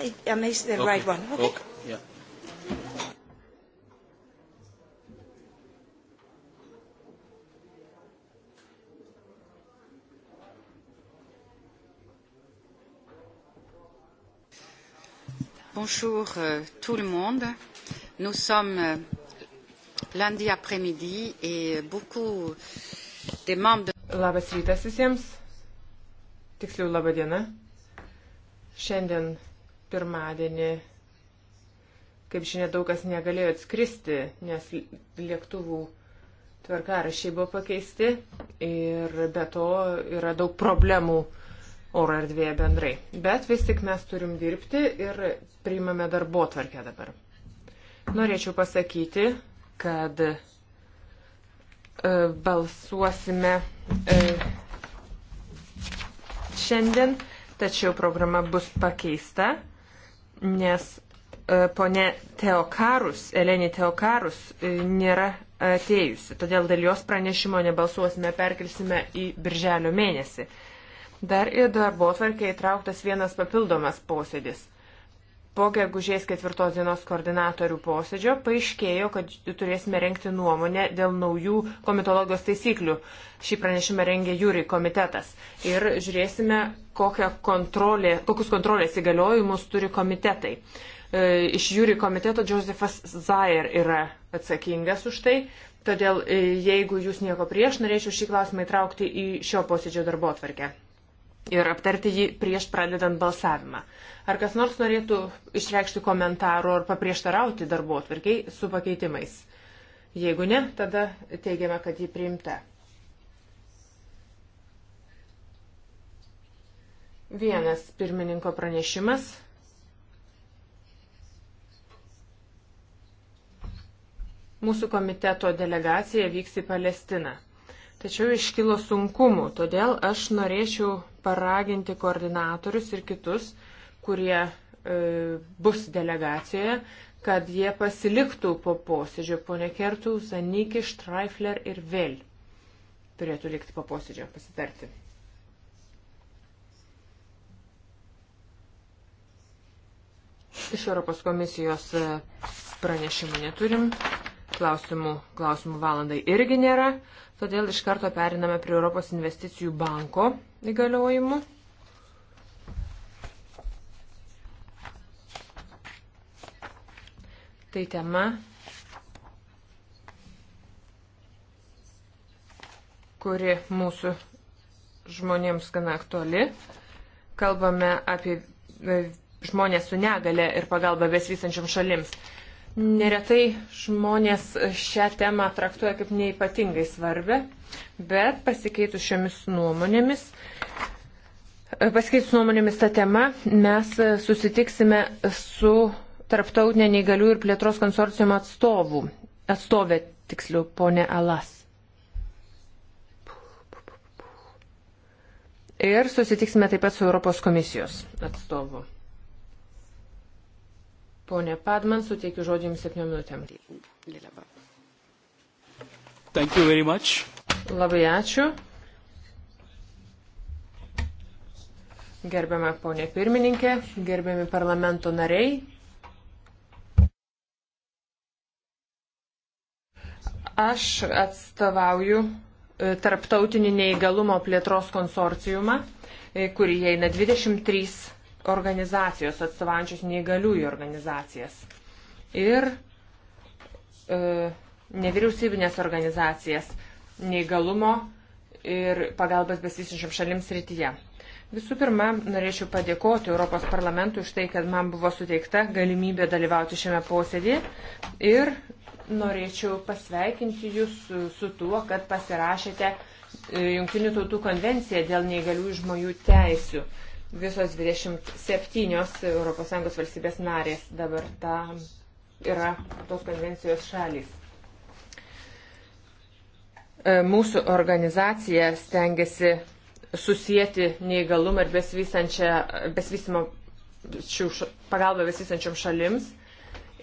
I missed the okay. right one. Okay. okay. Yeah. Bonjour euh, tout le monde. Nous sommes euh, lundi après-midi et beaucoup des membres de... Labas rytas visiems. Tiksliau, laba diena. Šiandien pirmadienį, kaip žinia, daug kas negalėjo atskristi, nes lėktuvų tvarkarašiai buvo pakeisti ir be to yra daug problemų oro erdvėje bendrai. Bet vis tik mes turim dirbti ir priimame darbo tvarkę dabar. Norėčiau pasakyti, kad e, balsuosime e, šiandien, tačiau programa bus pakeista nes e, ponė Teokarus, Elenė Teokarus e, nėra atėjusi, todėl dėl jos pranešimo nebalsuosime, perkelsime į birželio mėnesį. Dar į darbo atvarkę įtrauktas vienas papildomas posėdis. Po gegužės ketvirtos dienos koordinatorių posėdžio paaiškėjo, kad turėsime renkti nuomonę dėl naujų komitologijos taisyklių. Šį pranešimą rengė Jūri komitetas. Ir žiūrėsime, kontrolė, kokius kontrolės įgaliojimus turi komitetai. E, iš Jūri komiteto Josefas Zair yra atsakingas už tai. Todėl, e, jeigu jūs nieko prieš, norėčiau šį klausimą įtraukti į šio posėdžio darbo atvarkę ir aptarti jį prieš pradedant balsavimą. Ar kas nors norėtų išreikšti komentarų ar paprieštarauti darbo atvirkiai su pakeitimais? Jeigu ne, tada teigiame, kad jį priimta. Vienas pirmininko pranešimas. Mūsų komiteto delegacija vyks į Palestiną. Tačiau iškilo sunkumų, todėl aš norėčiau paraginti koordinatorius ir kitus, kurie e, bus delegacijoje, kad jie pasiliktų po posėdžio, ponė Kertų, Zanikį, Štraifler ir vėl turėtų likti po posėdžio pasitarti. Iš Europos komisijos e, pranešimų neturim, klausimų, klausimų valandai irgi nėra. Todėl iš karto periname prie Europos investicijų banko įgaliojimų. Tai tema, kuri mūsų žmonėms gana aktuali. Kalbame apie žmonės su negale ir pagalba besvysančiam šalims. Neretai žmonės šią temą traktuoja kaip neipatingai svarbę, bet pasikeitus šiomis nuomonėmis, pasikeitus nuomonėmis tą temą, mes susitiksime su Tarptautinė neįgalių ir plėtros konsorciumo atstovų, atstovė tiksliau, ponė Alas. Ir susitiksime taip pat su Europos komisijos atstovu. Pone Padman, suteikiu žodžiu jums septyniom minutėm. Labai ačiū. Gerbiama ponė pirmininkė, gerbiami parlamento nariai. Aš atstovauju e, tarptautinį neįgalumo plėtros konsorciumą, e, kurį įeina 23 organizacijos atstovaujančios neįgaliųjų organizacijas ir e, nevyriausybinės organizacijas neįgalumo ir pagalbos besisinčiam šalims rytyje. Visų pirma, norėčiau padėkoti Europos parlamentui už tai, kad man buvo suteikta galimybė dalyvauti šiame posėdėje ir norėčiau pasveikinti Jūs su, su tuo, kad pasirašėte e, Junktinių tautų konvenciją dėl neįgalių žmonių teisių. Visos 27 ES valstybės narės dabar ta yra tos konvencijos šalys. E, mūsų organizacija stengiasi susijęti neįgalumą ir besvysimą pagalbą besisančiom šalims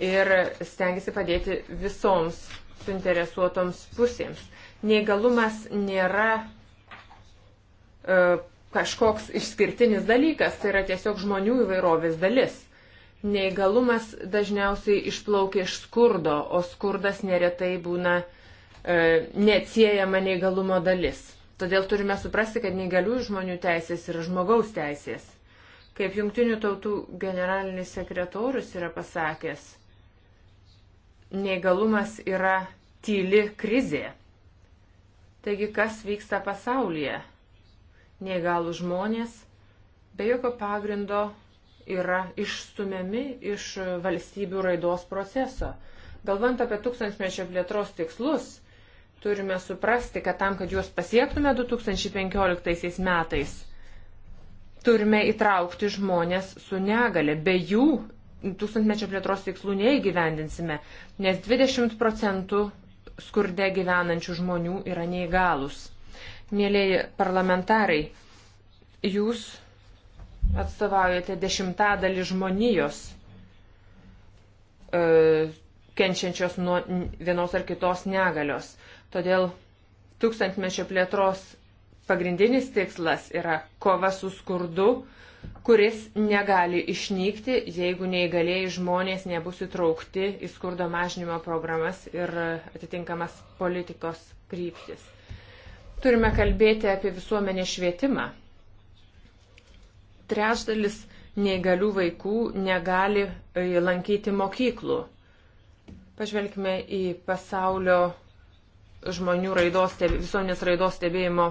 ir stengiasi padėti visoms suinteresuotoms pusėms. Neįgalumas nėra e, kažkoks išskirtinis dalykas, tai yra tiesiog žmonių įvairovės dalis. Neįgalumas dažniausiai išplaukia iš skurdo, o skurdas neretai būna e, neatsiejama neįgalumo dalis. Todėl turime suprasti, kad neįgalių žmonių teisės yra žmogaus teisės. Kaip jungtinių tautų generalinis sekretorius yra pasakęs, neįgalumas yra tyli krizė. Taigi, kas vyksta pasaulyje? neįgalų žmonės be jokio pagrindo yra išstumiami iš valstybių raidos proceso. Galvant apie tūkstantmečio plėtros tikslus, turime suprasti, kad tam, kad juos pasiektume 2015 metais, turime įtraukti žmonės su negale. Be jų tūkstantmečio plėtros tikslų neįgyvendinsime, nes 20 procentų skurde gyvenančių žmonių yra neįgalus. Mėlėjai parlamentarai, jūs atstovaujate dešimtadalį žmonijos e, kenčiančios nuo vienos ar kitos negalios. Todėl tūkstantmečio plėtros pagrindinis tikslas yra kova su skurdu, kuris negali išnykti, jeigu neįgalėjai žmonės nebus įtraukti į skurdo mažinimo programas ir atitinkamas politikos kryptis. Turime kalbėti apie visuomenės švietimą. Trečdalis neįgalių vaikų negali e, lankyti mokyklų. Pažvelkime į pasaulio žmonių raidos, visuomenės raidos stebėjimo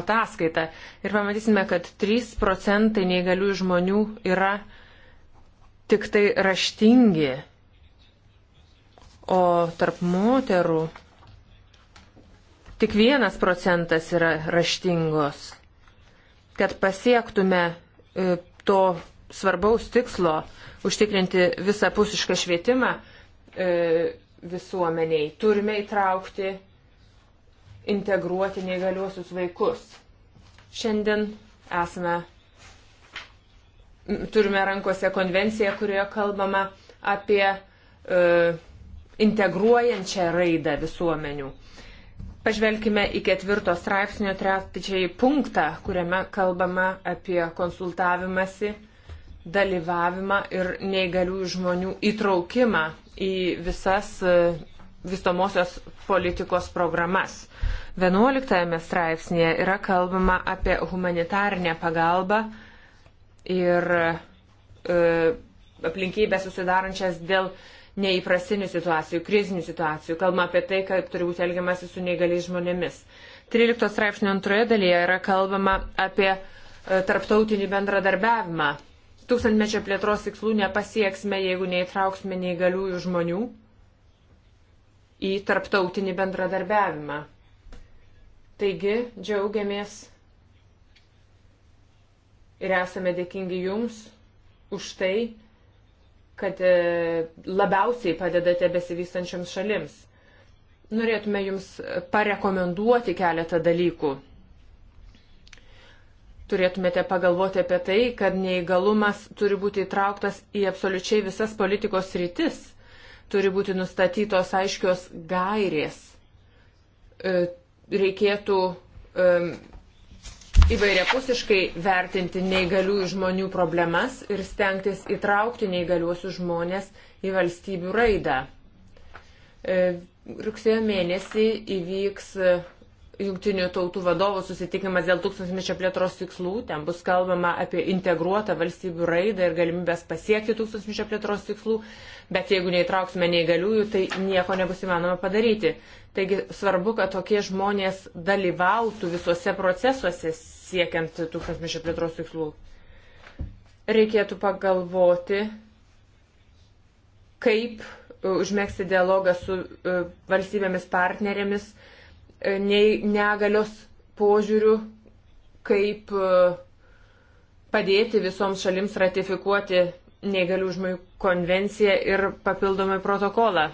ataskaitą ir pamatysime, kad 3 procentai neįgalių žmonių yra tik tai raštingi, o tarp moterų tik vienas procentas yra raštingos. Kad pasiektume e, to svarbaus tikslo užtikrinti visapusišką švietimą e, visuomeniai, turime įtraukti, integruoti neįgaliuosius vaikus. Šiandien esame, turime rankose konvenciją, kurioje kalbama apie e, integruojančią raidą visuomenių. Pažvelkime į ketvirto straipsnio trečiąjį punktą, kuriame kalbama apie konsultavimąsi, dalyvavimą ir neįgaliųjų žmonių įtraukimą į visas vystomosios politikos programas. 11 straipsnėje yra kalbama apie humanitarnę pagalbą ir e, aplinkybę susidarančias dėl neįprasinių situacijų, krizinių situacijų. Kalbama apie tai, kaip turi būti elgiamasi su neįgaliais žmonėmis. 13 straipsnio antroje dalyje yra kalbama apie e, tarptautinį bendradarbiavimą. Tūkstantmečio plėtros tikslų nepasieksime, jeigu neįtrauksime neįgaliųjų žmonių į tarptautinį bendradarbiavimą. Taigi džiaugiamės ir esame dėkingi Jums už tai, kad e, labiausiai padedate besivystančiams šalims. Norėtume Jums parekomenduoti keletą dalykų. Turėtumėte pagalvoti apie tai, kad neįgalumas turi būti įtrauktas į absoliučiai visas politikos rytis, turi būti nustatytos aiškios gairės. E, reikėtų įvairiapusiškai vertinti neįgaliųjų žmonių problemas ir stengtis įtraukti neįgaliuosius žmonės į valstybių raidą. E, rugsėjo mėnesį įvyks jungtinių tautų vadovų susitikimas dėl tūkstantmečio plėtros tikslų. Ten bus kalbama apie integruotą valstybių raidą ir galimybės pasiekti tūkstantmečio plėtros tikslų, bet jeigu neįtrauksime neįgaliųjų, tai nieko nebus įmanoma padaryti. Taigi svarbu, kad tokie žmonės dalyvautų visuose procesuose siekiant tūkstantmečio plėtros tikslų. Reikėtų pagalvoti, kaip uh, užmėgsti dialogą su uh, valstybėmis partnerėmis, uh, nei negalios požiūrių, kaip e, padėti visoms šalims ratifikuoti neįgalių žmonių konvenciją ir papildomai protokolą.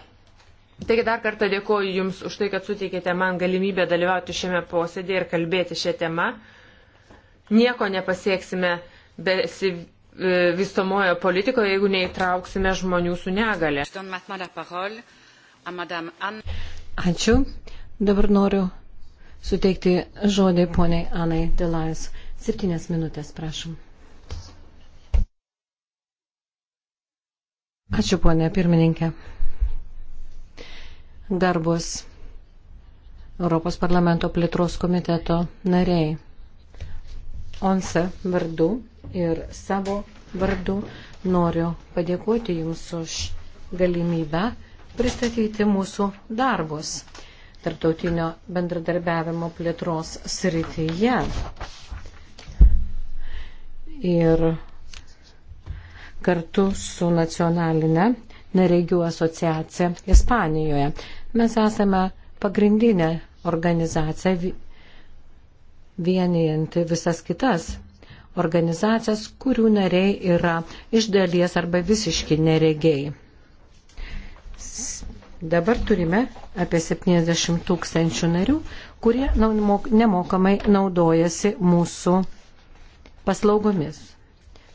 Taigi dar kartą dėkoju Jums už tai, kad suteikėte man galimybę dalyvauti šiame posėdėje ir kalbėti šią temą. Nieko nepasieksime besivystomojo e, politikoje, jeigu neįtrauksime žmonių su negale. Ačiū. Dabar noriu suteikti žodį poniai Anai Delais. Septynės minutės, prašom. Ačiū, ponė pirmininkė. Darbus Europos parlamento plėtros komiteto nariai. ONSA vardu ir savo vardu noriu padėkoti Jums už galimybę pristatyti mūsų darbus tarptautinio bendradarbiavimo plėtros srityje. Ir kartu su nacionalinė neregių asociacija Ispanijoje. Mes esame pagrindinė organizacija vienijanti visas kitas organizacijas, kurių nariai yra iš dalies arba visiški neregiai. Dabar turime apie 70 tūkstančių narių, kurie nemokamai naudojasi mūsų paslaugomis.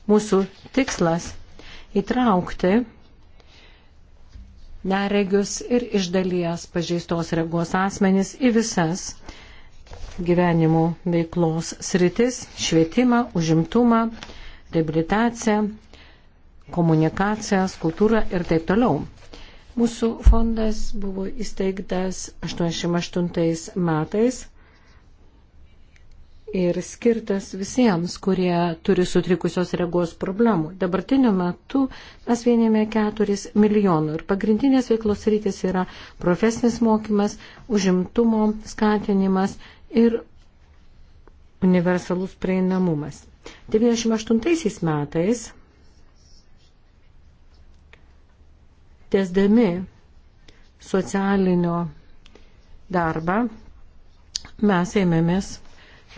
Mūsų tikslas įtraukti neregius ir iš dalies pažeistos regos asmenys į visas gyvenimo veiklos sritis - švietimą, užimtumą, rehabilitaciją, komunikacijas, kultūrą ir taip toliau. Mūsų fondas buvo įsteigtas 88 metais ir skirtas visiems, kurie turi sutrikusios regos problemų. Dabartiniu metu mes vienėme 4 milijonų ir pagrindinės veiklos rytis yra profesinis mokymas, užimtumo skatinimas ir universalus prieinamumas. 98 metais Tiesdami socialinio darbą mes ėmėmės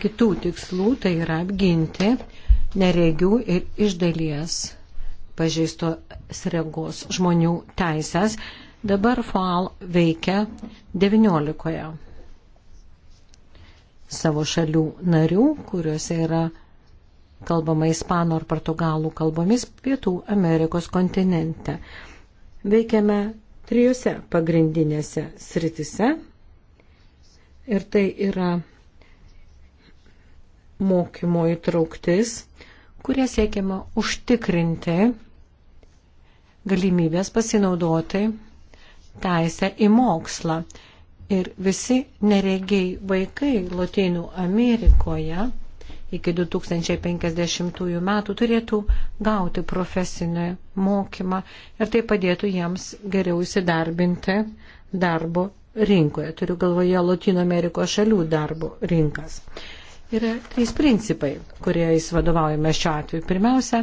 kitų tikslų, tai yra apginti neregių ir iš dalies pažeistos regos žmonių teisės. Dabar FAL veikia 19 savo šalių narių, kuriuose yra kalbama ispanų ar portugalų kalbomis Pietų Amerikos kontinente. Veikiame trijose pagrindinėse sritise ir tai yra mokymo įtrauktis, kurie siekiama užtikrinti galimybės pasinaudoti teisę į mokslą. Ir visi neregiai vaikai Lotynų Amerikoje iki 2050 metų turėtų gauti profesinį mokymą ir tai padėtų jiems geriau įsidarbinti darbo rinkoje. Turiu galvoje Latino Amerikos šalių darbo rinkas. Yra trys principai, kuriais vadovaujame šiuo atveju. Pirmiausia,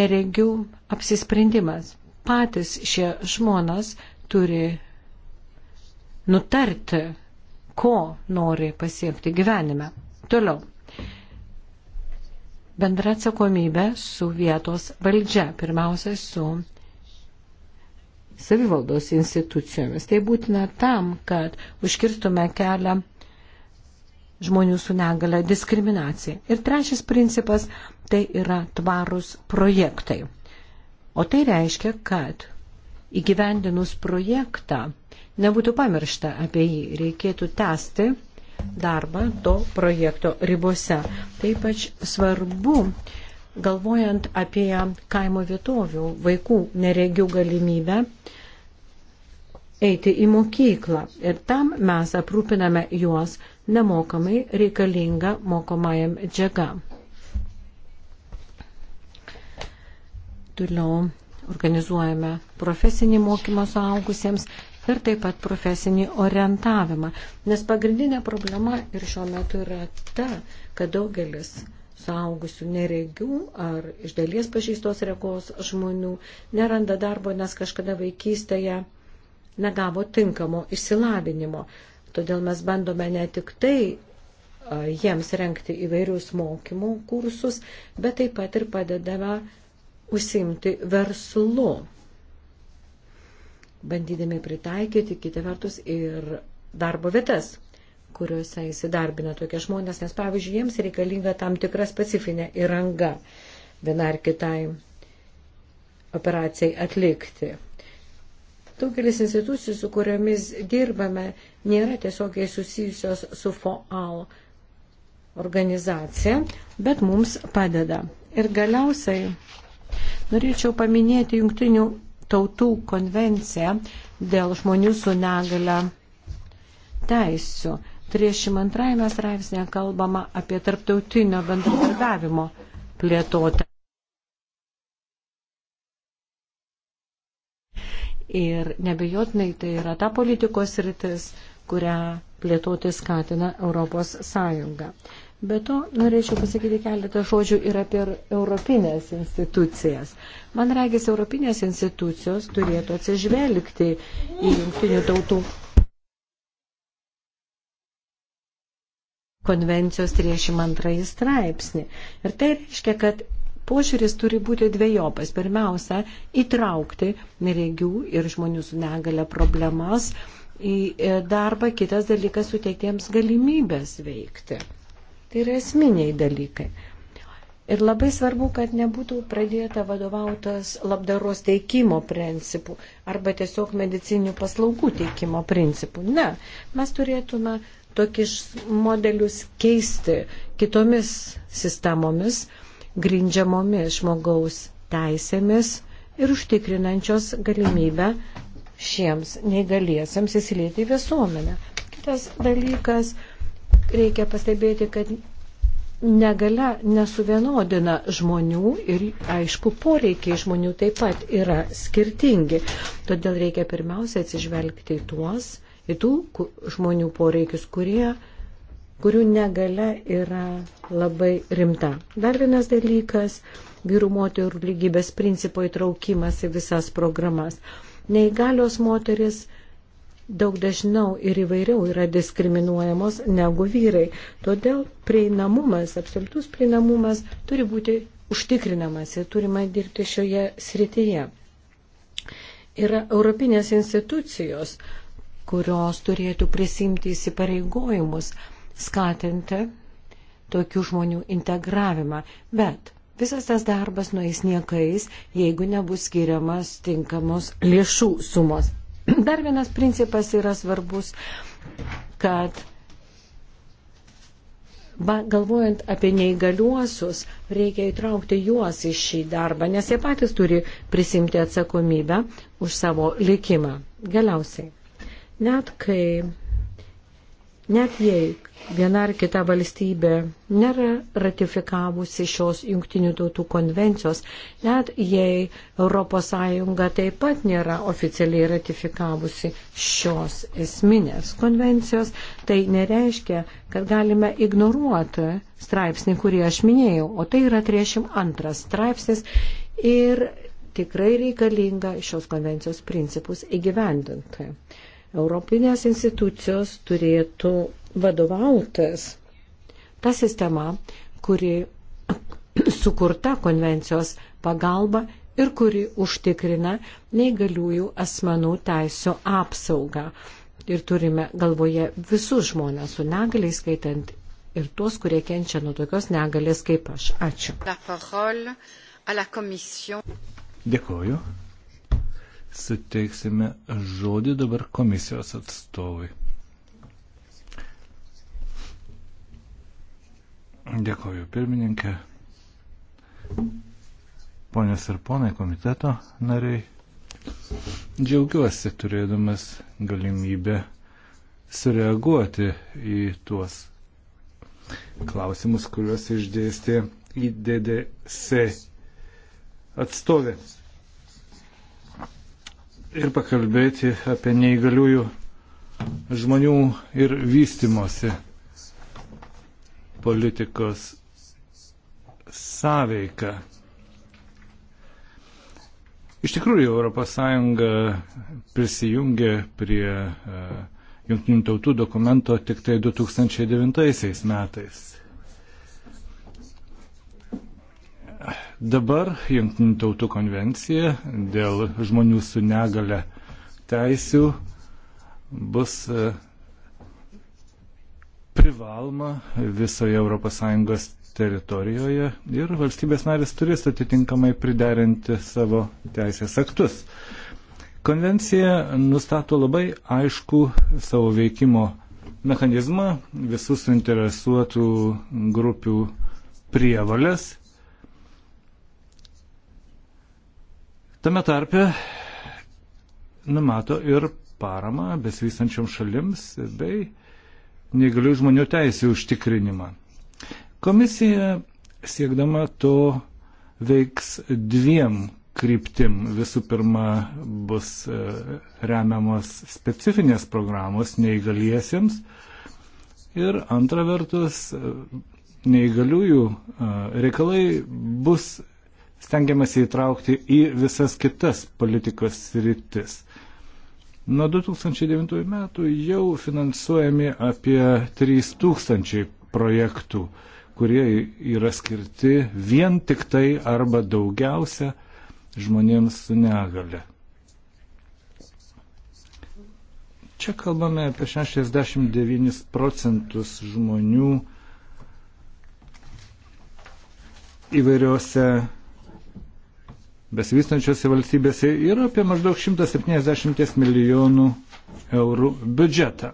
neregių apsisprendimas. Patys šie žmonės turi nutarti, ko nori pasiekti gyvenime. Toliau bendra atsakomybė su vietos valdžia, pirmiausia su savivaldos institucijomis. Tai būtina tam, kad užkirstume kelią žmonių su negale diskriminacija. Ir trečias principas - tai yra tvarus projektai. O tai reiškia, kad įgyvendinus projektą nebūtų pamiršta apie jį, reikėtų tęsti darbą to projekto ribose. Tai ypač svarbu, galvojant apie kaimo vietovių vaikų neregių galimybę eiti į mokyklą. Ir tam mes aprūpiname juos nemokamai reikalinga mokomajam džega. Toliau organizuojame profesinį mokymą suaugusiems ir taip pat profesinį orientavimą. Nes pagrindinė problema ir šiuo metu yra ta, kad daugelis suaugusių neregių ar iš dalies pažįstos regos žmonių neranda darbo, nes kažkada vaikystėje negavo tinkamo išsilavinimo. Todėl mes bandome ne tik tai jiems renkti įvairius mokymų kursus, bet taip pat ir padedame užsimti verslu bandydami pritaikyti kitą vertus ir darbo vietas kuriuose įsidarbina tokie žmonės, nes pavyzdžiui, jiems reikalinga tam tikra specifinė įranga viena ar kitai operacijai atlikti. Daugelis institucijų, su kuriomis dirbame, nėra tiesiogiai susijusios su FOAL organizacija, bet mums padeda. Ir galiausiai norėčiau paminėti jungtinių tautų konvenciją dėl žmonių su negale teisų. 32 straipsnėje kalbama apie tarptautinio bendradarbiavimo plėtotę. Ir nebejotinai tai yra ta politikos rytis, kurią plėtoti skatina Europos Sąjunga. Be to, norėčiau pasakyti keletą žodžių ir apie europinės institucijas. Man regis, europinės institucijos turėtų atsižvelgti į jungtinių tautų konvencijos 32 straipsnį. Ir tai reiškia, kad požiūris turi būti dviejopas. Pirmiausia, įtraukti neregių ir žmonių su negale problemas į e, darbą, kitas dalykas suteikti jiems galimybės veikti. Tai yra esminiai dalykai. Ir labai svarbu, kad nebūtų pradėta vadovautas labdaros teikimo principų arba tiesiog medicinių paslaugų teikimo principų. Ne, mes turėtume tokius modelius keisti kitomis sistemomis, grindžiamomis žmogaus teisėmis ir užtikrinančios galimybę šiems neįgaliesiams įsilieti į visuomenę. Kitas dalykas Reikia pastebėti, kad negale nesuvienodina žmonių ir, aišku, poreikiai žmonių taip pat yra skirtingi. Todėl reikia pirmiausia atsižvelgti į tuos, į tų žmonių poreikius, kurie, kurių negale yra labai rimta. Dar vienas dalykas - vyrų moterų lygybės principo įtraukimas į visas programas. Neįgalios moteris daug dažniau ir įvairiau yra diskriminuojamos negu vyrai. Todėl prieinamumas, absoliutus prieinamumas turi būti užtikrinamas ir turime dirbti šioje srityje. Yra europinės institucijos, kurios turėtų prisimti įsipareigojimus, skatinti tokių žmonių integravimą. Bet visas tas darbas nueis niekais, jeigu nebus skiriamas tinkamos lėšų sumos. Dar vienas principas yra svarbus, kad ba, galvojant apie neįgaliuosius, reikia įtraukti juos į šį darbą, nes jie patys turi prisimti atsakomybę už savo likimą. Galiausiai, net kai Net jei viena ar kita valstybė nėra ratifikavusi šios jungtinių tautų konvencijos, net jei ES taip pat nėra oficialiai ratifikavusi šios esminės konvencijos, tai nereiškia, kad galime ignoruoti straipsnį, kurį aš minėjau, o tai yra 32 straipsnis ir tikrai reikalinga šios konvencijos principus įgyvendinti. Europinės institucijos turėtų vadovautis ta sistema, kuri sukurta konvencijos pagalba ir kuri užtikrina neįgaliųjų asmenų teisų apsaugą. Ir turime galvoje visus žmonės su negaliai, skaitant ir tuos, kurie kenčia nuo tokios negalės kaip aš. Ačiū. Dėkoju suteiksime žodį dabar komisijos atstovui. Dėkoju pirmininkė, ponios ir ponai komiteto nariai. Džiaugiuosi turėdamas galimybę sureaguoti į tuos klausimus, kuriuos išdėstė IDDC atstovė ir pakalbėti apie neįgaliųjų žmonių ir vystimosi politikos sąveiką. Iš tikrųjų, ES prisijungė prie e, Junktinių tautų dokumento tik tai 2009 metais. Dabar Junktinių tautų konvencija dėl žmonių su negale teisių bus e, privaloma visoje ES teritorijoje ir valstybės narės turės atitinkamai priderinti savo teisės aktus. Konvencija nustato labai aišku savo veikimo mechanizmą, visų suinteresuotų grupių prievalės Tame tarpe numato ir paramą besivystančiom šalims bei neįgalių žmonių teisų užtikrinimą. Komisija siekdama to veiks dviem kryptim. Visų pirma, bus e, remiamos specifinės programos neįgaliesiems ir antra vertus, e, neįgaliųjų e, reikalai bus stengiamasi įtraukti į visas kitas politikos rytis. Nuo 2009 metų jau finansuojami apie 3000 projektų, kurie yra skirti vien tik tai arba daugiausia žmonėms su negale. Čia kalbame apie 69 procentus žmonių įvairiuose besivystančiose valstybėse yra apie maždaug 170 milijonų eurų biudžetą.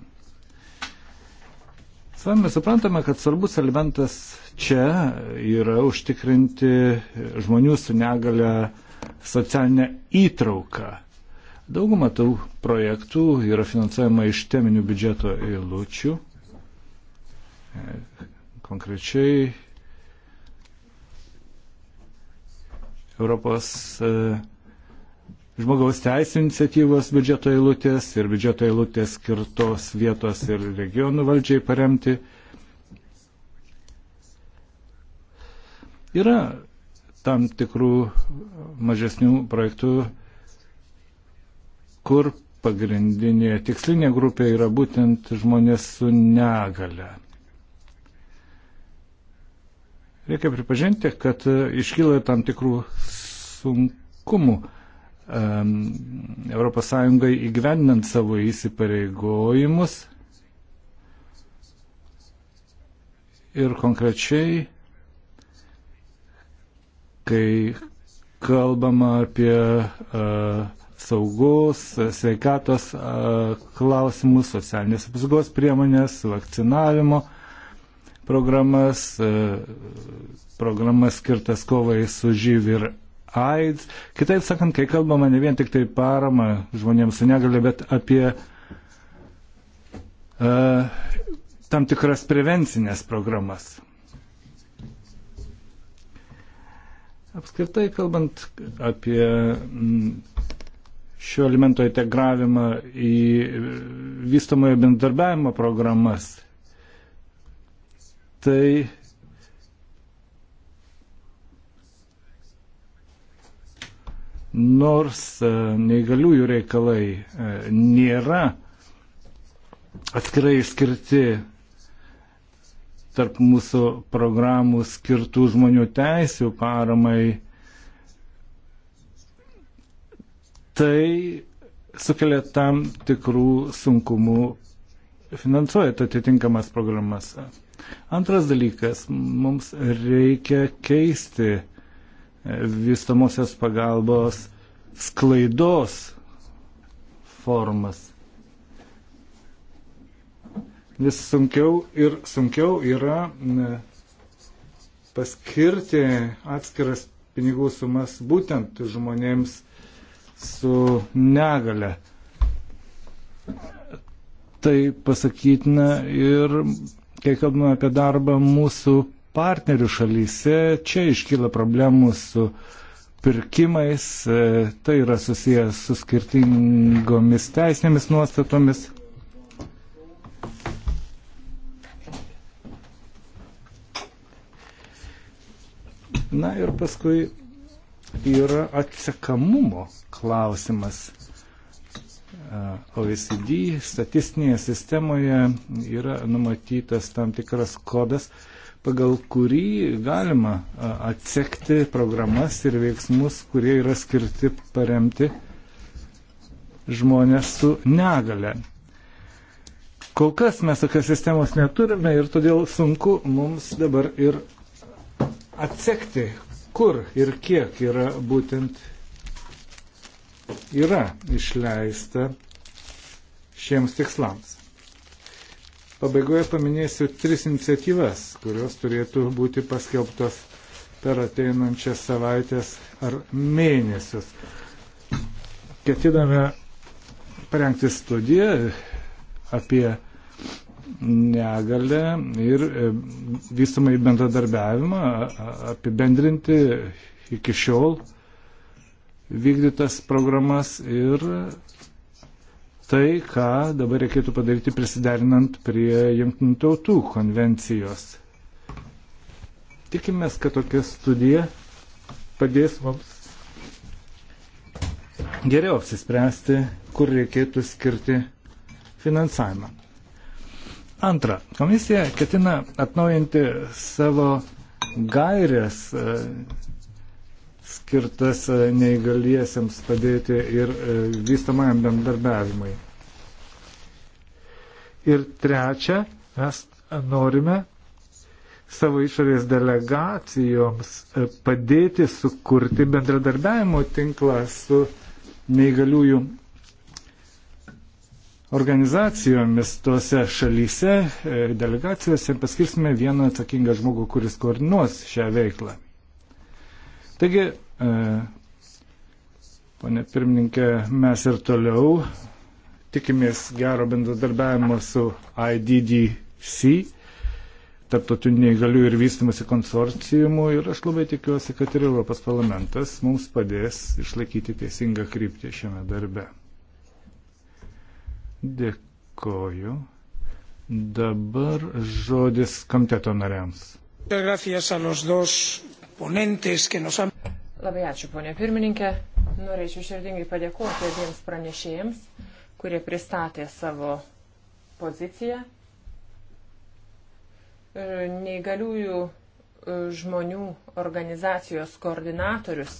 Savame suprantame, kad svarbus elementas čia yra užtikrinti žmonių su negale socialinę įtrauką. Dauguma tų projektų yra finansuojama iš teminių biudžeto eilučių. E, konkrečiai Europos e, žmogaus teisų iniciatyvos biudžeto eilutės ir biudžeto eilutės skirtos vietos ir regionų valdžiai paremti. Yra tam tikrų mažesnių projektų, kur pagrindinė tikslinė grupė yra būtent žmonės su negale. Reikia pripažinti, kad e, iškyla tam tikrų sunkumų ES įgyvendinant savo įsipareigojimus ir konkrečiai, kai kalbama apie uh, saugos, sveikatos uh, klausimus, socialinės apsaugos priemonės, vakcinavimo uh, programas, e, programas skirtas kovai su živ ir AIDS. Kitaip sakant, kai kalbama ne vien tik tai parama žmonėms su negale, bet apie uh, tam tikras prevencinės programas. Apskritai kalbant apie šio elemento integravimą į e, vystamojo bendarbiavimo programas, tai nors e, neįgaliųjų reikalai e, nėra atskirai išskirti tarp mūsų programų skirtų žmonių teisų paramai, tai sukelia tam tikrų sunkumų finansuojant atitinkamas programas. Antras dalykas, mums reikia keisti e, vystamosios pagalbos sklaidos formas. Vis sunkiau ir sunkiau yra paskirti atskiras pinigų sumas būtent žmonėms su negale. Tai pasakytina ir Kai kalbame apie darbą mūsų partnerių šalyse, čia iškyla problemų su pirkimais, e, tai yra susijęs su skirtingomis teisinėmis nuostatomis. Na ir paskui yra atsekamumo klausimas. OECD statistinėje sistemoje yra numatytas tam tikras kodas, pagal kurį galima atsekti programas ir veiksmus, kurie yra skirti paremti žmonės su negale. Kol kas mes tokios sistemos neturime ir todėl sunku mums dabar ir atsekti, kur ir kiek yra būtent yra išleista šiems tikslams. Pabaigoje paminėsiu tris iniciatyvas, kurios turėtų būti paskelbtos per ateinančias savaitės ar mėnesius. Ketiname parengti studiją apie negalę ir e, vystamai bendradarbiavimą, apibendrinti iki šiol vykdytas programas ir tai, ką dabar reikėtų padaryti prisiderinant prie Junktinių tautų konvencijos. Tikimės, kad tokia studija padės mums geriau apsispręsti, kur reikėtų skirti finansavimą. Antra, komisija ketina atnaujinti savo gairias skirtas e, neįgaliesiems padėti ir e, vystamajam bendarbiavimui. Ir trečia, mes norime savo išorės delegacijoms e, padėti sukurti bendradarbiavimo tinklą su neįgaliųjų organizacijomis tose šalyse, delegacijose paskirsime vieną atsakingą žmogų, kuris koordinuos šią veiklą. Taigi, e, ponė pirmininkė, mes ir toliau tikimės gero bendradarbiavimo su IDDC, tarptautiniu neįgalių ir vystimasi konsorcijumu ir aš labai tikiuosi, kad ir Europos parlamentas mums padės išlaikyti teisingą kryptį šiame darbe. Dėkoju. Dabar žodis komiteto nariams. Gracias a los dos ponentes, que nos han. Labai ačiū, ponė pirmininkė. Norėčiau širdingai padėkoti abiems pranešėjams, kurie pristatė savo poziciją. Neįgaliųjų e, žmonių organizacijos koordinatorius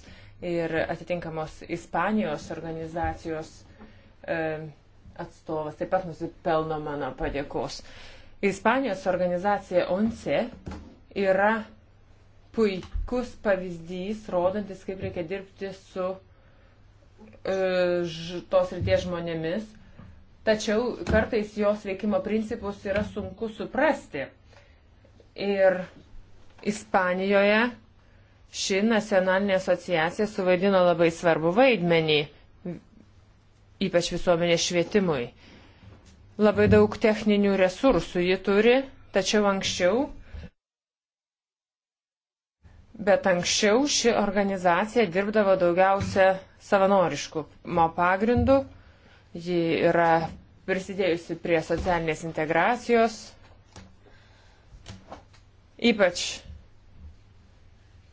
ir atitinkamos Ispanijos organizacijos e, atstovas taip pat nusipelno mano padėkos. Ispanijos organizacija ONCE yra puikus pavyzdys, rodantis, kaip reikia dirbti su e, tos ryties žmonėmis. Tačiau kartais jos veikimo principus yra sunku suprasti. Ir Ispanijoje ši nacionalinė asociacija suvaidino labai svarbu vaidmenį, ypač visuomenės švietimui. Labai daug techninių resursų ji turi, tačiau anksčiau Bet anksčiau ši organizacija dirbdavo daugiausia savanoriškų pagrindų. Ji yra prisidėjusi prie socialinės integracijos. Ypač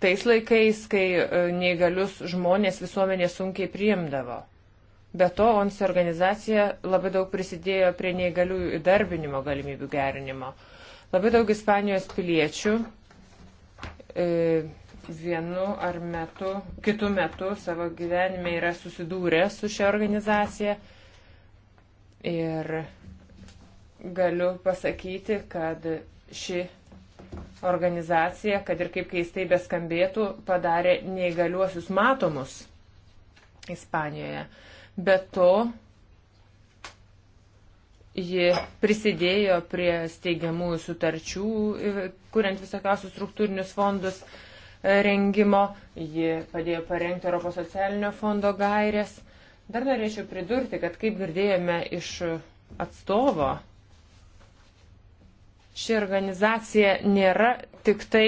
tais laikais, kai e, neįgalius žmonės visuomenė sunkiai priimdavo. Be to, ONSI organizacija labai daug prisidėjo prie neįgaliųjų įdarbinimo galimybių gerinimo. Labai daug Ispanijos piliečių E, vienu ar metu, kitu metu savo gyvenime yra susidūrę su šia organizacija. Ir galiu pasakyti, kad ši organizacija, kad ir kaip keistai beskambėtų, padarė neįgaliuosius matomus Ispanijoje. Be to, Ji prisidėjo prie steigiamųjų sutarčių, kuriant visokiausius struktūrinius fondus e, rengimo. Ji padėjo parengti Europos socialinio fondo gairės. Dar norėčiau pridurti, kad kaip girdėjome iš atstovo, ši organizacija nėra tik tai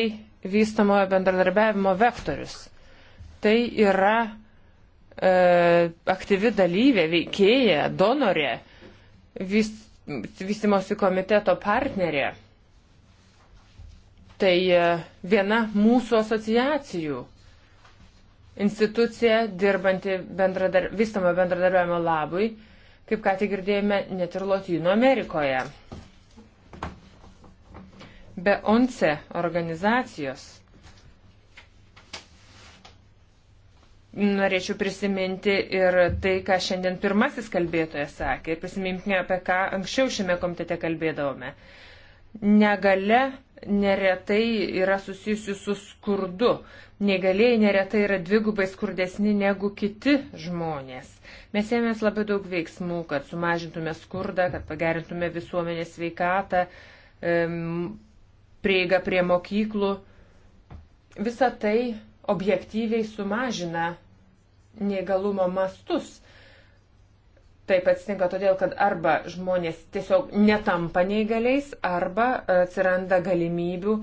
vystamojo bendradarbiavimo vektorius. Tai yra e, aktyvi dalyvė, veikėja, donorė vis, vystimosi komiteto partnerė. Tai e, viena mūsų asociacijų institucija dirbanti bendradar, vystamo bendradarbiavimo labui, kaip ką tik girdėjome, net ir Lotynų Amerikoje. Be ONCE organizacijos norėčiau prisiminti ir tai, ką šiandien pirmasis kalbėtojas sakė. Ir prisiminkime, apie ką anksčiau šiame komitete kalbėdavome. Negale neretai yra susijusi su skurdu. Negalėjai neretai yra dvigubai skurdesni negu kiti žmonės. Mes ėmėmės labai daug veiksmų, kad sumažintume skurdą, kad pagerintume visuomenės sveikatą, prieigą prie mokyklų. Visa tai objektyviai sumažina neįgalumo mastus. Taip atsitinka todėl, kad arba žmonės tiesiog netampa neįgaliais, arba atsiranda galimybių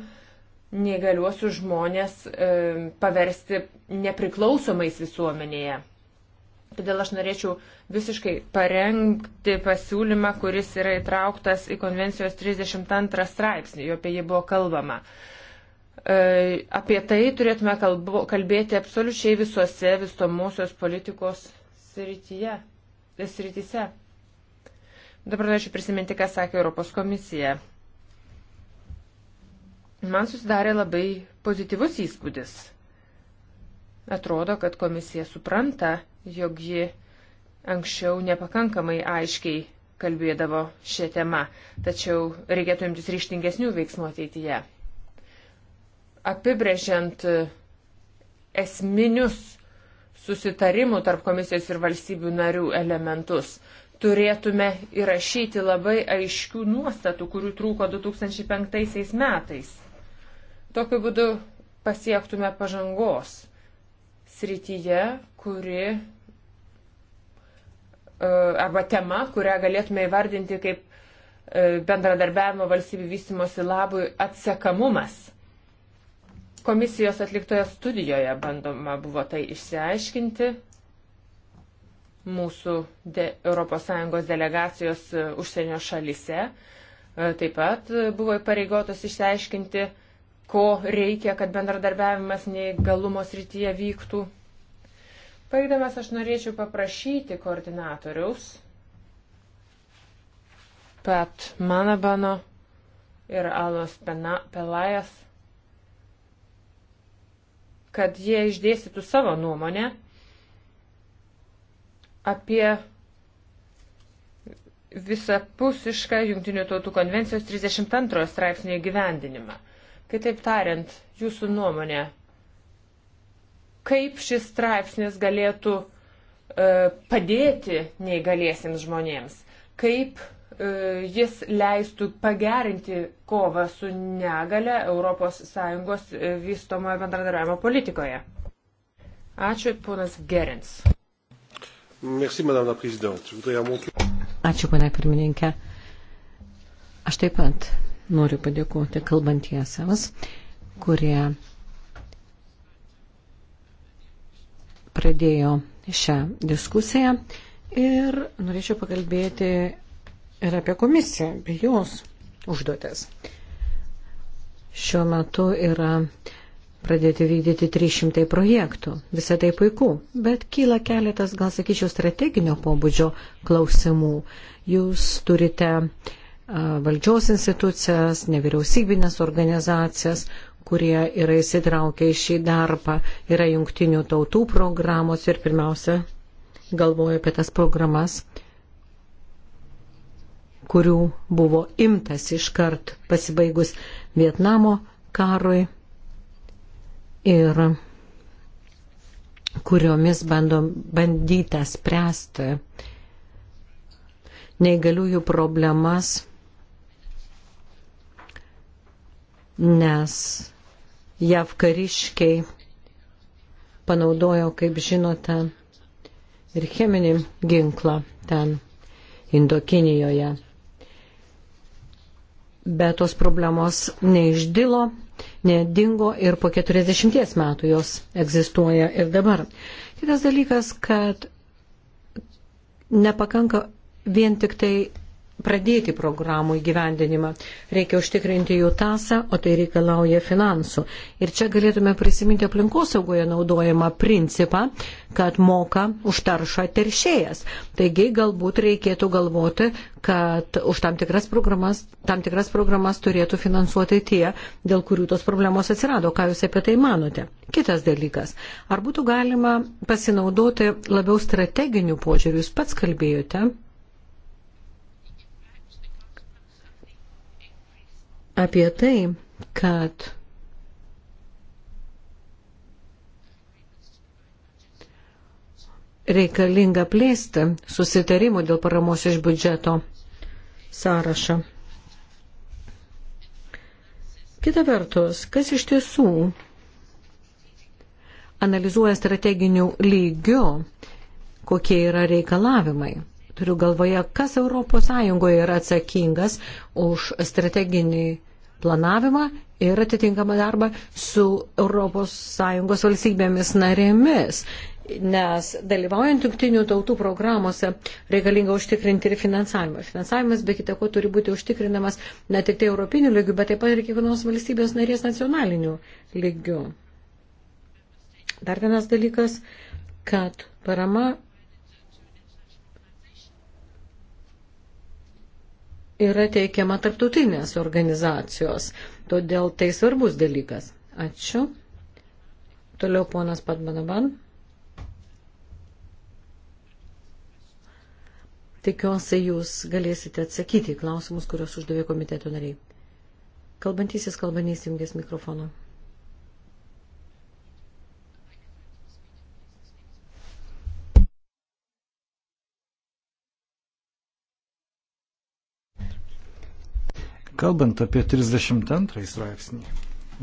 neįgaliuosius žmonės e, paversti nepriklausomais visuomenėje. Todėl aš norėčiau visiškai parengti pasiūlymą, kuris yra įtrauktas į konvencijos 32 straipsnį, jo apie jį buvo kalbama. E, E, apie tai turėtume kalbu, kalbėti absoliučiai visuose visuomosios politikos srityje, e, srityse. Dabar norėčiau prisiminti, ką sakė Europos komisija. Man susidarė labai pozityvus įspūdis. Atrodo, kad komisija supranta, jog ji anksčiau nepakankamai aiškiai kalbėdavo šią temą, tačiau reikėtų imtis ryštingesnių veiksmų ateityje apibrėžiant e, esminius susitarimų tarp komisijos ir valstybių narių elementus, turėtume įrašyti labai aiškių nuostatų, kurių trūko 2005 metais. Tokiu būdu pasiektume pažangos srityje, kuri e, arba tema, kurią galėtume įvardinti kaip e, bendradarbiavimo valstybių vystimosi labui atsekamumas Komisijos atliktoje studijoje bandoma buvo tai išsiaiškinti. Mūsų de, ES delegacijos e, užsienio šalise e, taip pat buvo įpareigotos išsiaiškinti, ko reikia, kad bendradarbiavimas neįgalumo srityje vyktų. Paigdamas aš norėčiau paprašyti koordinatoriaus Pat Manabano ir Alos Pelajas kad jie išdėstytų savo nuomonę apie visapusišką Junktinių tautų konvencijos 32 straipsnio įgyvendinimą. Kitaip tariant, jūsų nuomonė, kaip šis straipsnis galėtų e, padėti neįgaliesiems žmonėms, kaip E, jis leistų pagerinti kovą su negale ES e, vystomojo bendradarbiavimo politikoje. Ačiū, ponas Gerins. Merci, Ačiū, ponia pirmininkė. Aš taip pat noriu padėkoti kalbantiesiems, kurie pradėjo šią diskusiją ir norėčiau pakalbėti ir apie komisiją bei jos užduotis. Šiuo metu yra pradėti vykdyti 300 projektų. Visą tai puiku, bet kyla keletas, gal sakyčiau, strateginio pobūdžio klausimų. Jūs turite valdžios institucijas, nevyriausybinės organizacijas, kurie yra įsitraukę į šį darbą, yra jungtinių tautų programos ir pirmiausia galvoju apie tas programas, kurių buvo imtas iškart pasibaigus Vietnamo karui ir kuriomis bandom, bandyta spręsti neįgaliųjų problemas, nes jav kariškiai panaudojo, kaip žinote, ir cheminį ginklą ten Indokinijoje bet tos problemos neišdilo, nedingo ir po 40 metų jos egzistuoja ir dabar. Kitas dalykas, kad nepakanka vien tik tai pradėti programų įgyvendinimą. Reikia užtikrinti jų tasą, o tai reikalauja finansų. Ir čia galėtume prisiminti aplinkosaugoje naudojamą principą, kad moka už taršą teršėjas. Taigi galbūt reikėtų galvoti, kad už tam tikras programas, tam tikras programas turėtų finansuoti tie, dėl kurių tos problemos atsirado. Ką Jūs apie tai manote? Kitas dalykas. Ar būtų galima pasinaudoti labiau strateginių požiūrių? Jūs pats kalbėjote apie tai, kad reikalinga plėsti susitarimų dėl paramos iš biudžeto sąrašą. Kita vertus, kas iš tiesų analizuoja strateginių lygių, kokie yra reikalavimai. Turiu galvoje, kas ES yra atsakingas už strateginį planavimą ir atitinkamą darbą su ES valstybėmis narėmis. Nes dalyvaujant jungtinių tautų programuose reikalinga užtikrinti ir finansavimą. Finansavimas, be kita ko, turi būti užtikrinamas ne tik tai europinių lygių, bet taip pat ir kiekvienos valstybės narės nacionalinių lygių. Dar vienas dalykas, kad parama yra teikiama tarptautinės organizacijos. Todėl tai svarbus dalykas. Ačiū. Toliau ponas Padmanaban. Tikiuosi, jūs galėsite atsakyti į klausimus, kuriuos uždavė komiteto nariai. Kalbantysis kalbanys jungės mikrofoną. Kalbant apie 32 straipsnį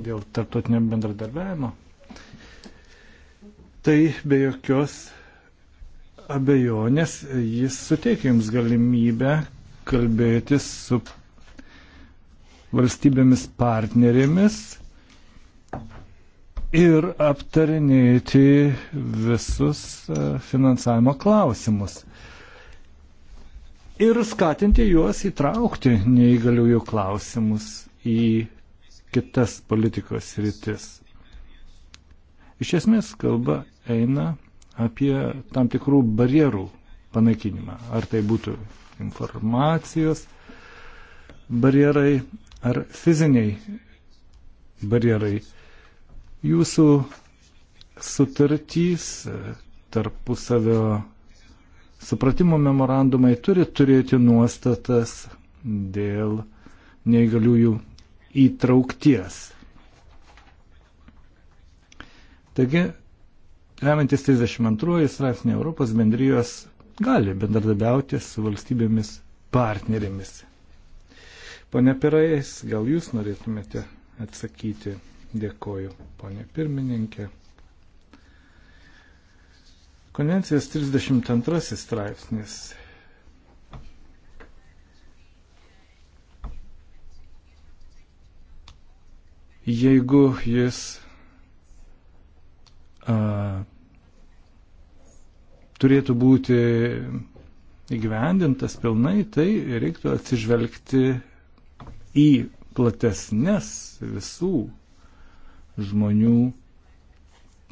dėl tarptautinio bendradarbiavimo, tai be jokios abejonės jis suteikia jums galimybę kalbėtis su valstybėmis partnerėmis ir aptarinėti visus e, finansavimo klausimus ir skatinti juos įtraukti neįgaliųjų klausimus į kitas politikos rytis. Iš esmės kalba eina apie tam tikrų barjerų panaikinimą. Ar tai būtų informacijos barjerai ar fiziniai barjerai. Jūsų sutartys e, tarpusavio Supratimo memorandumai turi turėti nuostatas dėl neįgaliųjų įtraukties. Taigi, remiantis 32 straipsnį Europos bendrijos gali bendradarbiauti su valstybėmis partnerėmis. Pone Pirais, gal jūs norėtumėte atsakyti? Dėkoju, ponė pirmininkė. Konvencijos 32 straipsnis. Jeigu jis a, turėtų būti įgyvendintas pilnai, tai reiktų atsižvelgti į platesnes visų žmonių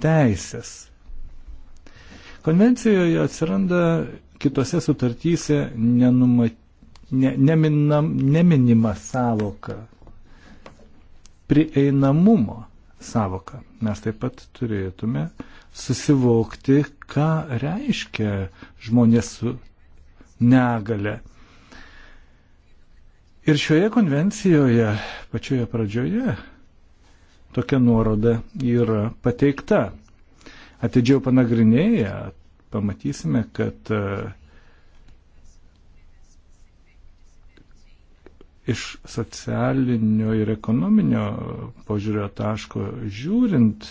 teisės. Konvencijoje atsiranda kitose sutartyse nenuma, ne, neminam, neminima savoka, prieinamumo savoka. Mes taip pat turėtume susivokti, ką reiškia žmonės su negale. Ir šioje konvencijoje, pačioje pradžioje, tokia nuoroda yra pateikta atidžiau panagrinėję, pamatysime, kad e, iš socialinio ir ekonominio požiūrio taško žiūrint,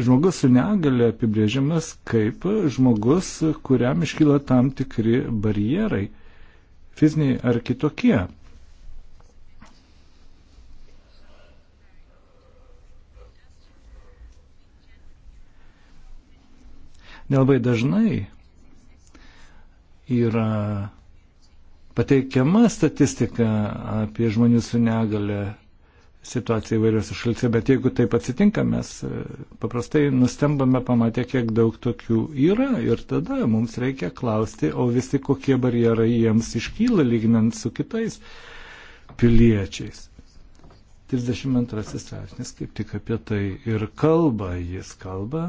žmogus su negale apibrėžiamas kaip žmogus, kuriam iškyla tam tikri barjerai, fiziniai ar kitokie. nelabai dažnai yra pateikiama statistika apie žmonių su negale situaciją įvairiose šalyse, bet jeigu taip atsitinka, mes e, paprastai nustembame pamatę, kiek daug tokių yra ir tada mums reikia klausti, o vis tik kokie barjerai jiems iškyla lyginant su kitais piliečiais. 32 straipsnis kaip tik apie tai ir kalba, jis kalba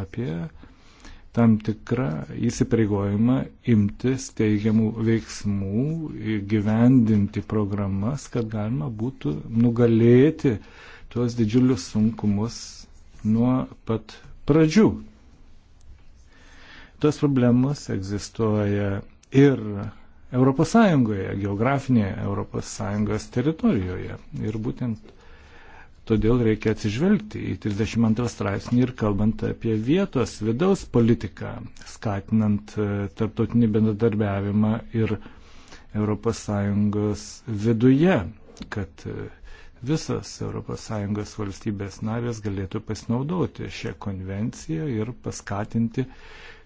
apie tam tikrą įsipareigojimą imtis teigiamų veiksmų, gyvendinti programas, kad galima būtų nugalėti tuos didžiulius sunkumus nuo pat pradžių. Tos problemos egzistuoja ir ES, geografinėje ES teritorijoje. Ir būtent Todėl reikia atsižvelgti į 32 straipsnį ir kalbant apie vietos vidaus politiką, skatinant e, tarptautinį bendradarbiavimą ir ES viduje, kad e, visas ES valstybės narės galėtų pasinaudoti šią konvenciją ir paskatinti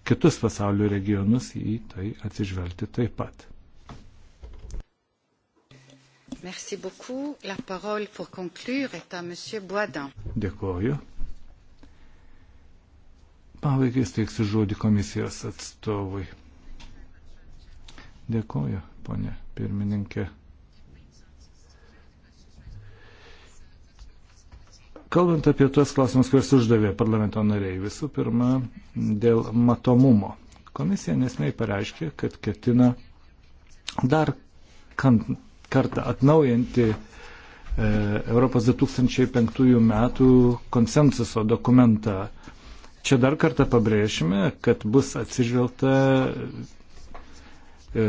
kitus pasaulio regionus į tai atsižvelgti taip pat. Merci beaucoup. La parole pour conclure est à Monsieur Boisdan. Dėkoju. Pavaikės teiksiu žodį komisijos atstovui. Dėkoju, ponė pirmininkė. Kalbant apie tuos klausimus, kuriuos uždavė parlamento nariai, visų pirma, dėl matomumo. Komisija nesmei pareiškė, kad ketina dar kant, kartą atnaujinti e, Europos 2005 metų konsensuso dokumentą. Čia dar kartą pabrėšime, kad bus atsižvelgta e,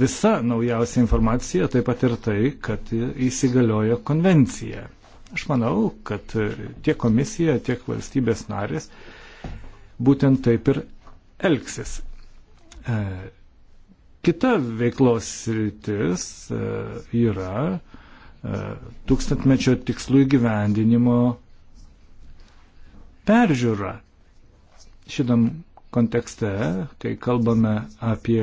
visa naujausia informacija, taip pat ir tai, kad įsigaliojo konvencija. Aš manau, kad tiek komisija, tiek valstybės narės būtent taip ir elgsis. E, Kita veiklos sritis e, yra e, tūkstantmečio tikslų įgyvendinimo peržiūra. Šitam kontekste, kai kalbame apie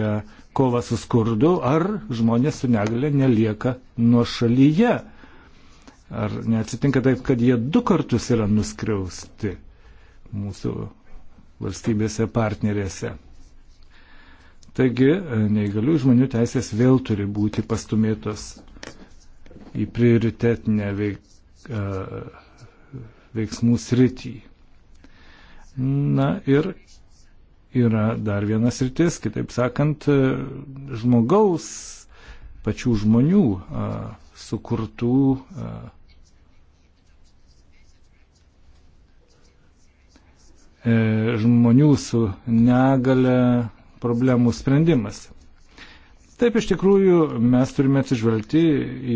kovą su skurdu, ar žmonės su negale nelieka nuo šalyje. Ar neatsitinka taip, kad jie du kartus yra nuskriausti mūsų valstybėse partnerėse. Taigi e, neįgalių žmonių teisės vėl turi būti pastumėtos į prioritetinę veik, e, veiksmų sritį. Na ir yra dar vienas sritis, kitaip sakant, e, žmogaus, pačių žmonių a, sukurtų a, žmonių su negale problemų sprendimas. Taip iš tikrųjų mes turime atsižvelgti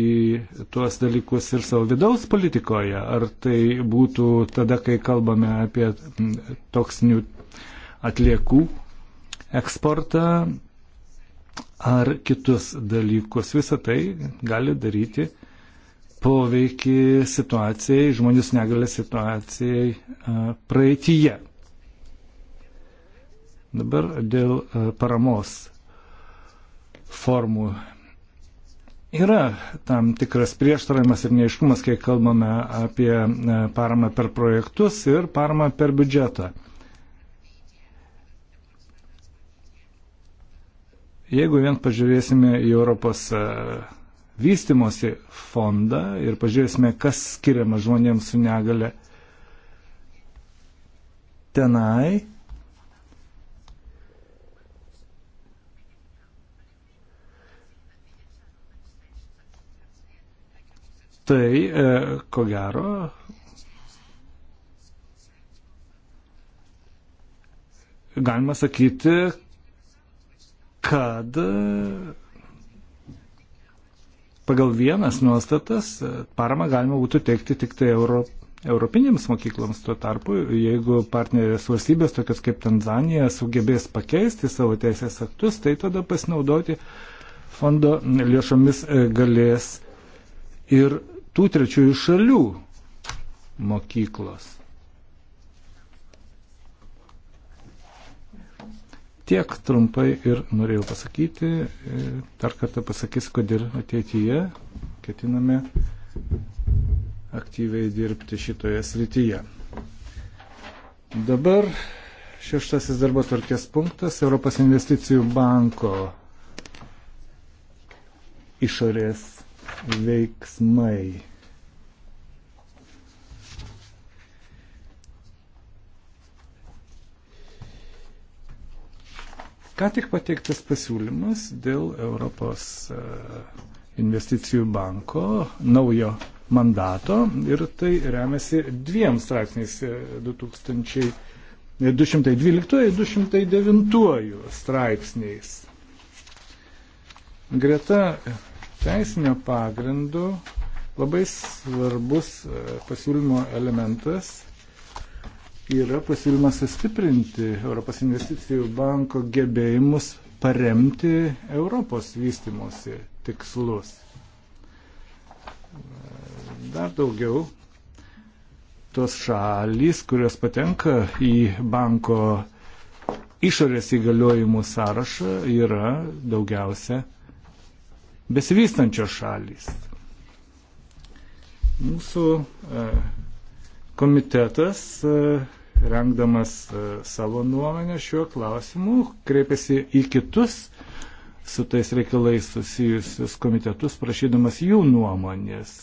į tuos dalykus ir savo vidaus politikoje. Ar tai būtų tada, kai kalbame apie toksinių atliekų eksportą, ar kitus dalykus. Visą tai gali daryti poveikį situacijai, žmonių negalės situacijai praeitie. Dabar dėl e, paramos formų. Yra tam tikras prieštaravimas ir neiškumas, kai kalbame apie e, paramą per projektus ir paramą per biudžetą. Jeigu vien pažiūrėsime į Europos e, vystimosi fondą ir pažiūrėsime, kas skiriama žmonėms su negale tenai, tai e, ko gero galima sakyti, kad e, pagal vienas nuostatas e, paramą galima būtų teikti tik tai euro, europinėms mokykloms. Tuo tarpu, jeigu partnerės valstybės, tokios kaip Tanzanija, sugebės pakeisti savo teisės aktus, tai tada pasinaudoti fondo lėšomis galės ir tų trečiųjų šalių mokyklos. Tiek trumpai ir norėjau pasakyti. Dar kartą pasakysiu, kad ir ateityje ketiname aktyviai dirbti šitoje srityje. Dabar šeštasis darbo tvarkės punktas Europos investicijų banko išorės veiksmai. Ką tik pateiktas pasiūlymas dėl Europos e, investicijų banko naujo mandato ir tai remiasi dviem straipsniais 2000. E, 212-209 e, straipsniais. Greta teisinio pagrindo labai svarbus e, pasiūlymo elementas yra pasiūlymas sustiprinti Europos investicijų banko gebėjimus paremti Europos vystimosi tikslus. E, dar daugiau, tos šalys, kurios patenka į banko išorės įgaliojimų sąrašą, yra daugiausia besivystančios šalys. Mūsų e, komitetas, e, rengdamas e, savo nuomonę šiuo klausimu, kreipėsi į kitus su tais reikalais susijusius komitetus, prašydamas jų nuomonės.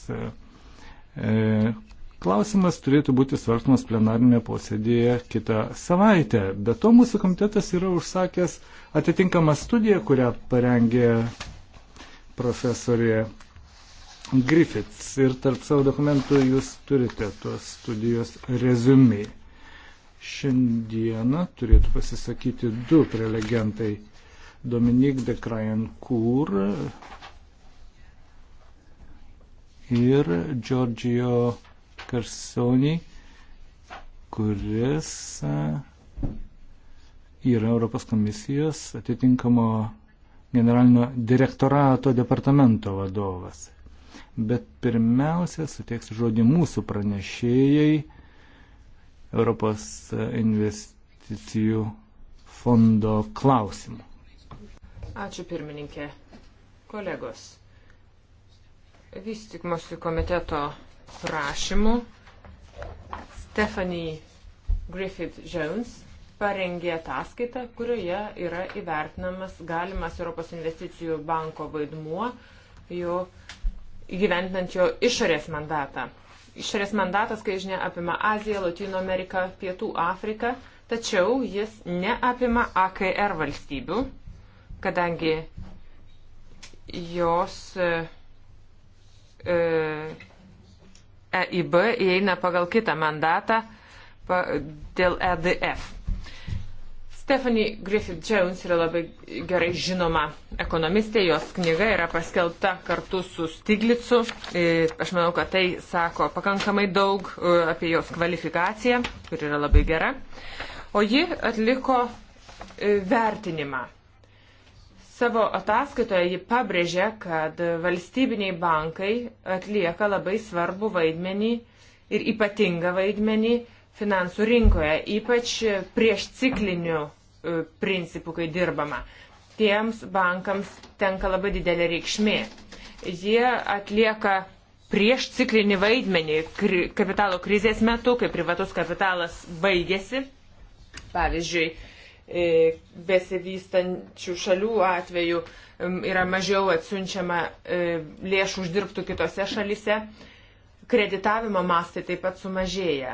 Klausimas turėtų būti svarstamas plenarinė posėdėje kitą savaitę. Be to mūsų komitetas yra užsakęs atitinkamą studiją, kurią parengė profesorė Griffiths. Ir tarp savo dokumentų jūs turite tos studijos rezumį. Šiandieną turėtų pasisakyti du prelegentai. Dominik de Krajankur ir Giorgio Carsoni, kuris yra Europos komisijos atitinkamo generalinio direktorato departamento vadovas. Bet pirmiausia, suteiksiu žodį mūsų pranešėjai Europos investicijų fondo klausimų. Ačiū pirmininkė. Kolegos, vystikmosi komiteto prašymu Stephanie Griffith Jones parengė ataskaitą, kurioje yra įvertinamas galimas Europos investicijų banko vaidmuo, jo įgyventinant jo išorės mandatą. Išorės mandatas, kai žinia, apima Aziją, Latino Ameriką, Pietų Afriką, tačiau jis neapima AKR valstybių, kadangi jos EIB e, e įeina pagal kitą mandatą pa, dėl EDF. Stephanie Griffith Jones yra labai gerai žinoma ekonomistė, jos knyga yra paskelbta kartu su Stiglicu. E, aš manau, kad tai sako pakankamai daug e, apie jos kvalifikaciją, kuri yra labai gera. O ji atliko e, vertinimą. Savo ataskaitoje ji pabrėžė, kad valstybiniai bankai atlieka labai svarbu vaidmenį ir ypatingą vaidmenį finansų rinkoje, ypač prieš ciklinių e, principų, kai dirbama. Tiems bankams tenka labai didelė reikšmė. Jie atlieka prieš ciklinį vaidmenį kri, kapitalo krizės metu, kai privatus kapitalas baigėsi. Pavyzdžiui, e, besivystančių šalių atveju yra mažiau atsiunčiama e, lėšų uždirbtų kitose šalise kreditavimo mastai taip pat sumažėja.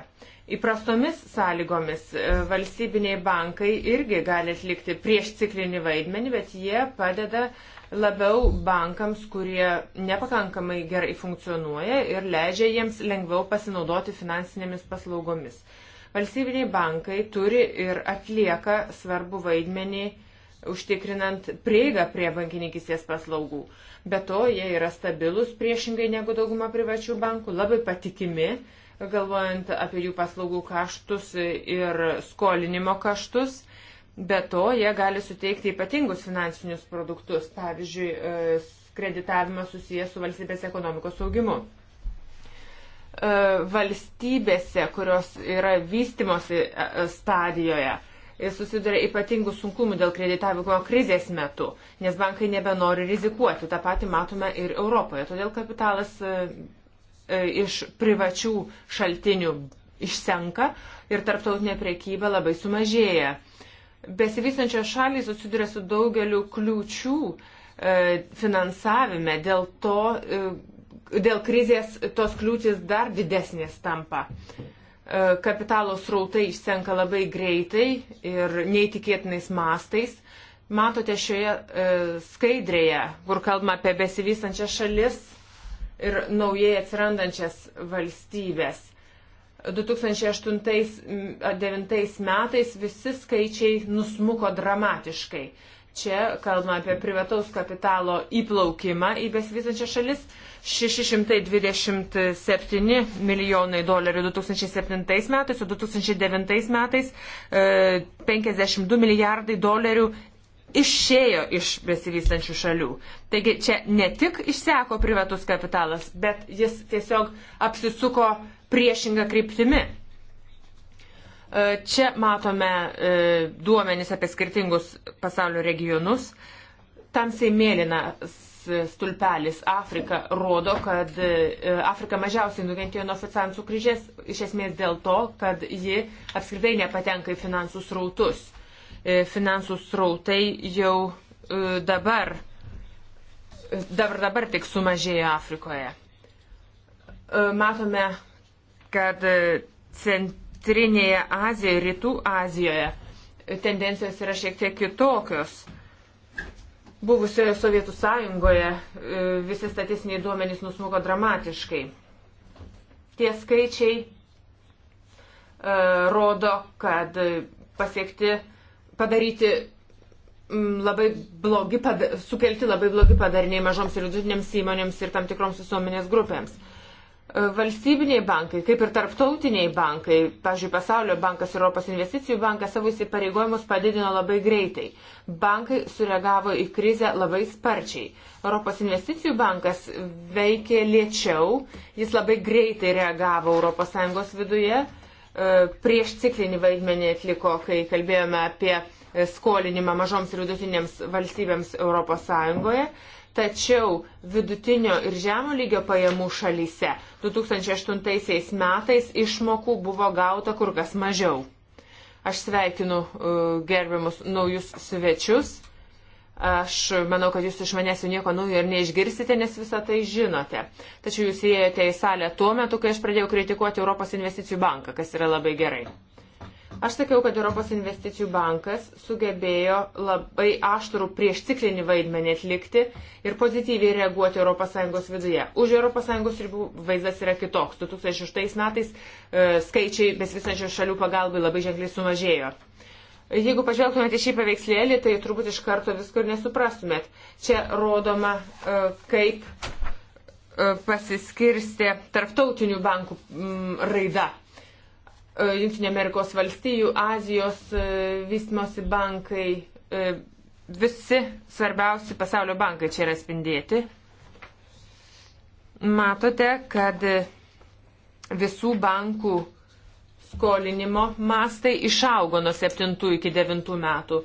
Įprastomis sąlygomis e, valstybiniai bankai irgi gali atlikti prieš ciklinį vaidmenį, bet jie padeda labiau bankams, kurie nepakankamai gerai funkcionuoja ir leidžia jiems lengviau pasinaudoti finansinėmis paslaugomis. Valstybiniai bankai turi ir atlieka svarbu vaidmenį uh, užtikrinant prieigą prie bankininkistės paslaugų. Be to, jie yra stabilus priešingai negu dauguma privačių bankų, labai patikimi, galvojant apie jų paslaugų kaštus ir skolinimo kaštus. Be to, jie gali suteikti ypatingus finansinius produktus, pavyzdžiui, e, kreditavimas susijęs su valstybės ekonomikos augimu e, valstybėse, kurios yra vystimosi e, stadijoje, susiduria ypatingų sunkumų dėl kreditavimo krizės metu, nes bankai nebenori rizikuoti. Ta pati matome ir Europoje. Todėl kapitalas e, e, iš privačių šaltinių išsenka ir tarptautinė priekyba labai sumažėja. Besivystančios šalys susiduria su daugeliu kliūčių e, finansavime, dėl to, dėl krizės tos kliūtis dar didesnės tampa. E, kapitalo srautai išsenka labai greitai ir neįtikėtinais mastais. Matote šioje e, skaidrėje, kur kalbama apie besivystančias šalis ir naujai atsirandančias valstybės. 2008-2009 metais visi skaičiai nusmuko dramatiškai. Čia kalbame apie privataus kapitalo įplaukimą į besivysančią šalis. 627 milijonai dolerių 2007 metais, o 2009 metais 52 e, milijardai dolerių išėjo iš besivystančių šalių. Taigi čia ne tik išseko privatus kapitalas, bet jis tiesiog apsisuko priešingą kryptimi. E, čia matome e, duomenis apie skirtingus pasaulio regionus. Tamsiai mėlyna stulpelis Afrika rodo, kad e, Afrika mažiausiai nukentėjo nuo finansų kryžės, iš esmės dėl to, kad ji apskritai nepatenka į finansų srautus. Finansų srautai jau dabar, dabar, dabar tik sumažėjo Afrikoje. Matome, kad centrinė Centrinėje Azijoje, Rytų Azijoje tendencijos yra šiek tiek kitokios. Buvusioje Sovietų sąjungoje e, visi statistiniai duomenys nusmuko dramatiškai. Tie skaičiai e, rodo, kad pasiekti, padaryti labai blogi, sukelti labai blogi padariniai mažoms ir vidutinėms įmonėms ir tam tikroms visuomenės grupėms valstybiniai bankai, kaip ir tarptautiniai bankai, pavyzdžiui, Pasaulio bankas, Europos investicijų bankas savo įsipareigojimus padidino labai greitai. Bankai sureagavo į krizę labai sparčiai. Europos investicijų bankas veikė lėčiau, jis labai greitai reagavo ES viduje, e, prieš ciklinį vaidmenį atliko, kai kalbėjome apie skolinimą mažoms ir vidutinėms valstybėms ES. Tačiau vidutinio ir žemų lygio pajamų šalyse 2008 metais išmokų buvo gauta kur kas mažiau. Aš sveikinu uh, gerbiamus naujus svečius. Aš manau, kad jūs iš manęs jau nieko naujo ir neišgirsite, nes visą tai žinote. Tačiau jūs įėjote į salę tuo metu, kai aš pradėjau kritikuoti Europos investicijų banką, kas yra labai gerai. Aš sakiau, kad Europos investicijų bankas sugebėjo labai aštrų prieš ciklinį vaidmenį atlikti ir pozityviai reaguoti ES viduje. Už ES ribų vaizdas yra kitoks. 2006 metais e, skaičiai besvisančių šalių pagalbai labai ženkliai sumažėjo. Jeigu pažvelgtumėte šį paveikslėlį, tai turbūt iš karto viskur nesuprastumėt. Čia rodoma, e, kaip e, pasiskirstė tarptautinių bankų m, raida E, Junktinė Amerikos valstijų, Azijos e, vystimosi bankai, e, visi svarbiausi pasaulio bankai čia yra spindėti. Matote, kad visų bankų skolinimo mastai išaugo nuo 7 iki 9 metų.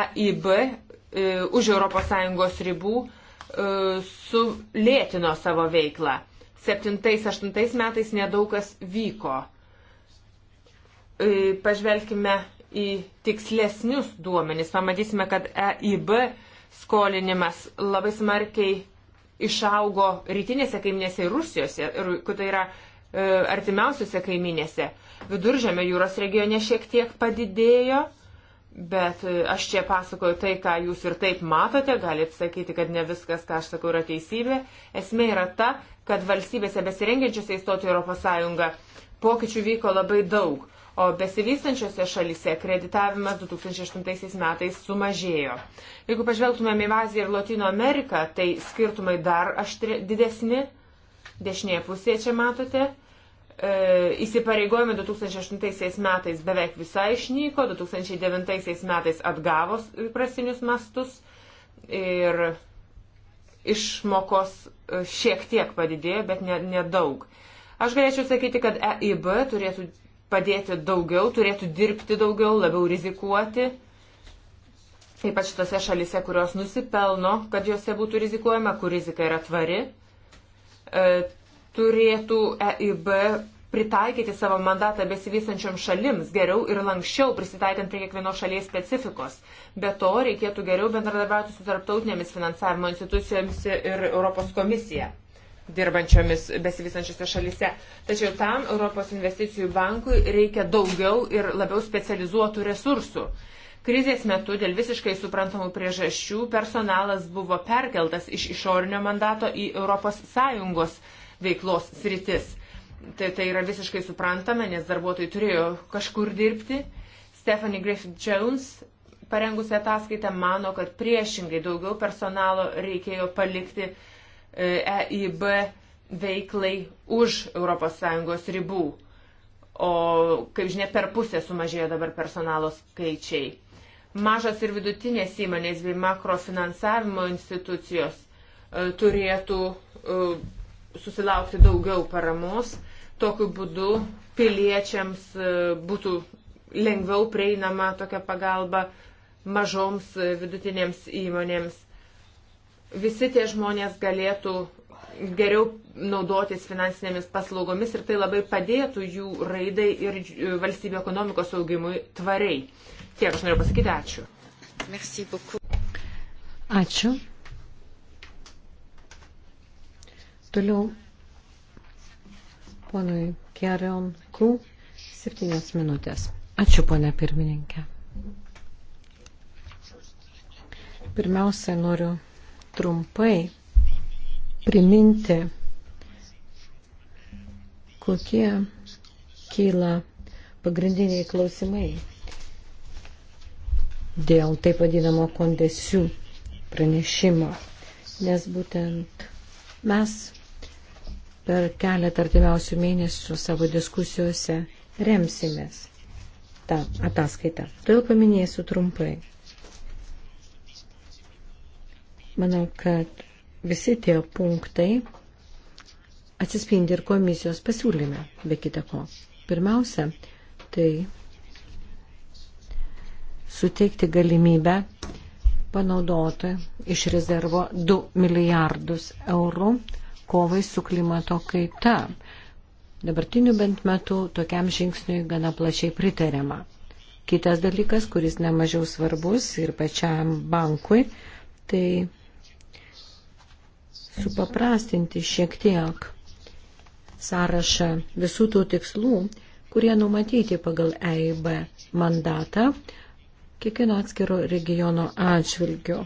EIB e, už ES ribų e, sulėtino savo veiklą. 7-8 metais nedaug kas vyko. E, pažvelkime į tikslesnius duomenys, pamatysime, kad EIB skolinimas labai smarkiai išaugo rytinėse kaiminėse ir Rusijose, ir, tai yra e, artimiausiose kaiminėse. Viduržėmio jūros regione šiek tiek padidėjo, bet e, aš čia pasakoju tai, ką jūs ir taip matote, galite sakyti, kad ne viskas, ką aš sakau, yra teisybė. Esmė yra ta, kad valstybėse besirengiančiose įstoti Europos Sąjungą pokyčių vyko labai daug O besivystančiose šalise kreditavimas 2008 metais sumažėjo. Jeigu pažvelgtumėm į Aziją ir Latino Ameriką, tai skirtumai dar aštri, didesni. Dešinėje pusėje čia matote. E, įsipareigojimai 2008 metais beveik visai išnyko, 2009 metais atgavo prasinius mastus ir išmokos e, šiek tiek padidėjo, bet nedaug. Ne, ne Aš galėčiau sakyti, kad EIB turėtų padėti daugiau, turėtų dirbti daugiau, labiau rizikuoti. Ypač tose šalise, kurios nusipelno, kad jose būtų rizikuojama, kur rizika yra tvari, e, turėtų EIB pritaikyti savo mandatą besivysančiom šalims geriau ir lankščiau prisitaikant prie kiekvienos šalies specifikos. Be to reikėtų geriau bendradarbiauti su tarptautinėmis finansavimo institucijomis ir Europos komisija dirbančiomis besivysančiose šalise. Tačiau tam Europos investicijų bankui reikia daugiau ir labiau specializuotų resursų. Krizės metu dėl visiškai suprantamų priežasčių personalas buvo perkeltas iš išorinio mandato į ES veiklos sritis. Tai, tai yra visiškai suprantama, nes darbuotojai turėjo kažkur dirbti. Stephanie Griffith Jones parengusi ataskaitą mano, kad priešingai daugiau personalo reikėjo palikti uh, EIB veiklai už ES ribų. O, kaip žinia, per pusę sumažėjo dabar personalo skaičiai. Mažas ir vidutinės įmonės bei makrofinansavimo institucijos e, turėtų e, susilaukti daugiau paramos. Tokiu būdu piliečiams e, būtų lengviau prieinama tokia pagalba mažoms vidutinėms įmonėms visi tie žmonės galėtų geriau naudotis finansinėmis paslaugomis ir tai labai padėtų jų raidai ir e, valstybių ekonomikos augimui tvariai. Tiek aš noriu pasakyti ačiū. Ačiū. Toliau ponui Kerion Kū septynios minutės. Ačiū, ponė pirmininkė. Pirmiausia, noriu trumpai priminti, kokie kyla pagrindiniai klausimai dėl taip vadinamo kondesių pranešimo. Nes būtent mes per keletą artimiausių mėnesių savo diskusijose remsimės tą ataskaitą. Todėl paminėsiu trumpai. Manau, kad visi tie punktai atsispindi ir komisijos pasiūlyme, be kita ko. Pirmiausia, tai suteikti galimybę panaudoti iš rezervo 2 milijardus eurų kovai su klimato kaita. Dabartiniu bent metu tokiam žingsniui gana plačiai pritariama. Kitas dalykas, kuris nemažiau svarbus ir pačiam bankui, tai supaprastinti šiek tiek sąrašą visų tų tikslų, kurie numatyti pagal EIB mandatą kiekvieno atskiro regiono atžvilgiu.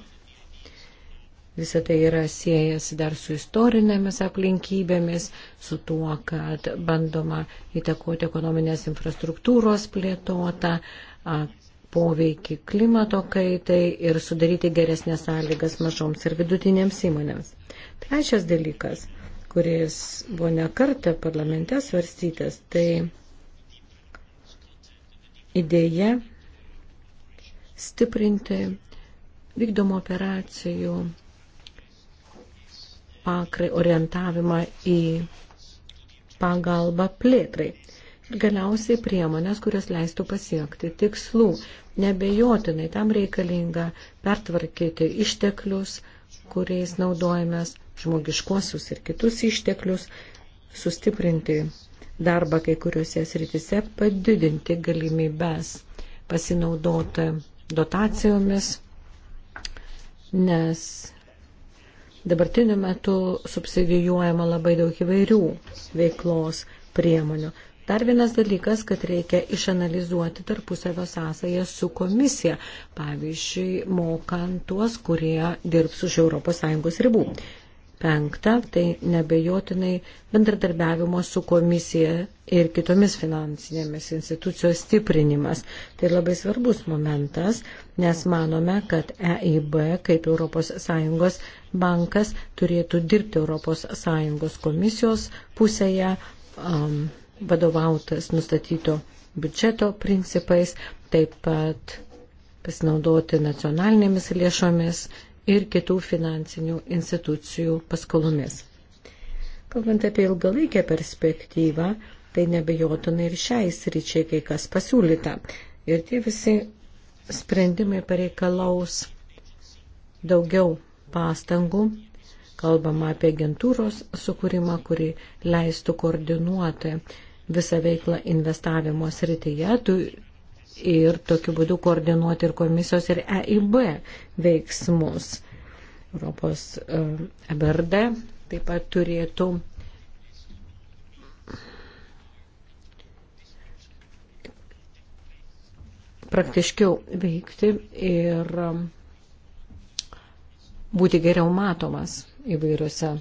Visą tai yra siejasi dar su istorinėmis aplinkybėmis, su tuo, kad bandoma įtakoti ekonominės infrastruktūros plėtotą, poveikį klimato kaitai ir sudaryti geresnės sąlygas mažoms ir vidutinėms įmonėms. Trečias dalykas, kuris buvo nekartą parlamente svarstytas, tai idėja stiprinti vykdomų operacijų pakrai orientavimą į pagalbą plėtrai ir galiausiai priemonės, kurios leistų pasiekti tikslų. Nebejotinai tam reikalinga pertvarkyti išteklius, kuriais naudojamės, žmogiškosius ir kitus išteklius, sustiprinti darbą kai kuriuose sritise, padidinti galimybės pasinaudoti dotacijomis, nes dabartiniu metu subsidijuojama labai daug įvairių veiklos priemonių. Dar vienas dalykas, kad reikia išanalizuoti tarpusavio sąsąją su komisija, pavyzdžiui, mokant tuos, kurie dirbs už ES ribų. Penkta, tai nebejotinai bendradarbiavimo su komisija ir kitomis finansinėmis institucijos stiprinimas. Tai labai svarbus momentas, nes manome, kad EIB kaip ES bankas turėtų dirbti ES komisijos pusėje. Um, vadovautas nustatyto biudžeto principais, taip pat pasinaudoti nacionalinėmis lėšomis ir kitų finansinių institucijų paskolomis. Kalbant apie ilgalaikę perspektyvą, tai nebejotinai ir šiai sričiai kai kas pasiūlyta. Ir tie visi sprendimai pareikalaus daugiau pastangų. Kalbama apie agentūros sukūrimą, kuri leistų koordinuoti visą veiklą investavimo srityje tu, ir tokiu būdu koordinuoti ir komisijos ir EIB veiksmus. Europos EBRD e taip pat turėtų praktiškiau veikti ir e, būti geriau matomas įvairiuose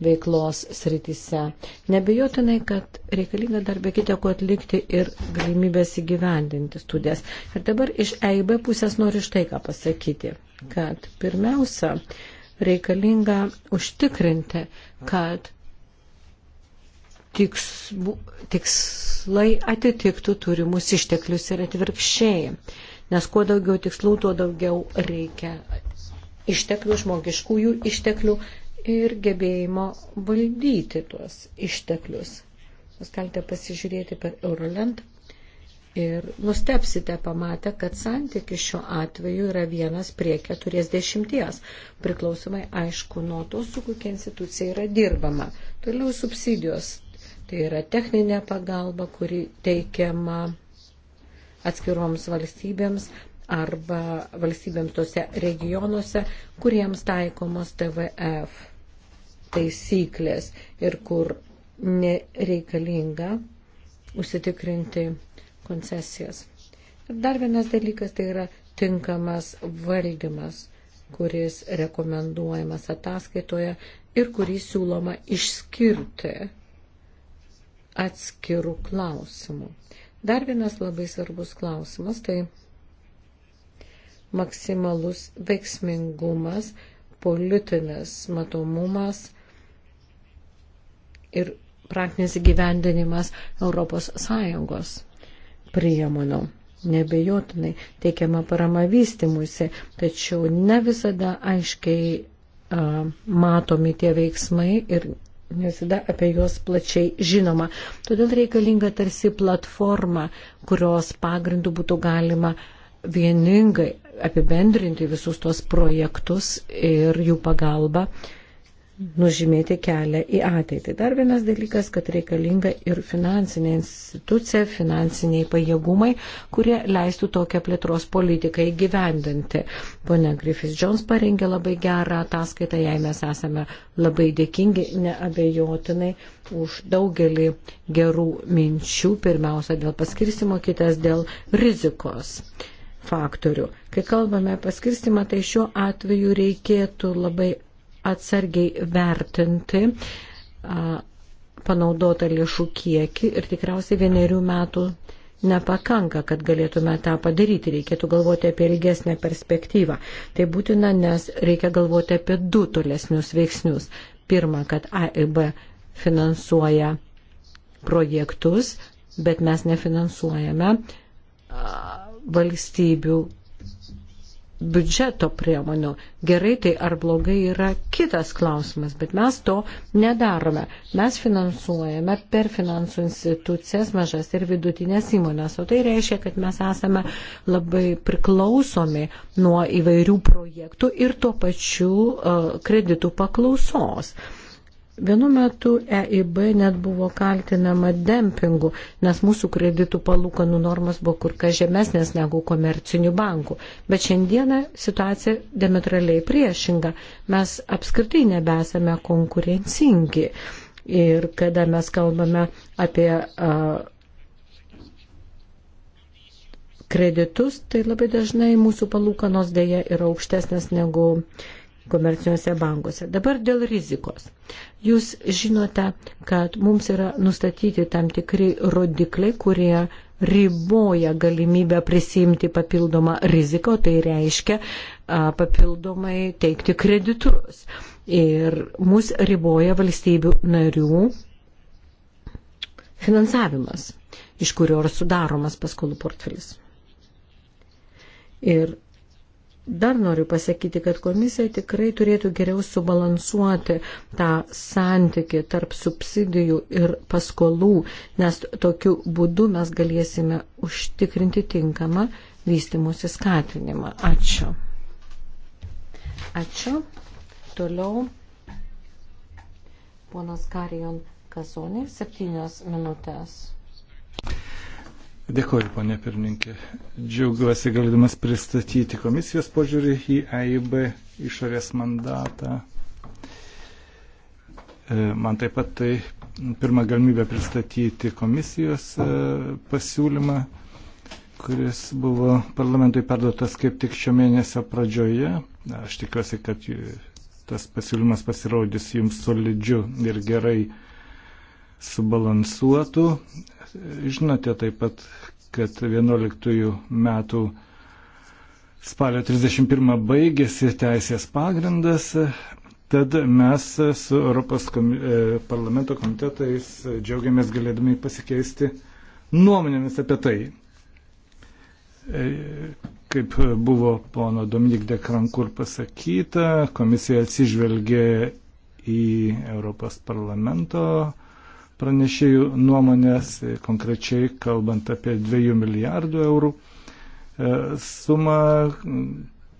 veiklos sritise. Nebejotinai, kad reikalinga dar be kitio ko atlikti ir galimybės įgyvendinti studijas. Ir dabar iš EIB pusės noriu štai ką pasakyti, kad pirmiausia, reikalinga užtikrinti, kad tiks, tikslai atitiktų turimus išteklius ir atvirkščiai. Nes kuo daugiau tikslų, tuo daugiau reikia išteklių, žmogiškųjų išteklių ir gebėjimo valdyti tuos išteklius. Jūs galite pasižiūrėti per Euroland ir nustepsite pamatę, kad santykis šiuo atveju yra vienas prie keturiasdešimties, priklausomai aišku nuo to, su kokia institucija yra dirbama. Toliau subsidijos. Tai yra techninė pagalba, kuri teikiama atskiroms valstybėms, arba valstybėms tose regionuose, kuriems taikomos TVF taisyklės ir kur nereikalinga užsitikrinti koncesijas. Ir dar vienas dalykas tai yra tinkamas valdymas, kuris rekomenduojamas ataskaitoje ir kurį siūloma išskirti atskirų klausimų. Dar vienas labai svarbus klausimas tai maksimalus veiksmingumas, politinis matomumas ir praktinis įgyvendinimas ES priemonių. Nebejotinai teikiama parama vystimusi, tačiau ne visada aiškiai uh, matomi tie veiksmai ir ne visada apie juos plačiai žinoma. Todėl reikalinga tarsi platforma, kurios pagrindų būtų galima vieningai apibendrinti visus tos projektus ir jų pagalba uh, nužymėti kelią į ateitį. Dar vienas dalykas, kad reikalinga ir finansinė institucija, finansiniai pajėgumai, kurie leistų tokią plėtros politiką įgyvendinti. Pone Griffith Jones parengė labai gerą ataskaitą, jai mes esame labai dėkingi, neabejotinai, už daugelį gerų minčių, pirmiausia dėl paskirstimo, kitas dėl rizikos faktorių. Kai kalbame paskirstimą, tai šiuo atveju reikėtų labai atsargiai vertinti panaudotą lėšų kiekį ir tikriausiai vienerių metų nepakanka, kad galėtume tą padaryti. Reikėtų galvoti apie ilgesnę perspektyvą. Tai būtina, nes reikia galvoti apie du tolesnius veiksnius. Pirma, kad AIB finansuoja projektus, bet mes nefinansuojame valstybių biudžeto priemonių. Gerai tai ar blogai yra kitas klausimas, bet mes to nedarome. Mes finansuojame per finansų institucijas mažas ir vidutinės įmonės, o tai reiškia, kad mes esame labai priklausomi nuo įvairių projektų ir tuo pačiu uh, kreditų paklausos. Uh, Vienu metu EIB net buvo kaltinama dempingu, nes mūsų kreditų palūkanų normas buvo kur kas žemesnės negu komercinių bankų. Bet šiandieną situacija diametraliai priešinga. Mes apskritai nebesame konkurencingi. Ir kada mes kalbame apie uh, kreditus, tai labai dažnai mūsų palūkanos dėja yra aukštesnės negu uh, komerciniuose bankuose. Dabar dėl rizikos. Jūs žinote, kad mums yra nustatyti tam tikri rodikliai, kurie riboja galimybę prisimti papildomą riziką, tai reiškia papildomai teikti kreditus. Ir mus riboja valstybių narių finansavimas, iš kurio yra sudaromas paskolų portfelis. Ir Dar noriu pasakyti, kad komisija tikrai turėtų geriau subalansuoti tą santyki tarp subsidijų ir paskolų, nes tokiu būdu mes galėsime užtikrinti tinkamą vystimusi skatinimą. Ačiū. Ačiū. Toliau ponas Karijon Kasonė, septynios minutės. Dėkoju, ponė pirmininkė. Džiaugiuosi galėdamas pristatyti komisijos požiūrį į AIB išorės mandatą. E, man taip pat tai pirmą galimybę pristatyti komisijos e, pasiūlymą, kuris buvo parlamentui perduotas kaip tik šio mėnesio pradžioje. Aš tikiuosi, kad tas pasiūlymas pasirodys jums solidžiu ir gerai subalansuotų. Žinote taip pat, kad 11 metų spalio 31 baigėsi teisės pagrindas, tad mes su Europos komi e, parlamento komitetais džiaugiamės galėdami pasikeisti nuomonėmis apie tai. E, kaip buvo pono Dominik de Krankur pasakyta, komisija atsižvelgė į Europos parlamento pranešėjų nuomonės, konkrečiai kalbant apie 2 milijardų eurų e, sumą,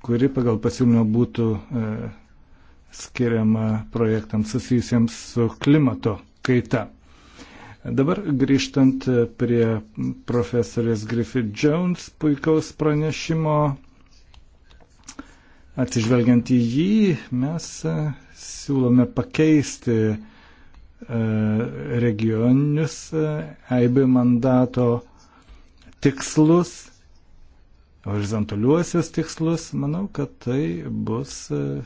kuri pagal pasiūlymą būtų e, skiriama projektams susijusiems su klimato kaita. Dabar grįžtant prie profesorės Griffith Jones puikaus pranešimo, atsižvelgiant į jį, mes e, siūlome pakeisti uh, E, regioninius e, EIB mandato tikslus, horizontaliuosius tikslus, manau, kad tai bus, e,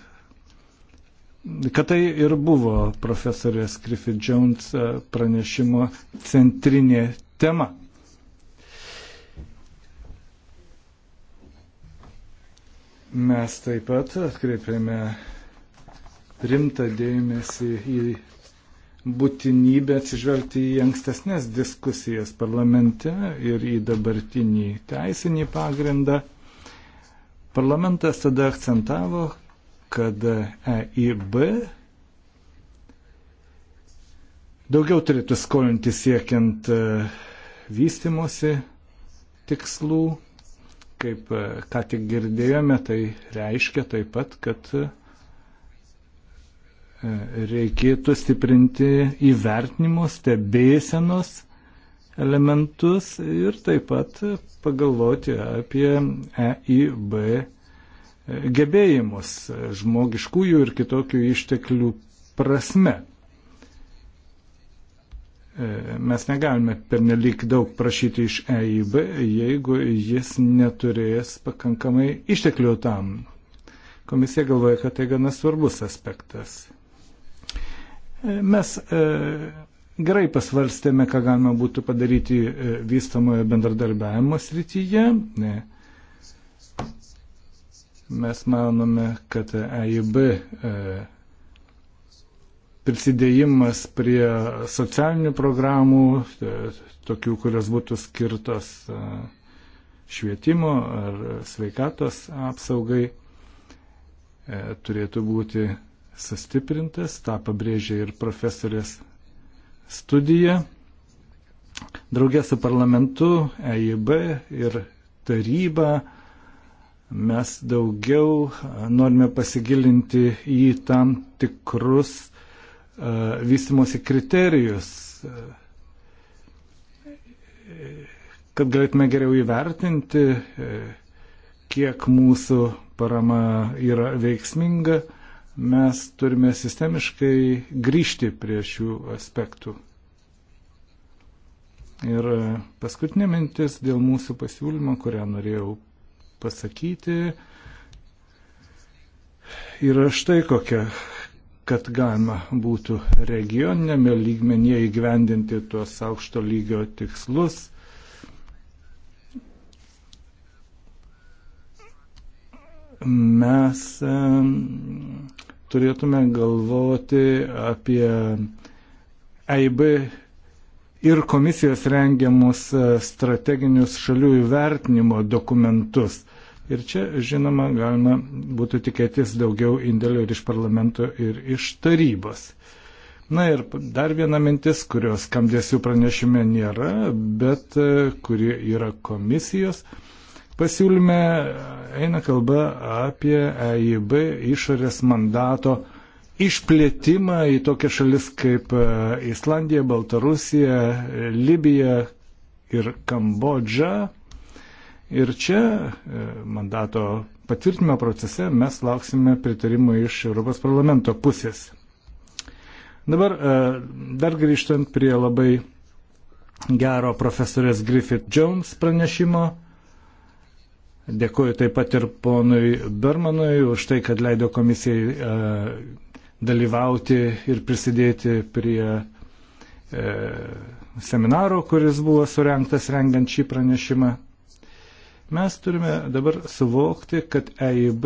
kad tai ir buvo profesorės Griffith Jones pranešimo centrinė tema. Mes taip pat atkreipėme rimtą dėmesį į būtinybę atsižvelgti į ankstesnės diskusijas parlamente ir į dabartinį teisinį pagrindą. Parlamentas tada akcentavo, kad EIB daugiau turėtų skolinti siekiant e, vystimosi tikslų, kaip e, ką tik girdėjome, tai reiškia taip pat, kad reikėtų stiprinti įvertinimo stebėsenos elementus ir taip pat pagalvoti apie EIB gebėjimus žmogiškųjų ir kitokių išteklių prasme. E, mes negalime pernelyg daug prašyti iš EIB, jeigu jis neturės pakankamai išteklių tam. Komisija galvoja, kad tai gana svarbus aspektas. Mes e, gerai pasvarstėme, ką galima būtų padaryti e, vystamojo bendradarbiavimo srityje. Mes manome, kad EIB e, prisidėjimas prie socialinių programų, tokių, kurios būtų skirtos švietimo ar sveikatos apsaugai, turėtų būti sustiprintas, tą pabrėžė ir profesorės studija. Draugė su parlamentu, EIB ir taryba mes daugiau norime pasigilinti į tam tikrus uh, vystimosi kriterijus, e, kad galėtume geriau įvertinti, e, kiek mūsų parama yra veiksminga. Uh, mes turime sistemiškai grįžti prie šių aspektų. Ir paskutinė mintis dėl mūsų pasiūlymo, kurią norėjau pasakyti, yra štai kokia, kad galima būtų regioninėme lygmenyje įgyvendinti tuos aukšto lygio tikslus, mes turėtume galvoti apie EIB ir komisijos rengiamus e, strateginius šalių įvertinimo dokumentus. Ir čia, žinoma, galima būtų tikėtis daugiau indėlių ir iš parlamento, ir iš tarybos. Na ir dar viena mintis, kurios skambės jų pranešime nėra, bet e, kuri yra komisijos. Uh, Pasiūlyme eina kalba apie EIB išorės mandato išplėtimą į tokias šalis kaip e, Islandija, Baltarusija, Libija ir Kambodža. Ir čia e, mandato patvirtinimo procese mes lauksime pritarimo iš Europos parlamento pusės. Dabar e, dar grįžtant prie labai gero profesorės Griffith Jones pranešimo. Dėkuoju taip pat ir ponui Bermanui už tai, kad leido komisijai e, dalyvauti ir prisidėti prie e, seminaro, kuris buvo surenktas rengiant šį pranešimą. Mes turime dabar suvokti, kad EIB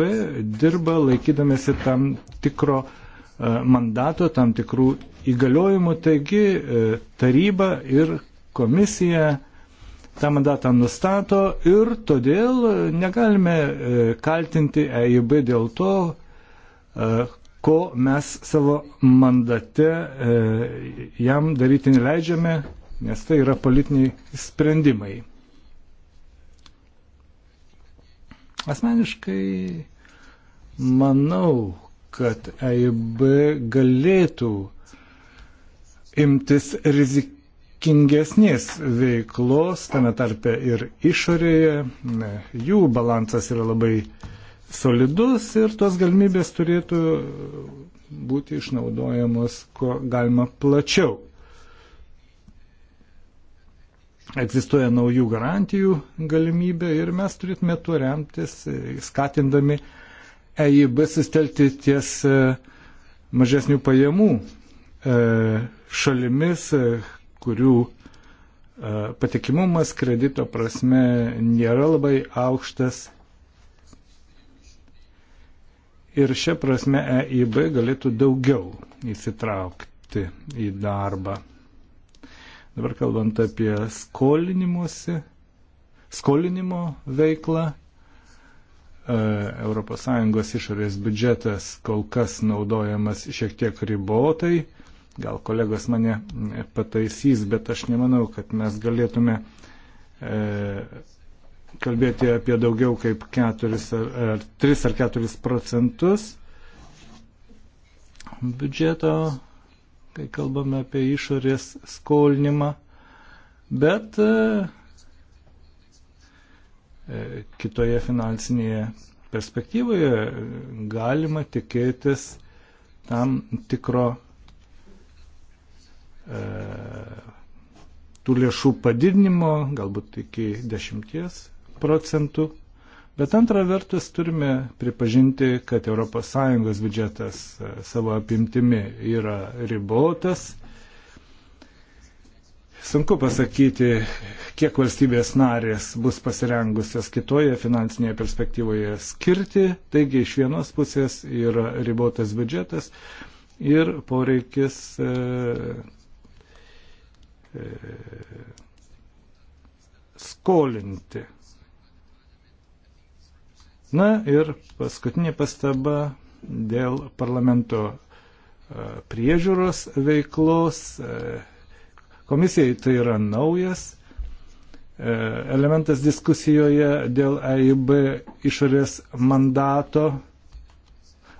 dirba laikydamėsi tam tikro e, mandato, tam tikrų įgaliojimų, taigi e, taryba ir komisija e, tą mandatą nustato ir todėl negalime e, kaltinti EIB dėl to, e, ko mes savo mandate e, jam daryti neleidžiame, nes tai yra politiniai sprendimai. Asmeniškai manau, kad EIB galėtų imtis rizik atsakingesnės veiklos, tame tarpe ir išorėje. Jų balansas yra labai solidus ir tos galimybės turėtų būti išnaudojamos kuo galima plačiau. Egzistuoja naujų garantijų galimybė ir mes turėtume tuo remtis, skatindami EIB sustelti ties e, mažesnių pajamų e, šalimis, e, kurių e, patikimumas kredito prasme nėra labai aukštas. Ir šia prasme EIB galėtų daugiau įsitraukti į darbą. Dabar kalbant apie skolinimuose, skolinimo veiklą, ES išorės biudžetas kol kas naudojamas šiek tiek ribotai Gal kolegos mane e, pataisys, bet aš nemanau, kad mes galėtume e, kalbėti apie daugiau kaip 4 ar, ar 3 ar 4 procentus biudžeto, kai kalbame apie išorės skolinimą. Bet e, e kitoje finansinėje perspektyvoje galima tikėtis tam tikro E, tų lėšų padidinimo, galbūt iki 10 procentų. Bet antra vertus turime pripažinti, kad ES biudžetas e, savo apimtimi yra ribotas. Sunku pasakyti, kiek valstybės narės bus pasirengusios kitoje finansinėje perspektyvoje skirti. Taigi iš vienos pusės yra ribotas biudžetas ir poreikis e, skolinti. Na ir paskutinė pastaba dėl parlamento e, priežiūros veiklos. E, komisijai tai yra naujas e, elementas diskusijoje dėl AIB išorės mandato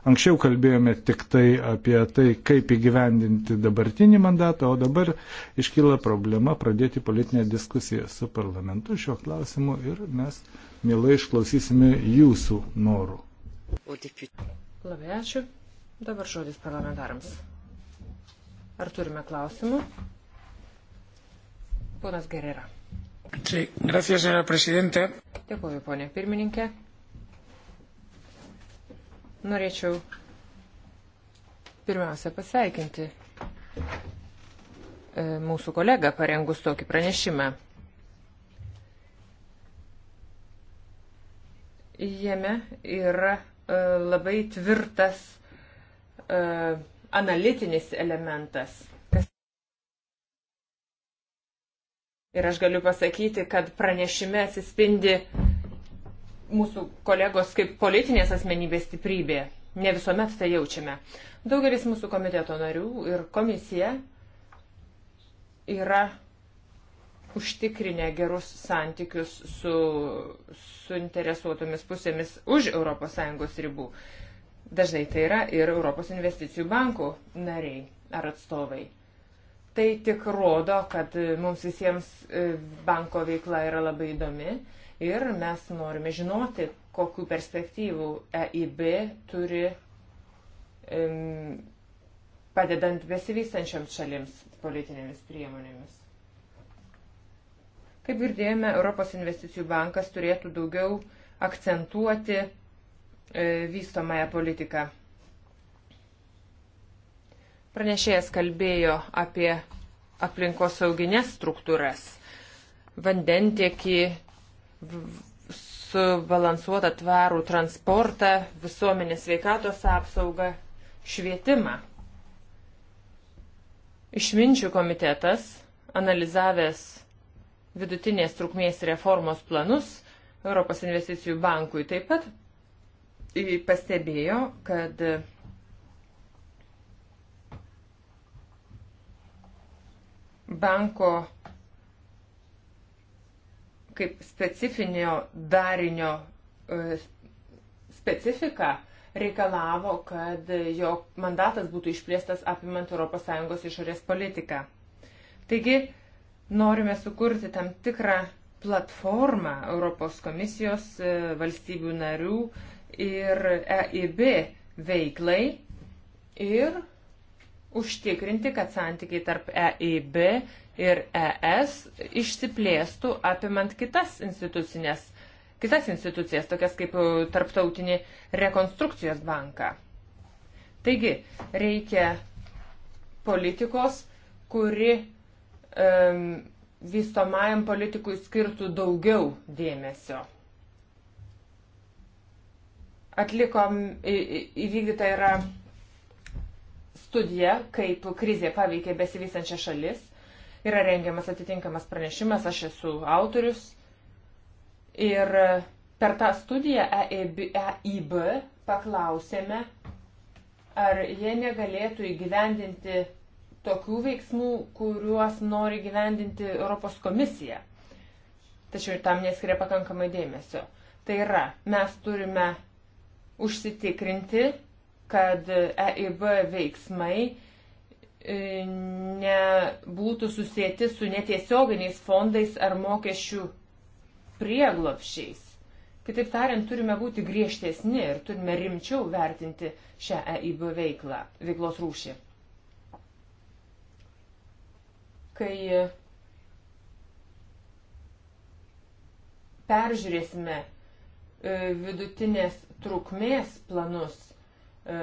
Anksčiau kalbėjome tik tai apie tai, kaip įgyvendinti dabartinį mandatą, o dabar iškyla problema pradėti politinę diskusiją su parlamentu šiuo klausimu ir mes mielai išklausysime jūsų norų. Labai ačiū. Dabar žodis parlamentarams. Ar turime klausimų? Ponas Gerera. Sí, gracias, señora presidente. Dėkuoju, ponė pirmininkė. Norėčiau pirmiausia pasveikinti e, mūsų kolegą parengus tokį pranešimą. Jame yra e, labai tvirtas e, analitinis elementas. Ir aš galiu pasakyti, kad pranešime atsispindi uh, mūsų kolegos kaip politinės asmenybės stiprybė. Ne visuomet tai jaučiame. Daugelis mūsų komiteto narių ir komisija yra užtikrinę gerus santykius su suinteresuotomis pusėmis už ES ribų. Dažnai tai yra ir Europos investicijų bankų nariai ar atstovai. Tai tik rodo, kad mums visiems e, banko veikla yra labai įdomi Ir mes norime žinoti, kokiu perspektyvų EIB turi um, padedant besivystančiams šalims politinėmis priemonėmis. Kaip girdėjome, Europos investicijų bankas turėtų daugiau akcentuoti e, vystomąją politiką. Pranešėjas kalbėjo apie aplinkosauginės struktūras, vandentiekį, subalansuotą tvarų transportą, visuomenės sveikatos apsaugą, švietimą. Išminčių komitetas, analizavęs vidutinės trukmės reformos planus Europos investicijų bankui, taip pat pastebėjo, kad banko kaip specifinio darinio e, specifika reikalavo, kad jo mandatas būtų išplėstas apimant ES išorės politiką. Taigi, norime sukurti tam tikrą platformą Europos komisijos e, valstybių narių ir EIB veiklai ir užtikrinti, kad santykiai tarp EIB ir ES išsiplėstų apimant kitas institucinės, kitas institucijas, tokias kaip e, Tarptautinį rekonstrukcijos banką. Taigi, reikia politikos, kuri um, vystomajam politikui skirtų daugiau dėmesio. Atlikom, įvykdyta yra studija, kaip krizė paveikė besivysančią šalis Yra rengiamas atitinkamas pranešimas, aš esu autorius. Ir per tą studiją EIB, e EIB paklausėme, ar jie negalėtų įgyvendinti tokių veiksmų, kuriuos nori gyvendinti Europos komisija. Tačiau tam neskiria pakankamai dėmesio. Tai yra, mes turime užsitikrinti, kad EIB veiksmai E, nebūtų susijęti su netiesioginiais fondais ar mokesčių prieglopšiais. Kitaip tariant, turime būti griežtesni ir turime rimčiau vertinti šią EIB veiklą, veiklos rūšį. Kai peržiūrėsime e, vidutinės trukmės planus, e,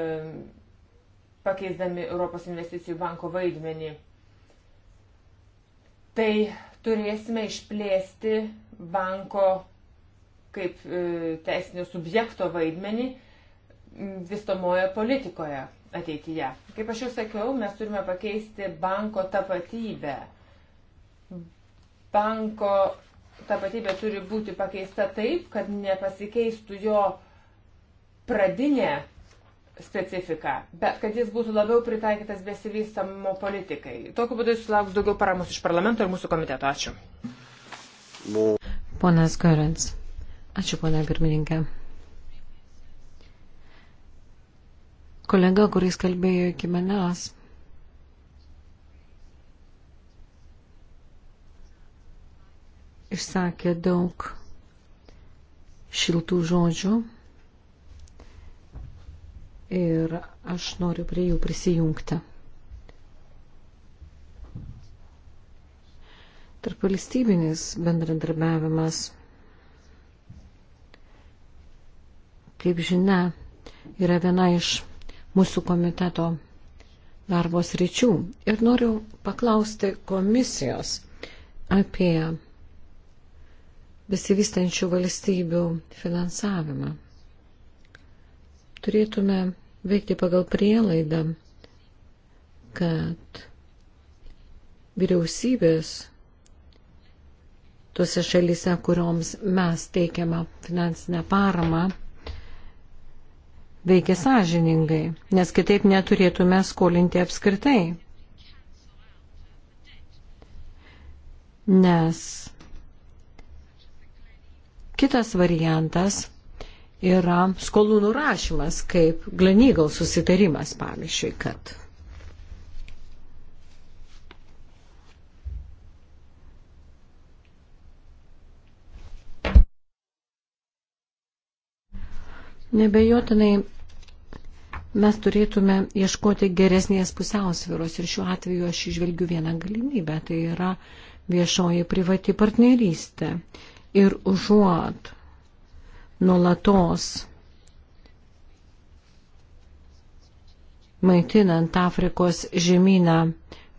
pakeisdami Europos investicijų banko vaidmenį. Tai turėsime išplėsti banko kaip e, teisinio subjekto vaidmenį vystomoje politikoje ateityje. Kaip aš jau sakiau, mes turime pakeisti banko tapatybę. Banko tapatybė turi būti pakeista taip, kad nepasikeistų jo pradinė specifiką, bet kad jis būtų labiau pritaikytas besivystamo politikai. Tokiu būdu jis sulauks daugiau paramos iš parlamento ir mūsų komiteto. Ačiū. Ponas Karens. Ačiū, ponia pirmininkė. Kolega, kuris kalbėjo iki manęs. Išsakė daug šiltų žodžių ir aš noriu prie jų prisijungti. Tarp valstybinis bendradarbiavimas, kaip žinia, yra viena iš mūsų komiteto darbo sričių. Ir noriu paklausti komisijos apie besivystančių valstybių finansavimą. Turėtume veikti pagal prielaidą, kad vyriausybės tuose šalyse, kurioms mes teikiame finansinę paramą, veikia sąžiningai, nes kitaip neturėtume skolinti apskritai. Nes kitas variantas yra skolų nurašymas, kaip Glanygal susitarimas, pavyzdžiui, kad. Nebejotinai mes turėtume ieškoti geresnės pusiausviros ir šiuo atveju aš išvelgiu vieną galimybę, tai yra viešoji privati partnerystė. Ir užuot nuolatos maitinant Afrikos žemyną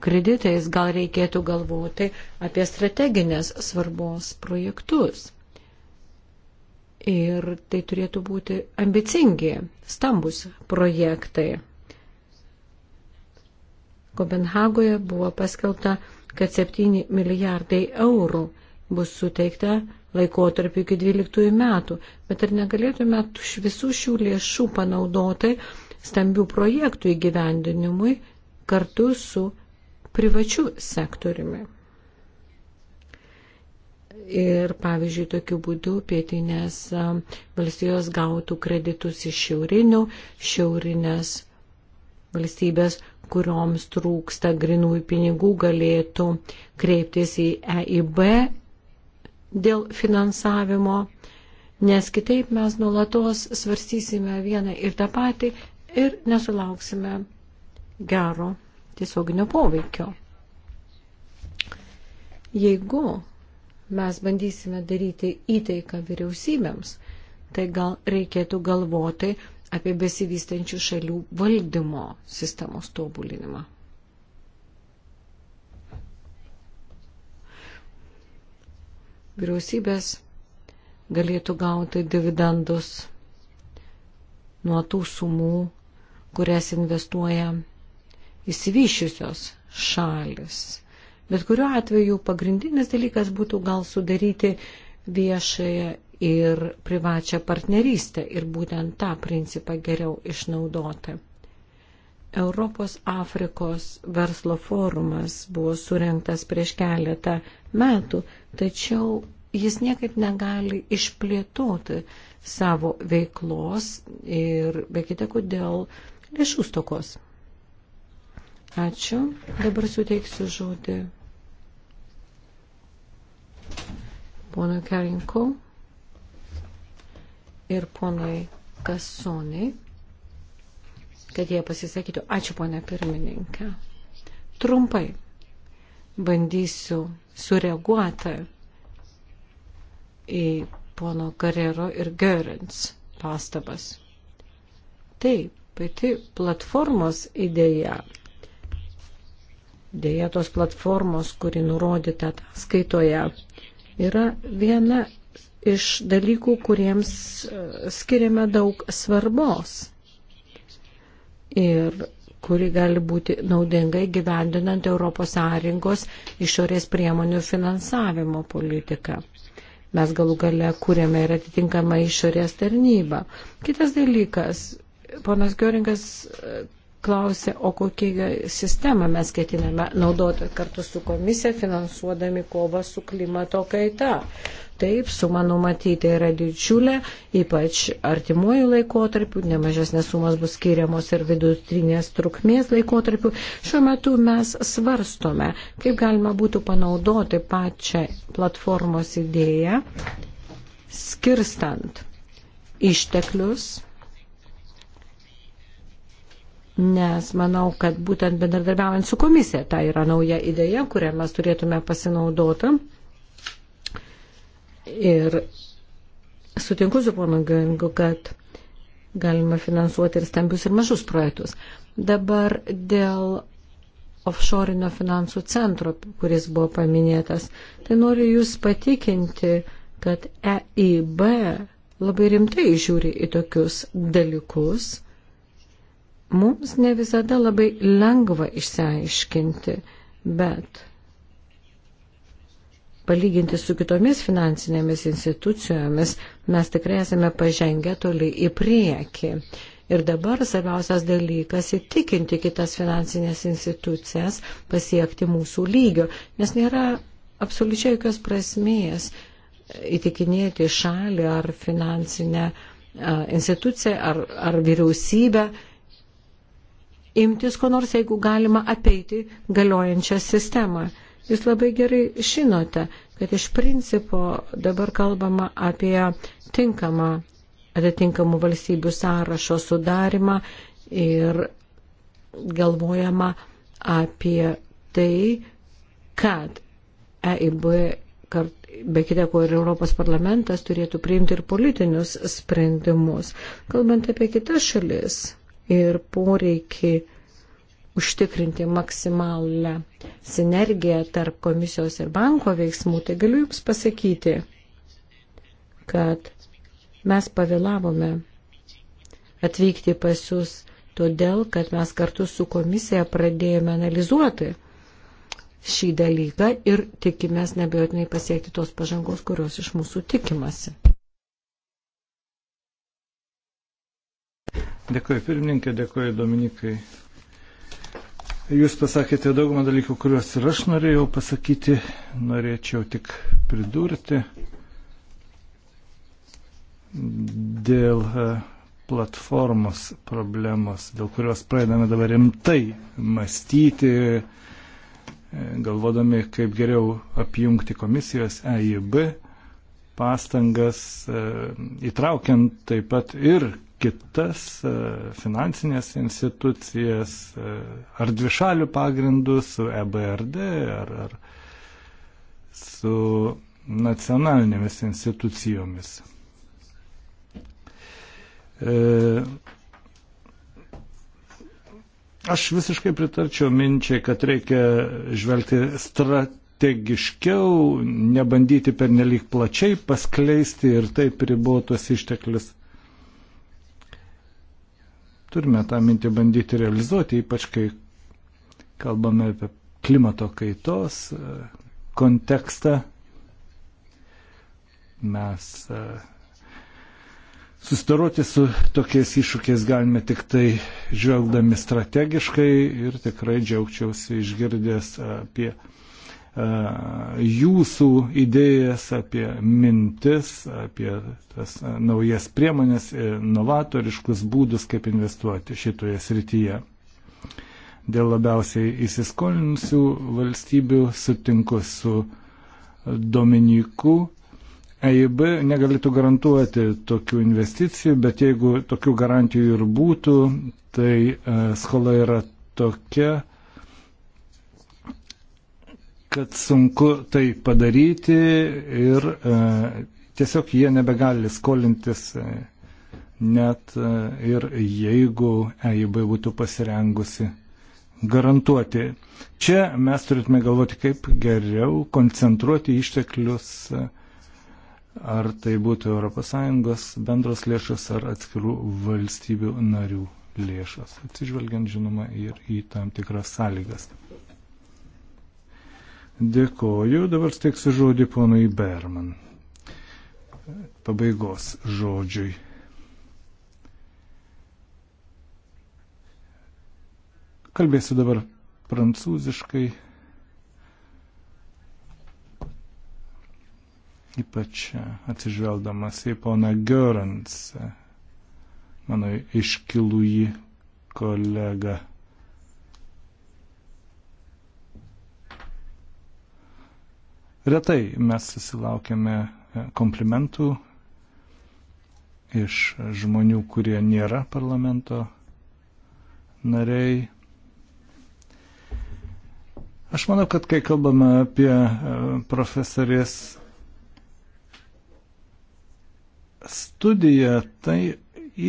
kreditais, gal reikėtų galvoti apie strateginės svarbos projektus. Ir tai turėtų būti ambicingi, stambus projektai. Kopenhagoje buvo paskelbta, kad 7 milijardai eurų bus suteikta laikotarpį iki 12 metų, bet ar negalėtume visų šių lėšų panaudotai stambių projektų įgyvendinimui kartu su privačiu sektoriumi. Ir pavyzdžiui, tokiu būdu pietinės valstijos gautų kreditus iš šiaurinių, šiaurinės valstybės, kurioms trūksta grinųjų pinigų, galėtų kreiptis į EIB dėl finansavimo, nes kitaip mes nulatos svarstysime vieną ir tą patį ir nesulauksime gero tiesioginio poveikio. Jeigu mes bandysime daryti įtaiką vyriausybėms, tai gal reikėtų galvoti apie besivystančių šalių valdymo sistemos tobulinimą. vyriausybės galėtų gauti dividendus nuo tų sumų, kurias investuoja įsivyšiusios šalis. Bet kuriuo atveju pagrindinis dalykas būtų gal sudaryti viešąją ir privačią partnerystę ir būtent tą principą geriau išnaudoti. Europos Afrikos verslo forumas buvo surinktas prieš keletą metų, tačiau jis niekaip negali išplėtoti savo veiklos ir be kita kodėl lėšų stokos. Ačiū. Dabar suteiksiu žodį ponui Karinkau ir ponui Kasoniai kad jie pasisakytų. Ačiū, ponia pirmininkė. Trumpai bandysiu sureaguoti į pono Karero ir Gerens pastabas. Taip, pati platformos idėja. Dėja, tos platformos, kuri nurodyta skaitoje, yra viena iš dalykų, kuriems e, skiriame daug svarbos ir kuri gali būti naudingai gyvendinant ES išorės priemonių finansavimo politiką. Mes galų gale kūrėme ir atitinkamą išorės tarnybą. Kitas dalykas, ponas Gioringas e, klausė, o kokią sistemą mes ketiname naudoti kartu su komisija finansuodami kovą su klimato kaita. Taip, suma numatyta yra didžiulė, ypač artimuoju laikotarpiu, nemažesnės sumas bus skiriamos ir vidutinės trukmės laikotarpiu. Šiuo metu mes svarstome, kaip galima būtų panaudoti pačią platformos idėją, skirstant išteklius nes manau, kad būtent bendradarbiaujant su komisija, ta yra nauja idėja, kurią mes turėtume pasinaudoti Ir sutinku su ponu Gangu, kad galima finansuoti ir stambius ir mažus projektus. Dabar dėl offshore'inio finansų centro, kuris buvo paminėtas, tai noriu Jūs patikinti, kad EIB labai rimtai žiūri į tokius dalykus. Mums ne visada labai lengva išsiaiškinti, bet palyginti su kitomis finansinėmis institucijomis, mes tikrai esame pažengę toli į priekį. Ir dabar svarbiausias dalykas - įtikinti kitas finansinės institucijas pasiekti mūsų lygio, nes nėra absoliučiai jokios prasmės įtikinėti šalį ar finansinę instituciją ar, ar vyriausybę imtis ko nors, jeigu galima apeiti galiojančią sistemą. Jūs labai gerai žinote, kad iš principo dabar kalbama apie tinkamą atitinkamų valstybių sąrašo sudarimą ir galvojama apie tai, kad EIB kartu be kita ko ir Europos parlamentas turėtų priimti ir politinius sprendimus. Kalbant apie kitas šalis ir poreikį užtikrinti maksimalę sinergiją tarp komisijos ir banko veiksmų, tai galiu Jums pasakyti, kad mes pavėlavome atvykti pas Jūs todėl, kad mes kartu su komisija pradėjome analizuoti šį dalyką ir tikimės nebejotinai pasiekti tos pažangos, kurios iš mūsų tikimasi. Dėkuoju pirmininkė, dėkuoju Dominikai Jūs pasakėte daugumą dalykų, kuriuos ir aš norėjau pasakyti, norėčiau tik pridurti dėl e, platformos problemos, dėl kurios pradedame dabar rimtai mąstyti, e, galvodami, kaip geriau apjungti komisijos EIB pastangas, e, įtraukiant taip pat ir kitas e, finansinės institucijas e, ar dvišalių pagrindų su EBRD ar, ar su nacionalinėmis institucijomis. E, aš visiškai pritarčiau minčiai, kad reikia žvelgti strategiškiau, nebandyti pernelyg plačiai paskleisti ir taip ribotos išteklius Turime tą mintį bandyti realizuoti, ypač kai kalbame apie klimato kaitos e, kontekstą. Mes e, Sustaroti su tokiais iššūkiais galime tik tai žvelgdami strategiškai ir tikrai džiaugčiausi išgirdęs apie E, jūsų idėjas, apie mintis, apie tas naujas priemonės, e, novatoriškus būdus, kaip investuoti šitoje srityje. Dėl labiausiai įsiskolinusių valstybių sutinku su Dominiku, EIB negalėtų garantuoti tokių investicijų, bet jeigu tokių garantijų ir būtų, tai e, skola yra tokia, kad sunku tai padaryti ir e, tiesiog jie nebegali skolintis e, net e, ir jeigu EIB būtų pasirengusi garantuoti. Čia mes turėtume galvoti, kaip geriau koncentruoti išteklius, e, ar tai būtų ES bendros lėšos ar atskirų valstybių narių lėšos, atsižvelgiant žinoma ir į tam tikras sąlygas. Dėkoju. Dabar steiksiu žodį ponui Berman. Pabaigos žodžiui. Kalbėsiu dabar prancūziškai. Ypač atsižvelgdamas į poną Görans, mano iškilųjį kolegą. Retai mes susilaukėme e, komplimentų iš žmonių, kurie nėra parlamento nariai. Aš manau, kad kai kalbame apie e, profesorės studiją, tai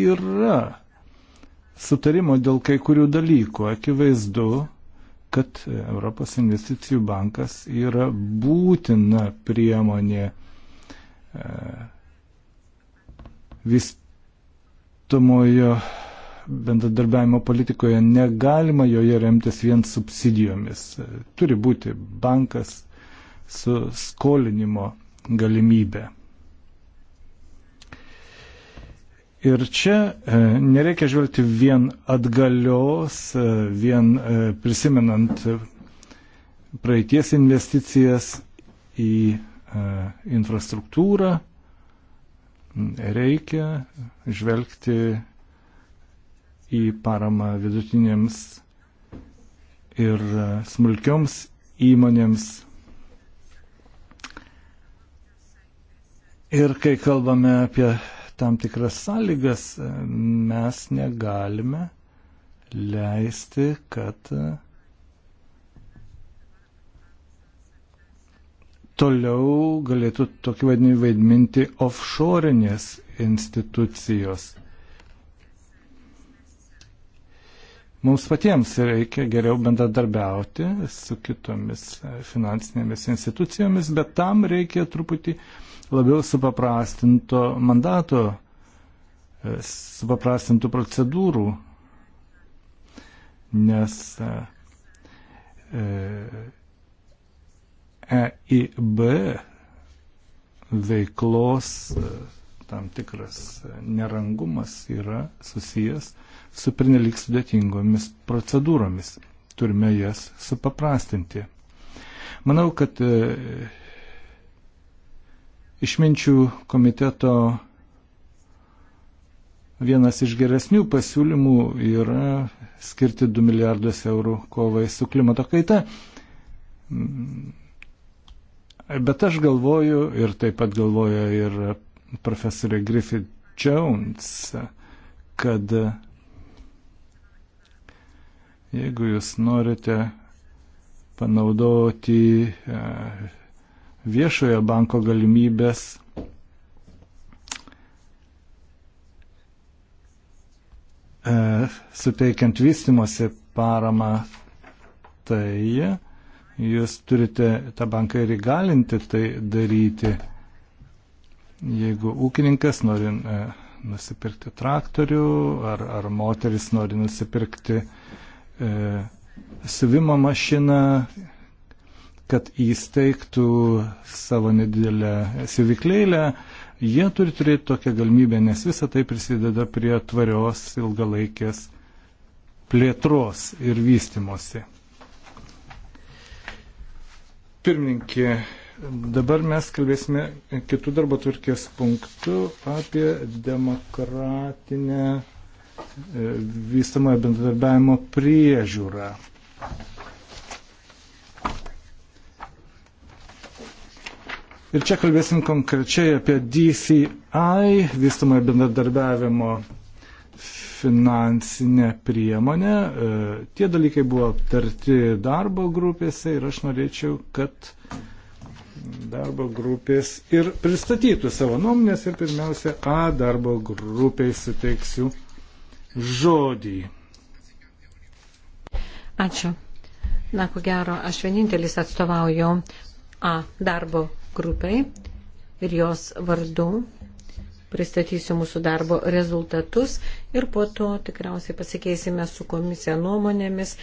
yra sutarimo dėl kai kurių dalykų. Akivaizdu, kad Europos investicijų bankas yra būtina priemonė e, vystumojo bendradarbiavimo politikoje. Negalima joje remtis vien subsidijomis. Turi būti bankas su skolinimo galimybė. Ir čia e, nereikia žvelgti vien atgalios, e, vien e, prisimenant praeities investicijas į infrastruktūrą, reikia žvelgti į paramą vidutinėms ir smulkioms įmonėms. Ir kai kalbame apie tam tikras sąlygas, mes negalime leisti, kad e, toliau galėtų tokį vaidmenį vaidminti offshore'inės institucijos. Mums patiems reikia geriau bendradarbiauti su kitomis e, finansinėmis institucijomis, bet tam reikia truputį uh, labiau supaprastinto mandato, e, supaprastintų procedūrų, nes EIB e, e veiklos tam tikras nerangumas yra susijęs su pernelik sudėtingomis procedūromis. Turime jas supaprastinti. Manau, kad išminčių komiteto vienas iš geresnių pasiūlymų yra skirti 2 milijardus eurų kovai su klimato kaita. Bet aš galvoju ir taip pat galvoja ir profesorė Griffith Jones, kad jeigu jūs norite panaudoti viešojo banko galimybės e, suteikiant vystimosi paramą, tai jūs turite tą banką ir įgalinti tai daryti. Jeigu ūkininkas nori e, nusipirkti traktorių ar, ar moteris nori nusipirkti e, siuvimo mašiną, kad įsteigtų savo nedidelę siuviklėlę, jie turi turėti tokią galimybę, nes visa tai prisideda prie tvarios ilgalaikės plėtros ir vystimosi. Pirmininkė, dabar mes kalbėsime kitų darbo turkės punktų apie demokratinę e, vystamojo bendradarbiavimo priežiūrą. Ir čia kalbėsim konkrečiai apie DCI, vystamą bendradarbiavimo finansinę priemonę. E, tie dalykai buvo aptarti darbo grupėse ir aš norėčiau, kad darbo grupės ir pristatytų savo nuomonės ir pirmiausia, A darbo grupiai suteiksiu žodį. Ačiū. Na, ko gero, aš vienintelis atstovauju A darbo grupiai ir jos vardu pristatysiu mūsų darbo rezultatus ir po to tikriausiai pasikeisime su komisija nuomonėmis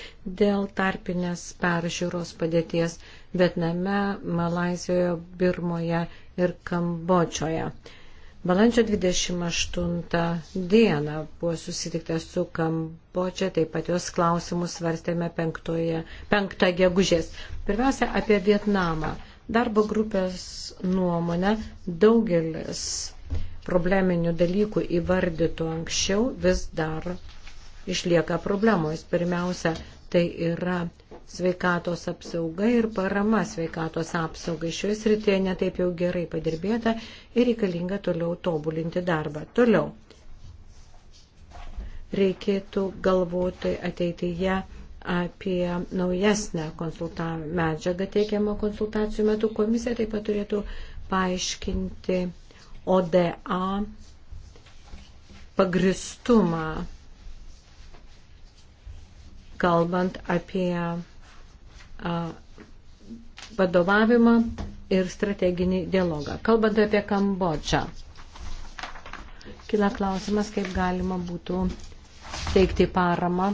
dėl tarpinės peržiūros padėties Vietname, Malaisijoje, Birmoje ir Kambočioje. Balandžio 28 dieną buvo susitikta su Kambočia, taip pat jos klausimus svarstėme 5 gegužės. Pirmiausia, apie Vietnamą. Darbo grupės nuomonė daugelis probleminių dalykų įvardytų anksčiau vis dar išlieka problemos. Pirmiausia, tai yra sveikatos apsauga ir parama sveikatos apsaugai. Šioje srityje netaip jau gerai padirbėta ir reikalinga toliau tobulinti darbą. Toliau reikėtų galvoti ateityje apie naujesnę medžiagą teikiamą konsultacijų metu. Komisija taip pat turėtų paaiškinti ODA pagristumą, kalbant apie vadovavimą ir strateginį dialogą. Kalbant apie Kambodžą, kila klausimas, kaip galima būtų teikti paramą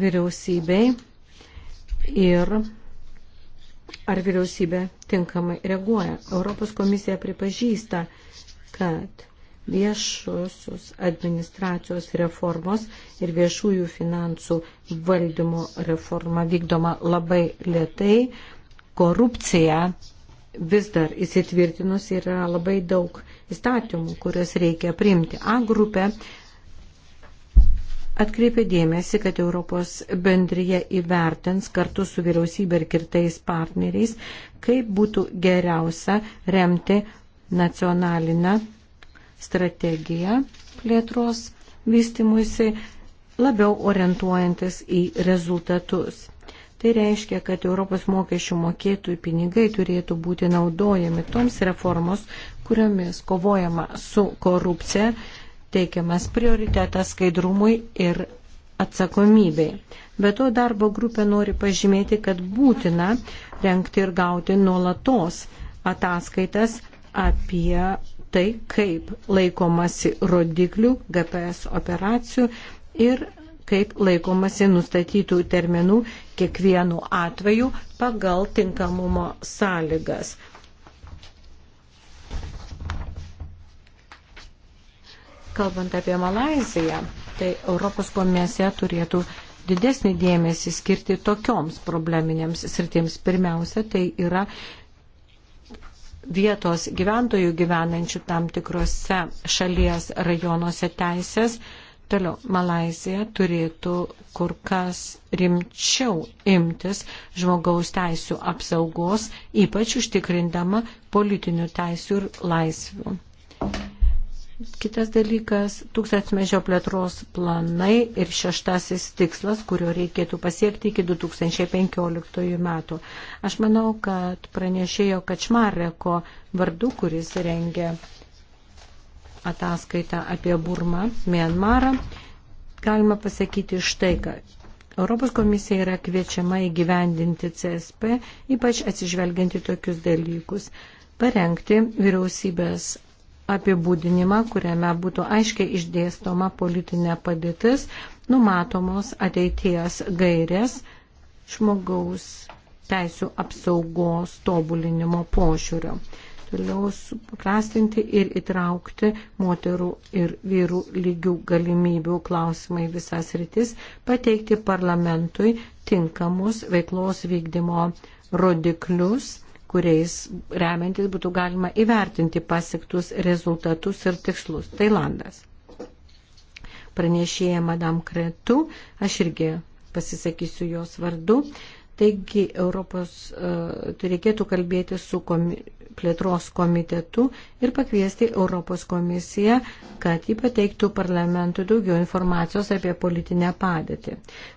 vyriausybei ir ar vyriausybė tinkamai reaguoja. Europos komisija pripažįsta, kad viešosios administracijos reformos ir viešųjų finansų valdymo reforma vykdoma labai lietai. Korupcija vis dar įsitvirtinus yra labai daug įstatymų, kurias reikia priimti. A grupė atkreipė dėmesį, kad Europos bendryje įvertins kartu su vyriausybė ir kirtais partneriais, kaip būtų geriausia remti nacionalinę strategiją plėtros vystimuisi, labiau orientuojantis į rezultatus. Tai reiškia, kad Europos mokesčių mokėtojų pinigai turėtų būti naudojami toms reformos, kuriomis kovojama su korupcija teikiamas prioritetas skaidrumui ir atsakomybei. Be to darbo grupė nori pažymėti, kad būtina renkti ir gauti nuolatos ataskaitas apie tai, kaip laikomasi rodiklių, GPS operacijų ir kaip laikomasi nustatytų terminų kiekvienu atveju pagal tinkamumo sąlygas. Kalbant apie Malaziją, tai Europos komisija turėtų didesnį dėmesį skirti tokioms probleminėms sritims. Pirmiausia, tai yra vietos gyventojų gyvenančių tam tikrose šalies rajonuose teisės. Toliau, Malazija turėtų kur kas rimčiau imtis žmogaus teisų apsaugos, ypač užtikrindama politinių teisų ir laisvių Kitas dalykas - tūkstantmečio plėtros planai ir šeštasis tikslas, kurio reikėtų pasiekti iki 2015 metų. Aš manau, kad pranešėjo Kačmareko vardu, kuris rengia ataskaitą apie Burmą, Mianmarą, galima pasakyti štai, kad Europos komisija yra kviečiama įgyvendinti CSP, ypač atsižvelgianti tokius dalykus parengti vyriausybės apibūdinimą, kuriame būtų aiškiai išdėstoma politinė padėtis, numatomos ateities gairės žmogaus teisų apsaugos tobulinimo požiūrio. Toliau suprastinti ir įtraukti moterų ir vyrų lygių galimybių klausimai visas rytis, pateikti parlamentui tinkamus veiklos vykdymo rodiklius kuriais remiantis būtų galima įvertinti pasiektus rezultatus ir tikslus. Tailandas. Pranešėja Madam Kretu, aš irgi pasisakysiu jos vardu. Taigi Europos uh, reikėtų kalbėti su komi, plėtros komitetu ir pakviesti Europos komisiją, kad jį pateiktų parlamentui daugiau informacijos apie politinę padėtį.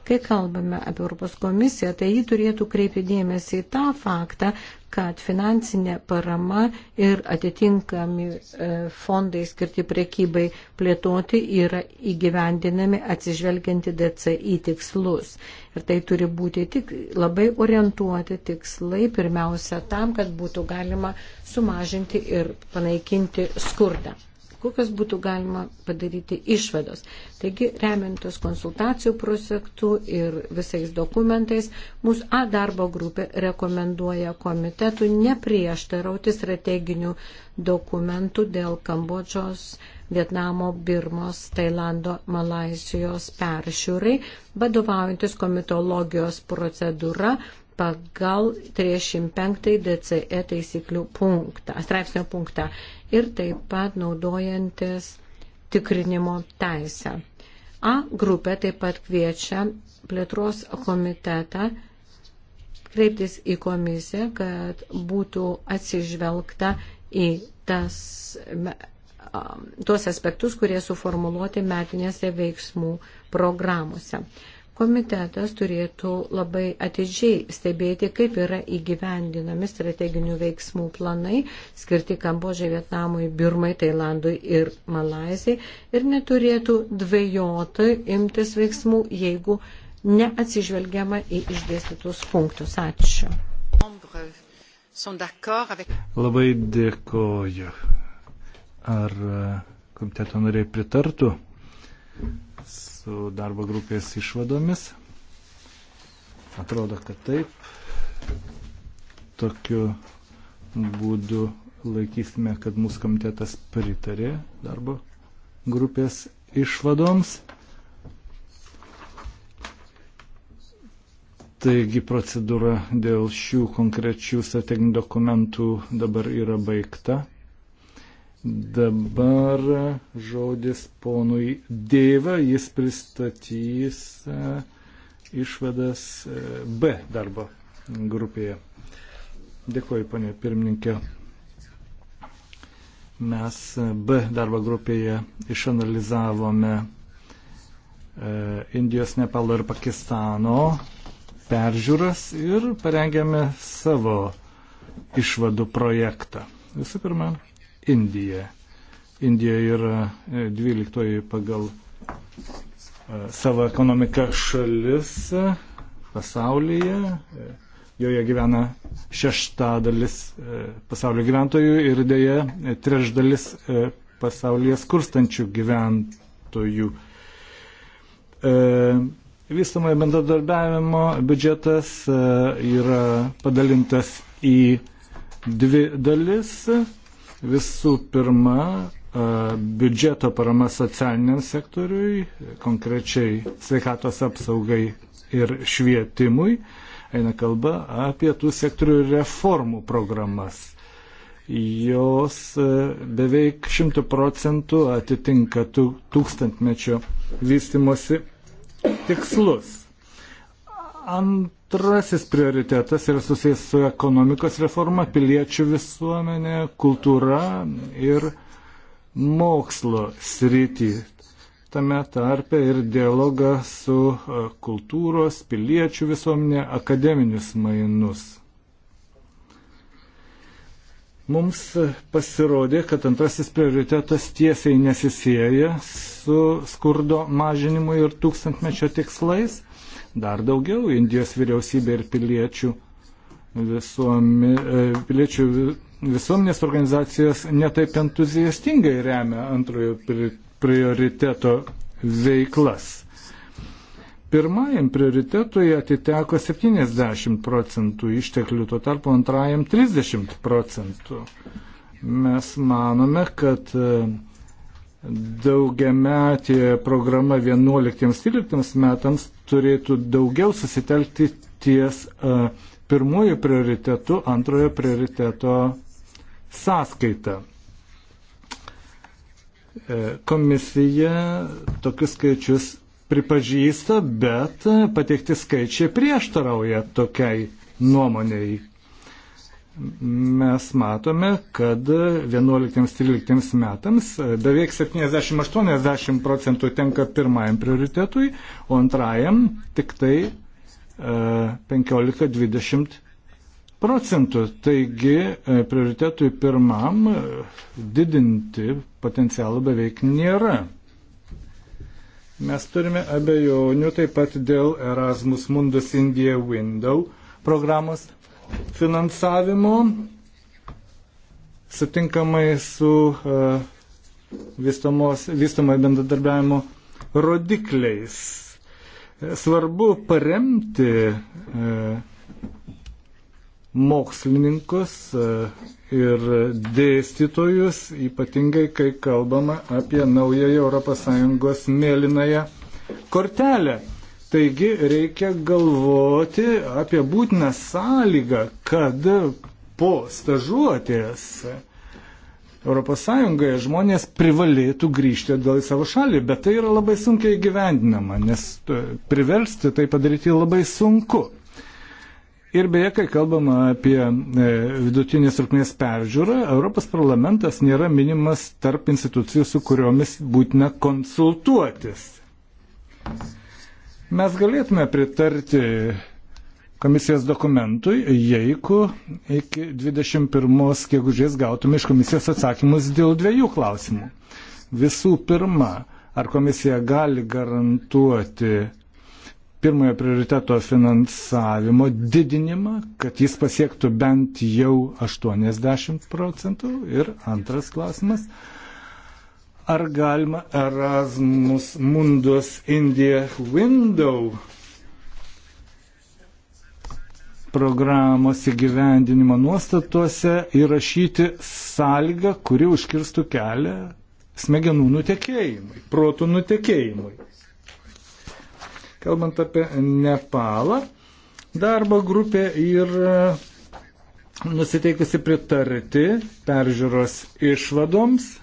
Kai kalbame apie Europos komisiją, tai jį turėtų kreipti dėmesį į tą faktą, kad finansinė parama ir atitinkami e, fondai skirti prekybai plėtoti yra įgyvendinami atsižvelgianti DCI tikslus. Ir tai turi būti tik labai orientuoti tikslai, pirmiausia, tam, kad būtų galima sumažinti ir panaikinti skurdą kokios būtų galima padaryti išvados. Taigi, remintus konsultacijų prosektų ir visais dokumentais, mūsų A darbo grupė rekomenduoja komitetų neprieštarauti strateginių dokumentų dėl Kambodžos Vietnamo, Birmos, Tailando, Malaisijos peršiūrai, vadovaujantis komitologijos procedūra pagal 35 DCE taisyklių punktą, straipsnio punktą ir taip pat naudojantis tikrinimo teisę. A grupė taip pat kviečia plėtros komitetą kreiptis į komisiją, kad būtų atsižvelgta į tas Um, tuos aspektus, kurie suformuluoti metinėse veiksmų programuose. Komitetas turėtų labai atidžiai stebėti, kaip yra įgyvendinami strateginių veiksmų planai skirti Kambožai, Vietnamui, Birmai, Tailandui ir Malazijai ir neturėtų dvėjoti imtis veiksmų, jeigu neatsižvelgiama į išdėstytus punktus. Ačiū. Labai dėkoju Ar e, komiteto nariai pritartų su darbo grupės išvadomis? Atrodo, kad taip. Tokiu būdu laikysime, kad mūsų komitetas pritarė darbo grupės išvadoms. Taigi procedūra dėl šių konkrečių strateginių dokumentų dabar yra baigta. Dabar žodis ponui Dėva, jis pristatys e, išvadas e, B darbo grupėje. Dėkuoju, panė pirmininkė. Mes e, B darbo grupėje išanalizavome Indijos, Nepalo ir Pakistano peržiūras ir parengėme savo išvadų projektą. Visų pirma, Indija. Indija yra 12 e, pagal e, savo ekonomiką šalis e, pasaulyje. Joje gyvena šeštadalis pasaulio gyventojų ir dėja trešdalis pasaulyje skurstančių gyventojų. Vystamojo bendradarbiavimo biudžetas yra padalintas į dvi dalis. Visų pirma, biudžeto parama socialiniam sektoriui, konkrečiai sveikatos apsaugai ir švietimui. Eina kalba apie tų sektorių reformų programas. Jos beveik šimtų procentų atitinka tūkstantmečio vystimosi tikslus. Antrasis prioritetas yra susijęs su ekonomikos reforma, piliečių visuomenė, kultūra ir mokslo srity. Tame tarpe ir dialogą su e, kultūros, piliečių visuomenė, akademinius mainus. Mums pasirodė, kad antrasis prioritetas tiesiai nesisėja su skurdo mažinimu ir tūkstantmečio tikslais dar daugiau Indijos vyriausybė ir piliečių, visuomi, e, piliečių visuomenės organizacijos netaip entuziastingai remia antrojo prioriteto veiklas. Pirmajam prioritetui atiteko 70 procentų išteklių, tuo tarpu antrajam 30 procentų. Mes manome, kad e, daugiametė programa 11-13 metams turėtų daugiau susitelkti ties e, pirmųjų prioritetų, antrojo prioriteto sąskaita. E, komisija tokius skaičius pripažįsta, bet pateikti skaičiai prieštarauja tokiai nuomonėjai mes matome, kad 11-13 metams beveik 70-80 procentų tenka pirmajam prioritetui, o antrajam tik tai 15-20 e, procentų. Taigi e, prioritetui pirmam e, didinti potencialą beveik nėra. Mes turime abejonių taip pat dėl Erasmus Mundus India Window programos finansavimo, sutinkamai su e, vystamojo bendradarbiavimo rodikliais. E, svarbu paremti e, mokslininkus ir dėstytojus, ypatingai kai kalbama apie naująją ES mėlynąją kortelę. Taigi reikia galvoti apie būtiną sąlygą, kad po stažuotės ES žmonės privalėtų grįžti atgal į savo šalį, bet tai yra labai sunkiai gyvendinama, nes priversti tai padaryti labai sunku. Ir beje, kai kalbama apie e, vidutinės trukmės peržiūrą, Europos parlamentas nėra minimas tarp institucijų, su kuriomis būtina konsultuotis. Mes galėtume pritarti komisijos dokumentui, jeigu iki 21 gegužės gautume iš komisijos atsakymus dėl dviejų klausimų. Visų pirma, ar komisija gali garantuoti pirmojo prioriteto finansavimo didinimą, kad jis pasiektų bent jau 80 procentų. Ir antras klausimas, Ar galima Erasmus Mundus India Window programos įgyvendinimo nuostatuose įrašyti sąlygą, kuri užkirstų kelią smegenų nutekėjimui, protų nutekėjimui. Kalbant apie Nepalą, darbo grupė yra nusiteikusi pritarti peržiūros išvadoms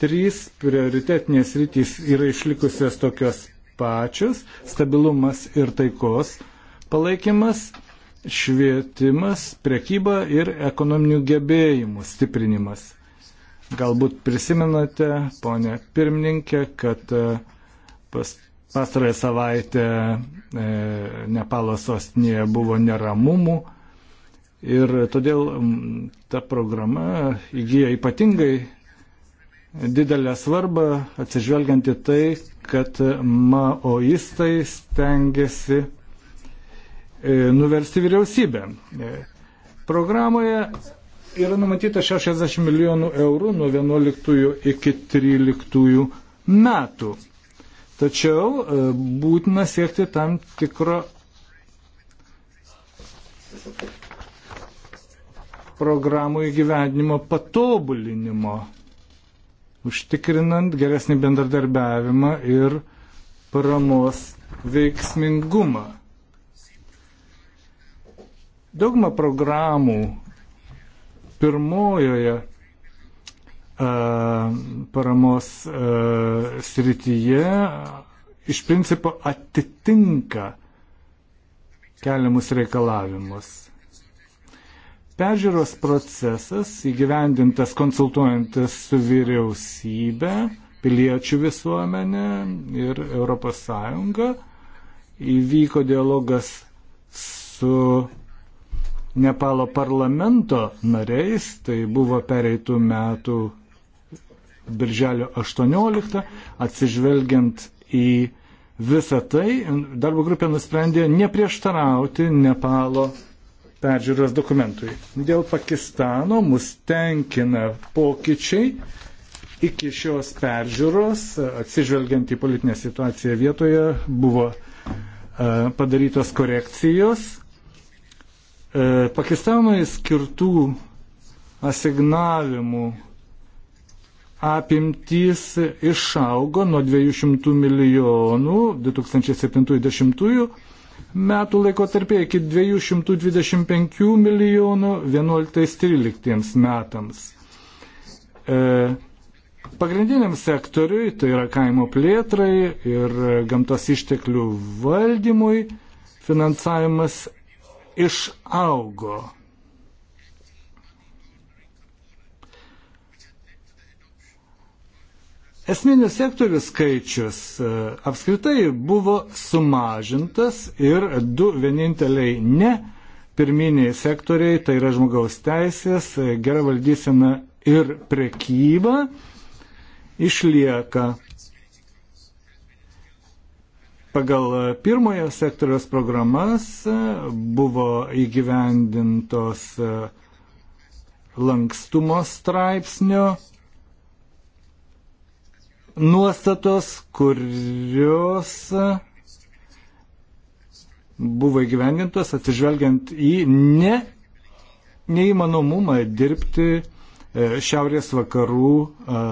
Trys prioritetinės rytys yra išlikusios tokios pačios - stabilumas ir taikos palaikymas, švietimas, prekyba ir ekonominių gebėjimų stiprinimas. Galbūt prisimenate, ponė pirmininkė, kad e, pas, pastarąją savaitę e, Nepalo sostinėje buvo neramumų ir todėl ta programa įgyja ypatingai didelę svarbą atsižvelgiant į tai, kad maoistai stengiasi e, nuversti vyriausybę. E, programoje yra numatyta 60 milijonų eurų nuo 11 iki 13 metų. Tačiau e, būtina siekti tam tikro programų įgyvendinimo patobulinimo užtikrinant geresnį bendradarbiavimą ir paramos veiksmingumą. Daugma programų pirmojoje e, paramos e, srityje iš principo atitinka keliamus reikalavimus. Peržiūros procesas įgyvendintas konsultuojantis su vyriausybė, piliečių visuomenė ir ES įvyko dialogas su Nepalo parlamento nariais, tai buvo pereitų metų birželio 18, atsižvelgiant į visą tai, darbo grupė nusprendė neprieštarauti Nepalo peržiūros dokumentui. Dėl Pakistano mus tenkina pokyčiai iki šios peržiūros, atsižvelgiant į politinę situaciją vietoje, buvo e, padarytos korekcijos. E, Pakistanui skirtų asignavimų apimtys išaugo nuo 200 milijonų 2070 metų laiko tarpė iki 225 milijonų 11-13 metams. E, pagrindiniam sektoriui, tai yra kaimo plėtrai ir gamtos išteklių valdymui, finansavimas išaugo. Esminių sektorių skaičius e, apskritai buvo sumažintas ir du vieninteliai ne pirminiai sektoriai, tai yra žmogaus teisės, e, gera valdysena ir prekyba, išlieka. Pagal e, pirmojo sektoriaus programas buvo įgyvendintos lankstumo straipsnio nuostatos, kurios buvo įgyvendintos atsižvelgiant į ne, neįmanomumą dirbti e, šiaurės vakarų e,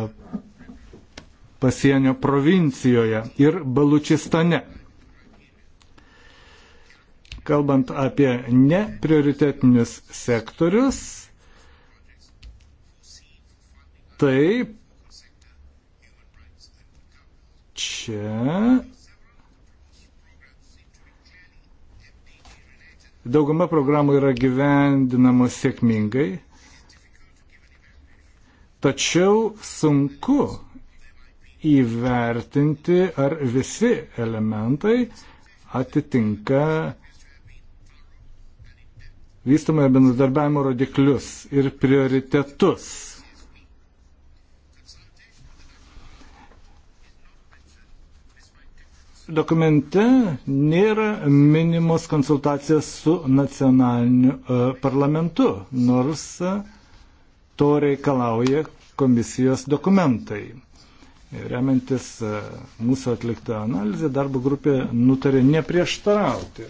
pasienio provincijoje ir Balučistane. Kalbant apie neprioritetinius sektorius, tai čia dauguma programų yra gyvendinamos sėkmingai, tačiau sunku įvertinti, ar visi elementai atitinka vystamojo bendradarbiavimo rodiklius ir prioritetus. dokumente nėra minimos konsultacijos su nacionaliniu e, parlamentu, nors e, to reikalauja komisijos dokumentai. Remiantis e, mūsų atliktą analizę, darbo grupė nutarė neprieštarauti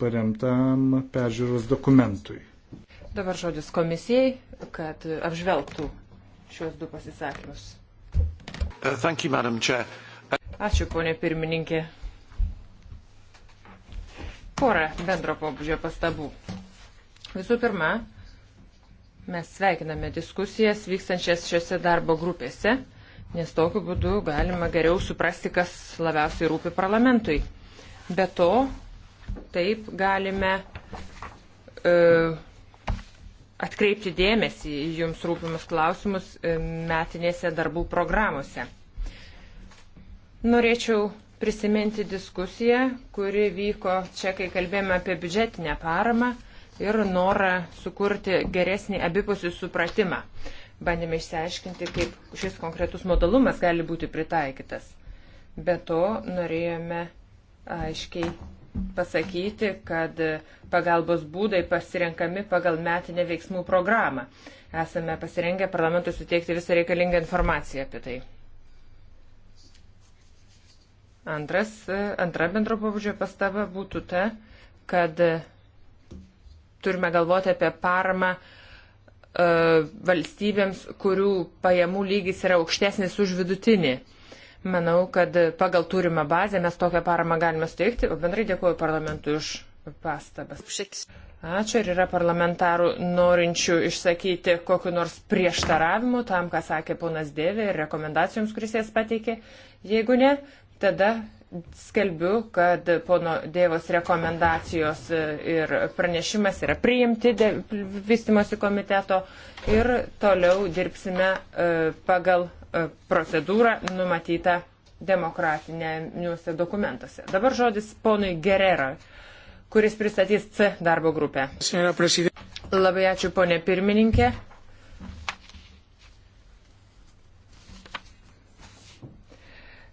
paremtam peržiūros dokumentui. Dabar žodis komisijai, kad apžvelgtų šios du pasisakymus. Uh, thank you, Madam Chair. Ačiū, ponė pirmininkė. Porą bendro pobūdžio pastabų. Visų pirma, mes sveikiname diskusijas vykstančias šiuose darbo grupėse, nes tokiu būdu galima geriau suprasti, kas labiausiai rūpi parlamentui. Be to, taip galime. Uh, e, atkreipti dėmesį į jums rūpimus klausimus e, metinėse darbų programuose. Norėčiau prisiminti diskusiją, kuri vyko čia, kai kalbėjome apie biudžetinę paramą ir norą sukurti geresnį abipusį supratimą. Bandėme išsiaiškinti, kaip šis konkretus modalumas gali būti pritaikytas. Be to norėjome aiškiai pasakyti, kad pagalbos būdai pasirenkami pagal metinę veiksmų programą. Esame pasirengę parlamentui suteikti visą reikalingą informaciją apie tai. Antras, antra bendro pabudžio pastaba būtų ta, kad turime galvoti apie paramą e, valstybėms, kurių pajamų lygis yra aukštesnis už vidutinį. Manau, kad pagal turimą bazę mes tokią paramą galime steigti, o bendrai dėkuoju parlamentui už pastabas. Ačiū ir yra parlamentarų norinčių išsakyti kokiu nors prieštaravimu tam, ką sakė ponas Dėvė ir rekomendacijoms, kuris jas pateikė. Jeigu ne, tada skelbiu, kad pono Dėvos rekomendacijos e, ir pranešimas yra priimti vystimosi komiteto ir toliau dirbsime e, pagal E, procedūrą numatytą demokratinėse dokumentuose. Dabar žodis ponui Gereroj, kuris pristatys C darbo grupę. Labai ačiū, ponė pirmininkė.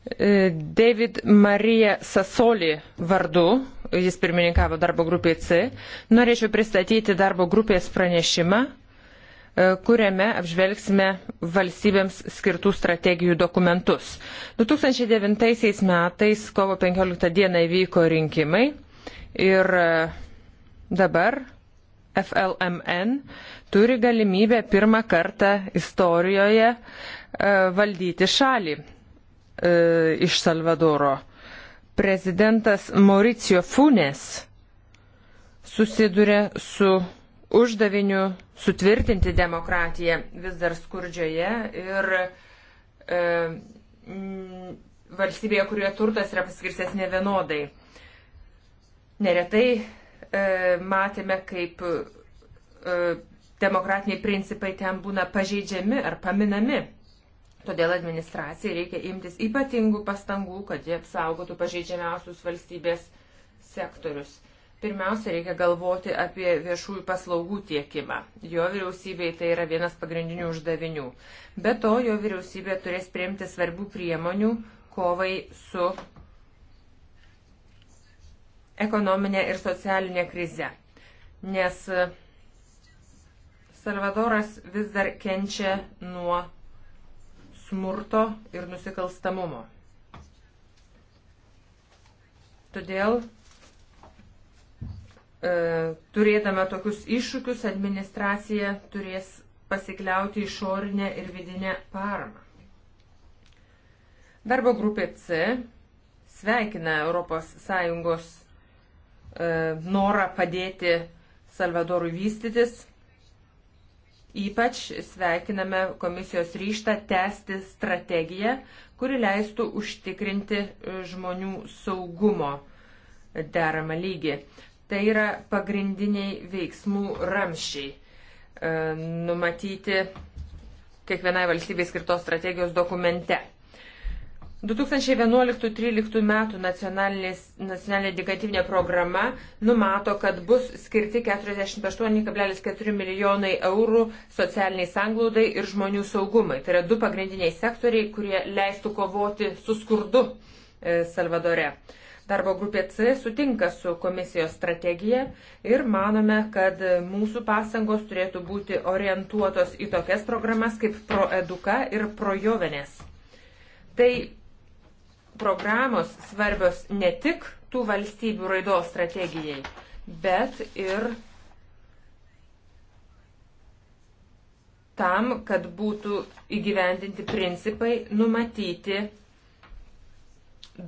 E, David Marija Sasoli vardu, jis pirmininkavo darbo grupė C, norėčiau pristatyti darbo grupės pranešimą E, kuriame apžvelgsime valstybėms skirtų strategijų dokumentus. 2009 metais kovo 15 dieną įvyko rinkimai ir e, dabar FLMN turi galimybę pirmą kartą istorijoje e, valdyti šalį iš Salvadoro. Prezidentas Mauricio Funes susiduria su uždaviniu sutvirtinti demokratiją vis dar skurdžioje ir e, m, valstybėje, kurioje turtas yra paskirstęs nevienodai. Neretai e, matėme, kaip e, demokratiniai principai ten būna pažeidžiami ar paminami. Todėl administracijai reikia imtis ypatingų pastangų, kad jie apsaugotų pažeidžiamiausius valstybės sektorius. Pirmiausia, reikia galvoti apie viešųjų paslaugų tiekimą. Jo vyriausybei tai yra vienas pagrindinių uždavinių. Be to, jo vyriausybė turės priimti svarbių priemonių kovai su ekonominė ir socialinė krize. Nes e, Salvadoras vis dar kenčia nuo smurto ir nusikalstamumo. Todėl E, turėdama tokius iššūkius, administracija turės pasikliauti išorinę ir vidinę paramą. Darbo grupė C sveikina ES e, norą padėti Salvadorui vystytis. Ypač sveikiname komisijos ryštą tęsti strategiją, kuri leistų užtikrinti e, žmonių saugumo deramą lygį. Tai yra pagrindiniai veiksmų ramšiai e, numatyti kiekvienai valstybei skirtos strategijos dokumente. 2011-2013 metų nacionalinė indikatyvinė programa numato, kad bus skirti 48,4 milijonai eurų socialiniai sanglaudai ir žmonių saugumai. Tai yra du pagrindiniai sektoriai, kurie leistų kovoti su skurdu e, Salvadore. E, Darbo grupė C sutinka su komisijos strategija ir manome, kad mūsų pasangos turėtų būti orientuotos į tokias programas kaip ProEduka ir ProJovenes. Tai programos svarbios ne tik tų valstybių raidos strategijai, bet ir tam, kad būtų įgyvendinti principai numatyti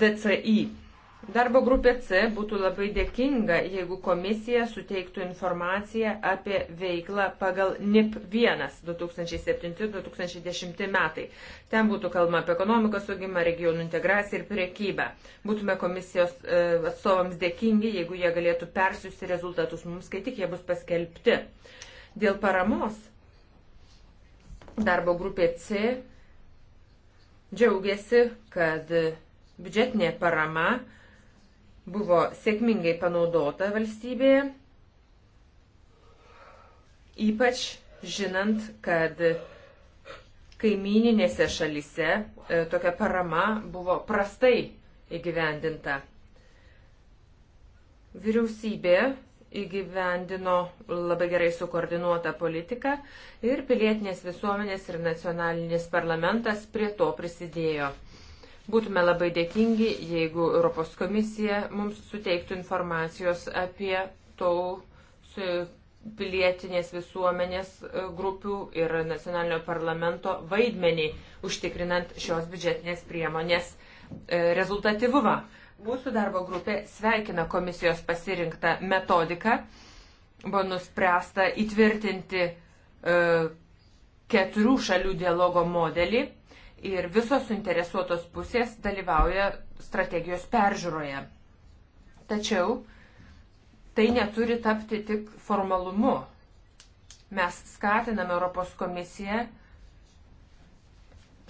DCI Darbo grupė C būtų labai dėkinga, jeigu komisija suteiktų informaciją apie veiklą pagal NIP 1 2007-2010 metai. Ten būtų kalba apie ekonomikos augimą, regionų integraciją ir priekybą. Būtume komisijos e, atstovams dėkingi, jeigu jie galėtų persiųsti rezultatus mums, kai tik jie bus paskelbti. Dėl paramos darbo grupė C džiaugiasi, kad biudžetinė parama buvo sėkmingai panaudota valstybėje, ypač žinant, kad kaimininėse šalise e, tokia parama buvo prastai įgyvendinta. Vyriausybė įgyvendino labai gerai sukoordinuotą politiką ir pilietinės visuomenės ir nacionalinis parlamentas prie to prisidėjo. Būtume labai dėkingi, jeigu Europos komisija mums suteiktų informacijos apie to pilietinės visuomenės e, grupių ir nacionalinio parlamento vaidmenį, užtikrinant šios biudžetinės priemonės e, rezultatyvumą. Mūsų darbo grupė sveikina komisijos pasirinktą metodiką. Buvo nuspręsta įtvirtinti e, keturių šalių dialogo modelį ir visos suinteresuotos pusės dalyvauja strategijos peržiūroje. Tačiau tai neturi tapti tik formalumu. Mes skatiname Europos komisiją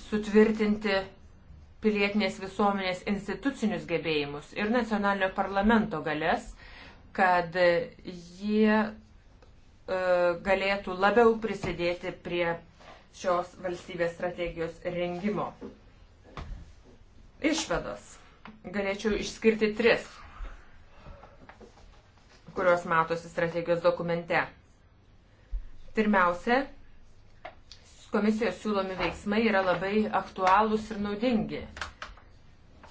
sutvirtinti pilietinės visuomenės institucinius gebėjimus ir nacionalinio parlamento galės, kad jie e, galėtų labiau prisidėti prie šios valstybės strategijos rengimo. Išvados. Galėčiau išskirti tris, kurios matosi strategijos dokumente. Pirmiausia, komisijos siūlomi veiksmai yra labai aktualūs ir naudingi.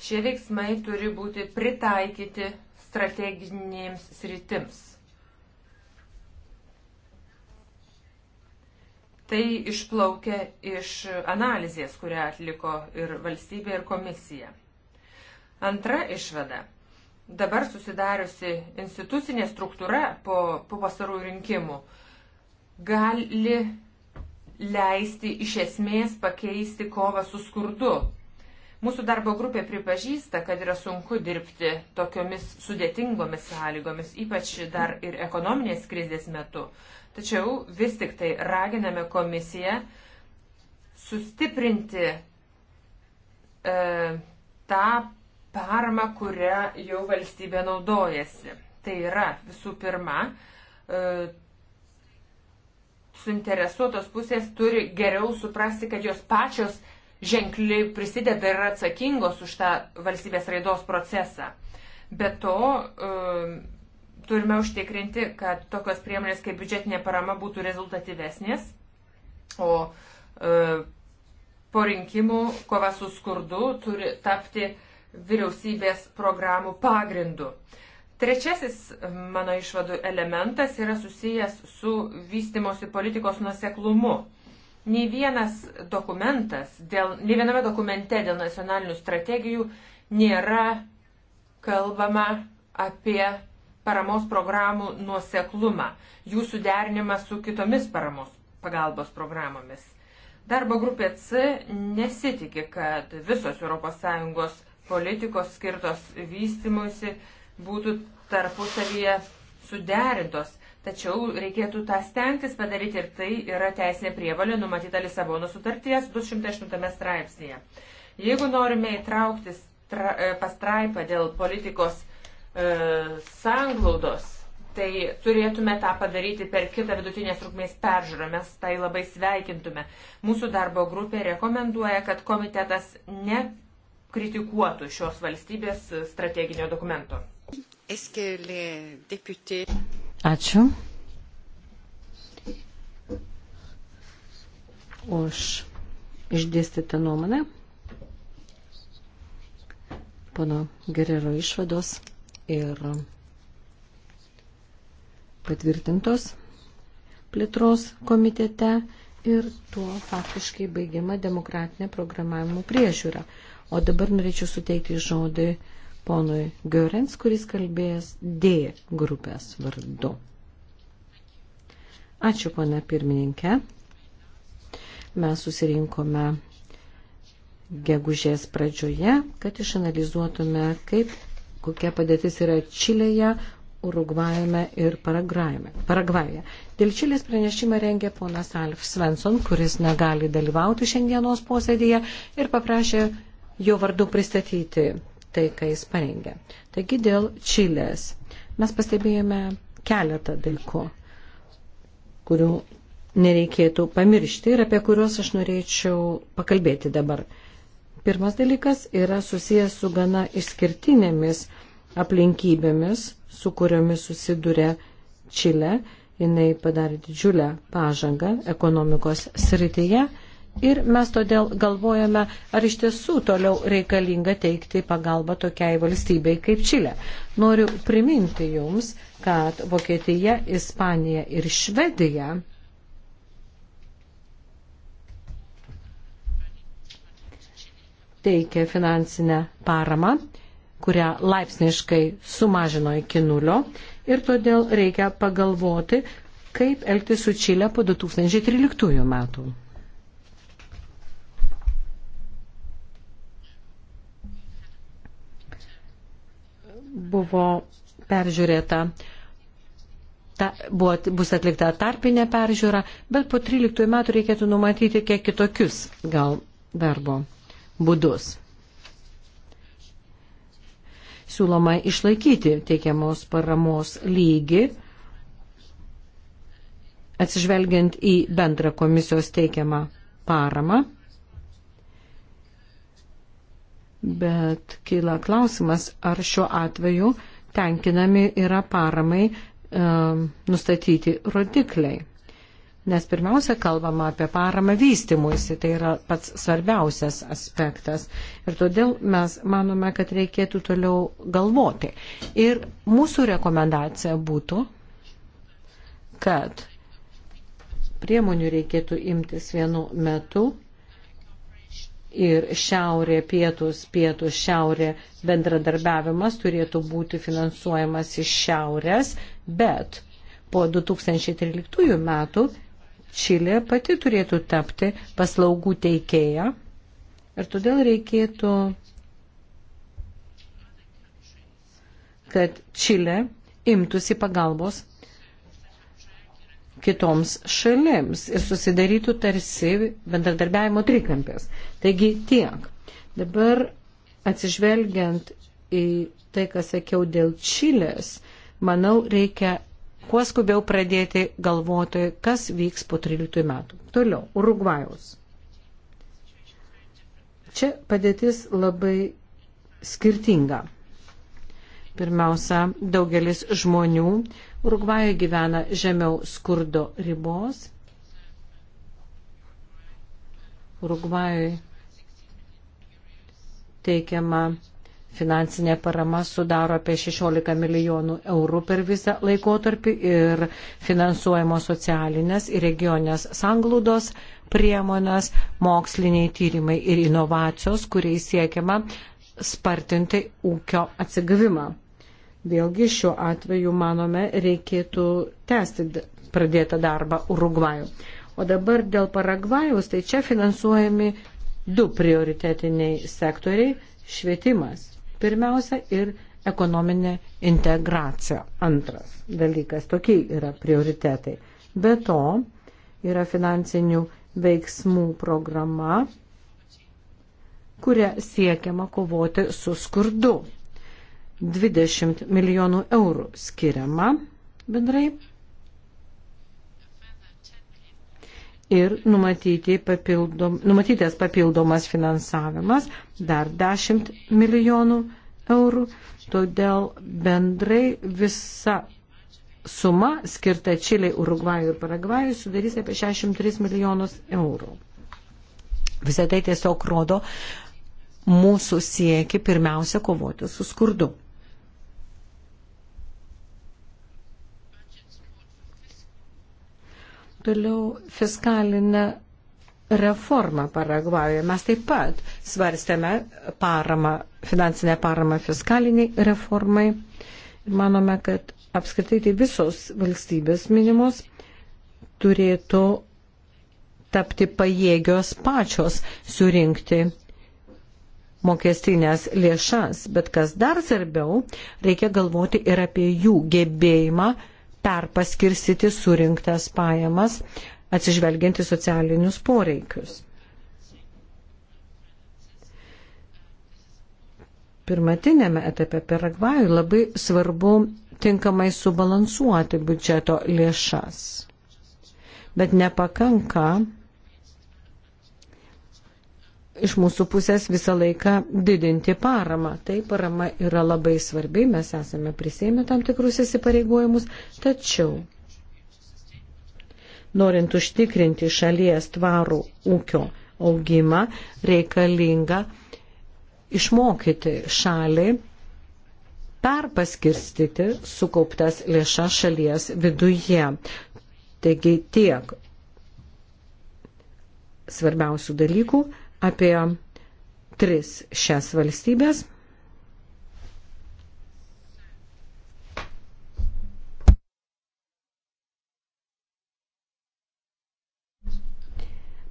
Šie veiksmai turi būti pritaikyti strateginėms sritims Tai išplaukia iš analizės, kurią atliko ir valstybė, ir komisija. Antra išvada. Dabar susidariusi institucinė struktūra po, po pasarų rinkimų gali leisti iš esmės pakeisti kovą su skurdu. Mūsų darbo grupė pripažįsta, kad yra sunku dirbti tokiomis sudėtingomis sąlygomis, ypač dar ir ekonominės krizės metu. Tačiau vis tik tai raginame komisiją sustiprinti e, tą paramą, kurią jau valstybė naudojasi. Tai yra visų pirma, e, suinteresuotos pusės turi geriau suprasti, kad jos pačios ženkliai prisideda ir atsakingos už tą valstybės raidos procesą. Be to, e, Turime užtikrinti, kad tokios priemonės kaip biudžetinė parama būtų rezultatyvesnės, o e, po rinkimų kova su skurdu turi tapti vyriausybės programų pagrindu. Trečiasis mano išvadų elementas yra susijęs su vystimosi politikos nuseklumu. Nei vienas dokumentas, dėl, nei viename dokumente dėl nacionalinių strategijų nėra kalbama apie paramos programų nuoseklumą, jų suderinimą su kitomis paramos pagalbos programomis. Darbo grupė C nesitikė, kad visos ES politikos skirtos vystimuisi būtų tarpusavyje suderintos, tačiau reikėtų tą stengtis padaryti ir tai yra teisinė prievalė numatyta Lisabono sutarties 208 straipsnėje. Jeigu norime įtraukti stra, e, pastraipą dėl politikos E, sanglaudos, tai turėtume tą padaryti per kitą vidutinės trukmės peržiūrą. Mes tai labai sveikintume. Mūsų darbo grupė rekomenduoja, kad komitetas nekritikuotų šios valstybės strateginio dokumento. Ačiū. Už išdėstytą nuomonę. Pono Gerero išvados ir patvirtintos plėtros komitete ir tuo faktiškai baigiama demokratinė programavimo priežiūra. O dabar norėčiau suteikti žodį ponui Görens, kuris kalbėjęs D grupės vardu. Ačiū, pana pirmininkė. Mes susirinkome gegužės pradžioje, kad išanalizuotume, kaip kokia padėtis yra Čilėje, Urugvajame ir Paragvajoje. Dėl Čilės pranešimą rengė ponas Alf Svensson, kuris negali dalyvauti šiandienos posėdėje ir paprašė jo vardu pristatyti tai, ką jis parengė. Taigi dėl Čilės mes pastebėjome keletą dalykų, kurių nereikėtų pamiršti ir apie kuriuos aš norėčiau pakalbėti dabar. Pirmas dalykas yra susijęs su gana išskirtinėmis aplinkybėmis, su kuriomis susiduria Čilė. Jis padarė didžiulę pažangą ekonomikos srityje ir mes todėl galvojame, ar iš tiesų toliau reikalinga teikti pagalbą tokiai valstybei kaip Čilė. Noriu priminti Jums, kad Vokietija, Ispanija ir Švedija teikia finansinę paramą, kurią laipsniškai sumažino iki nulio ir todėl reikia pagalvoti, kaip elgti su Čilė po 2013 metų. Buvo peržiūrėta, ta, buvo, bus atlikta tarpinė peržiūra, bet po 13 metų reikėtų numatyti kiek kitokius gal darbo būdus. Siūloma išlaikyti teikiamos paramos lygį, atsižvelgiant į bendrą komisijos teikiamą paramą. Bet kyla klausimas, ar šiuo atveju tenkinami yra paramai e, nustatyti rodikliai nes pirmiausia kalbama apie paramą vystimuisi, tai yra pats svarbiausias aspektas. Ir todėl mes manome, kad reikėtų toliau galvoti. Ir mūsų rekomendacija būtų, kad priemonių reikėtų imtis vienu metu ir šiaurė, pietus, pietus, šiaurė bendradarbiavimas turėtų būti finansuojamas iš šiaurės, bet po 2013 metų Čilė pati turėtų tapti paslaugų teikėja ir todėl reikėtų, kad Čilė imtųsi pagalbos kitoms šalims ir susidarytų tarsi bendradarbiavimo trikampės. Taigi tiek. Dabar atsižvelgiant į tai, ką sakiau dėl Čilės, manau, reikia kuo skubiau pradėti galvoti, kas vyks po 13 metų. Toliau, Urugvajaus. Čia padėtis labai skirtinga. Pirmiausia, daugelis žmonių Urugvajoje gyvena žemiau skurdo ribos. Urugvajoje teikiama Finansinė parama sudaro apie 16 milijonų eurų per visą laikotarpį ir finansuojamos socialinės ir regionės sanglūdos priemonės, moksliniai tyrimai ir inovacijos, kuriais siekiama spartinti ūkio atsigavimą. Vėlgi šiuo atveju, manome, reikėtų tęsti pradėtą darbą Urugvajų. O dabar dėl Paragvajus, tai čia finansuojami du prioritetiniai sektoriai - švietimas Pirmiausia ir ekonominė integracija. Antras dalykas. Tokie yra prioritetai. Be to yra finansinių veiksmų programa, kuria siekiama kovoti su skurdu. 20 milijonų eurų skiriama bendrai ir numatyti papildom, numatytas papildomas finansavimas dar 10 milijonų eurų. Todėl bendrai visa suma skirta Čiliai, Urugvajui ir Paragvajui sudarys apie 63 milijonus eurų. Visą tai tiesiog rodo mūsų sieki pirmiausia kovoti su skurdu. Toliau fiskalinę reformą Paragvajoje. Mes taip pat svarstėme paramą, finansinę paramą fiskaliniai reformai. Manome, kad apskritai tai visos valstybės minimos turėtų tapti pajėgios pačios surinkti mokestinės lėšas. Bet kas dar svarbiau, reikia galvoti ir apie jų gebėjimą perpaskirstyti surinktas pajamas, atsižvelgianti socialinius poreikius. Pirmatinėme etape Paragvajui labai svarbu tinkamai subalansuoti biudžeto lėšas. Bet nepakanka iš mūsų pusės visą laiką didinti paramą. Tai parama yra labai svarbi, mes esame prisėmę tam tikrus įsipareigojimus, tačiau norint užtikrinti šalies tvarų ūkio augimą, reikalinga išmokyti šalį perpaskirstyti sukauptas lėšas šalies viduje. Taigi tiek svarbiausių dalykų apie tris šias valstybės.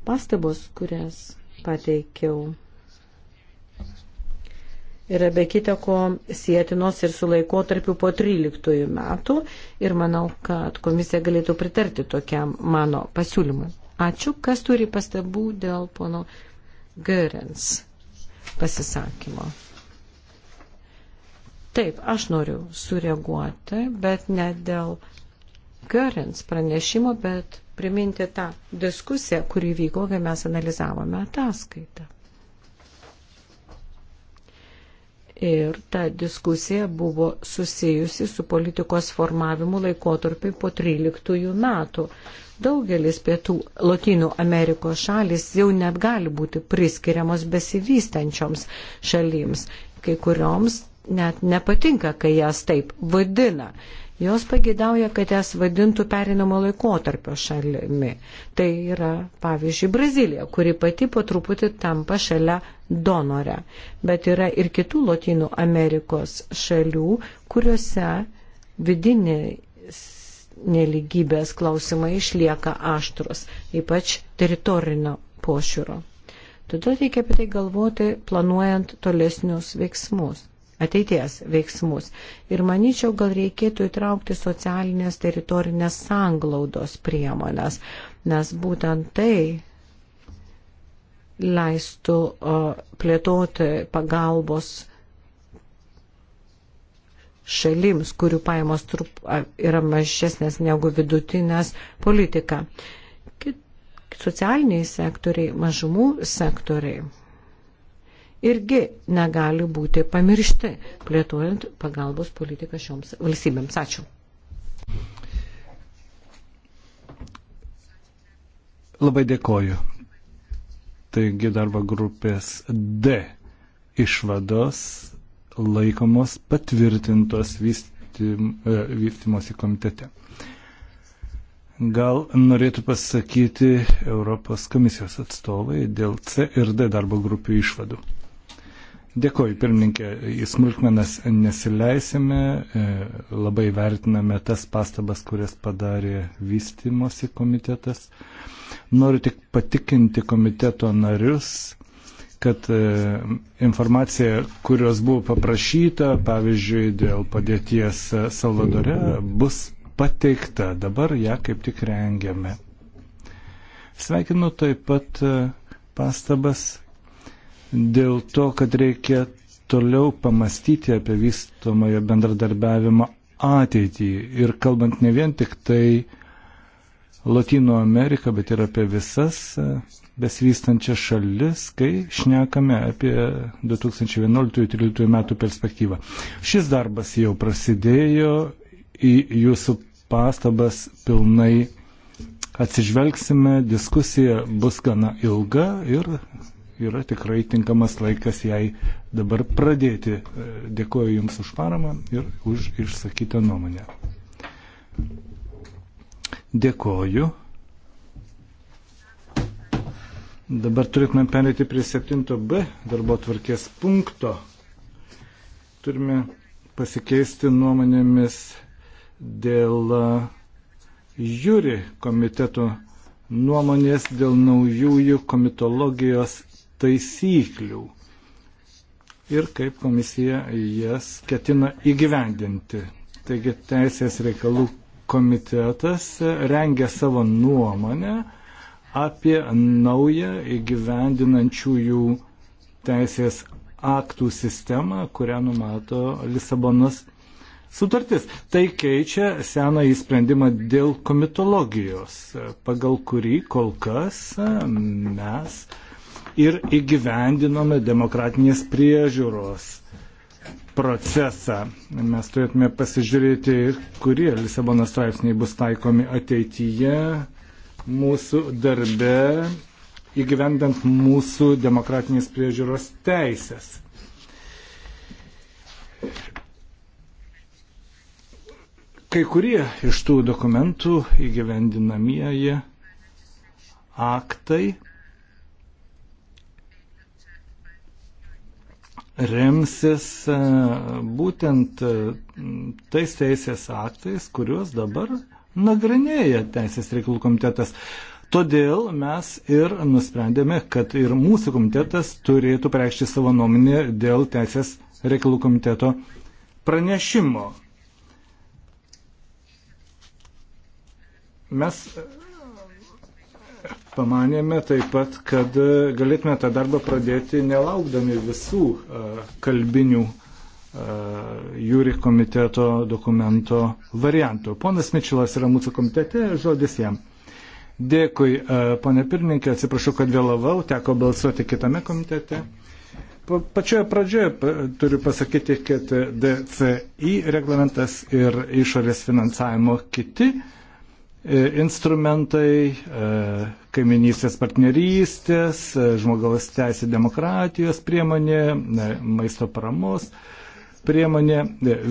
Pastabos, kurias pateikiau, yra be kita ko sėtinos ir su laikotarpiu po 13 metų ir manau, kad komisija galėtų pritarti tokiam mano pasiūlymui. Ačiū, kas turi pastabų dėl pono. Nu, Görens pasisakymo. Taip, aš noriu sureaguoti, bet ne dėl Görens pranešimo, bet priminti tą diskusiją, kuri vyko, kai mes analizavome ataskaitą. ir ta diskusija buvo susijusi su politikos formavimu laikotarpiu po 13 metų. Daugelis pietų Latinų Amerikos šalis jau net gali būti priskiriamos besivystančioms šalims, kai kurioms net nepatinka, kai jas taip vadina. Jos pagėdauja, kad jas vadintų perinamo laikotarpio šalimi. Tai yra, pavyzdžiui, Brazilija, kuri pati po truputį tampa šalia donorę. Bet yra ir kitų Latinų Amerikos šalių, kuriuose vidinės neligybės klausimai išlieka aštrus, ypač teritorinio pošiūro. Todėl reikia apie tai galvoti, planuojant tolesnius veiksmus, ateities veiksmus. Ir manyčiau, gal reikėtų įtraukti socialinės teritorinės sanglaudos priemonės, nes būtent tai leistų plėtoti pagalbos šalims, kurių pajamos trup, yra mažesnės negu vidutinės politika. Kit, socialiniai sektoriai, mažumų sektoriai irgi negali būti pamiršti, plėtojant pagalbos politiką šioms valstybėms. Ačiū. Labai dėkoju. Taigi darbo grupės D išvados laikomos patvirtintos e, vystimosi komitete. Gal norėtų pasakyti Europos komisijos atstovai dėl C ir D darbo grupių išvadų. Dėkoju, pirmininkė, į smulkmenas nesileisime, e, labai vertiname tas pastabas, kurias padarė vystimosi komitetas. Noriu tik patikinti komiteto narius, kad e, informacija, kurios buvo paprašyta, pavyzdžiui, dėl padėties e, Salvadore, bus pateikta. Dabar ją kaip tik rengiame. Sveikinu taip pat e, pastabas dėl to, kad reikia toliau pamastyti apie vystomojo bendradarbiavimo ateitį ir kalbant ne vien tik tai Latino Ameriką, bet ir apie visas e, besivystančias šalis, kai šnekame apie 2011-2013 metų perspektyvą. Šis darbas jau prasidėjo, į jūsų pastabas pilnai atsižvelgsime, diskusija bus gana ilga ir yra tikrai tinkamas laikas jai dabar pradėti. E, Dėkuoju Jums už paramą ir už išsakytą nuomonę. Dėkoju. Dabar turėtume perėti prie 7b darbo tvarkės punkto. Turime pasikeisti nuomonėmis dėl jūri komiteto nuomonės dėl naujųjų komitologijos taisyklių ir kaip komisija jas ketina įgyvendinti. Taigi Teisės reikalų komitetas rengia savo nuomonę apie naują įgyvendinančiųjų teisės aktų sistemą, kurią numato Lisabonos sutartis. Tai keičia seną įsprendimą dėl komitologijos, pagal kurį kol kas mes ir įgyvendinome demokratinės priežiūros procesą. Mes turėtume pasižiūrėti, kurie Lisabono straipsniai bus taikomi ateityje mūsų darbe, įgyvendant mūsų demokratinės priežiūros teisės. Kai kurie iš tų dokumentų įgyvendinamieji aktai remsis e, būtent e, tais teisės aktais, kuriuos dabar nagrinėja Teisės reikalų komitetas. Todėl mes ir nusprendėme, kad ir mūsų komitetas turėtų pareikšti savo nuomonę dėl Teisės reikalų komiteto pranešimo. Mes pamanėme taip pat, kad e, galėtume tą darbą pradėti nelaukdami visų e, kalbinių e, jūri komiteto dokumento variantų. Ponas Mičilas yra mūsų komitete, žodis jam. Dėkui, ponė pirmininkė, atsiprašau, kad vėlavau, teko balsuoti kitame komitete. Pačioje pradžioje turiu pasakyti, kad DCI reglamentas ir išorės finansavimo kiti E, instrumentai, e, kaiminystės partnerystės, e, žmogaus teisė demokratijos priemonė, maisto paramos priemonė,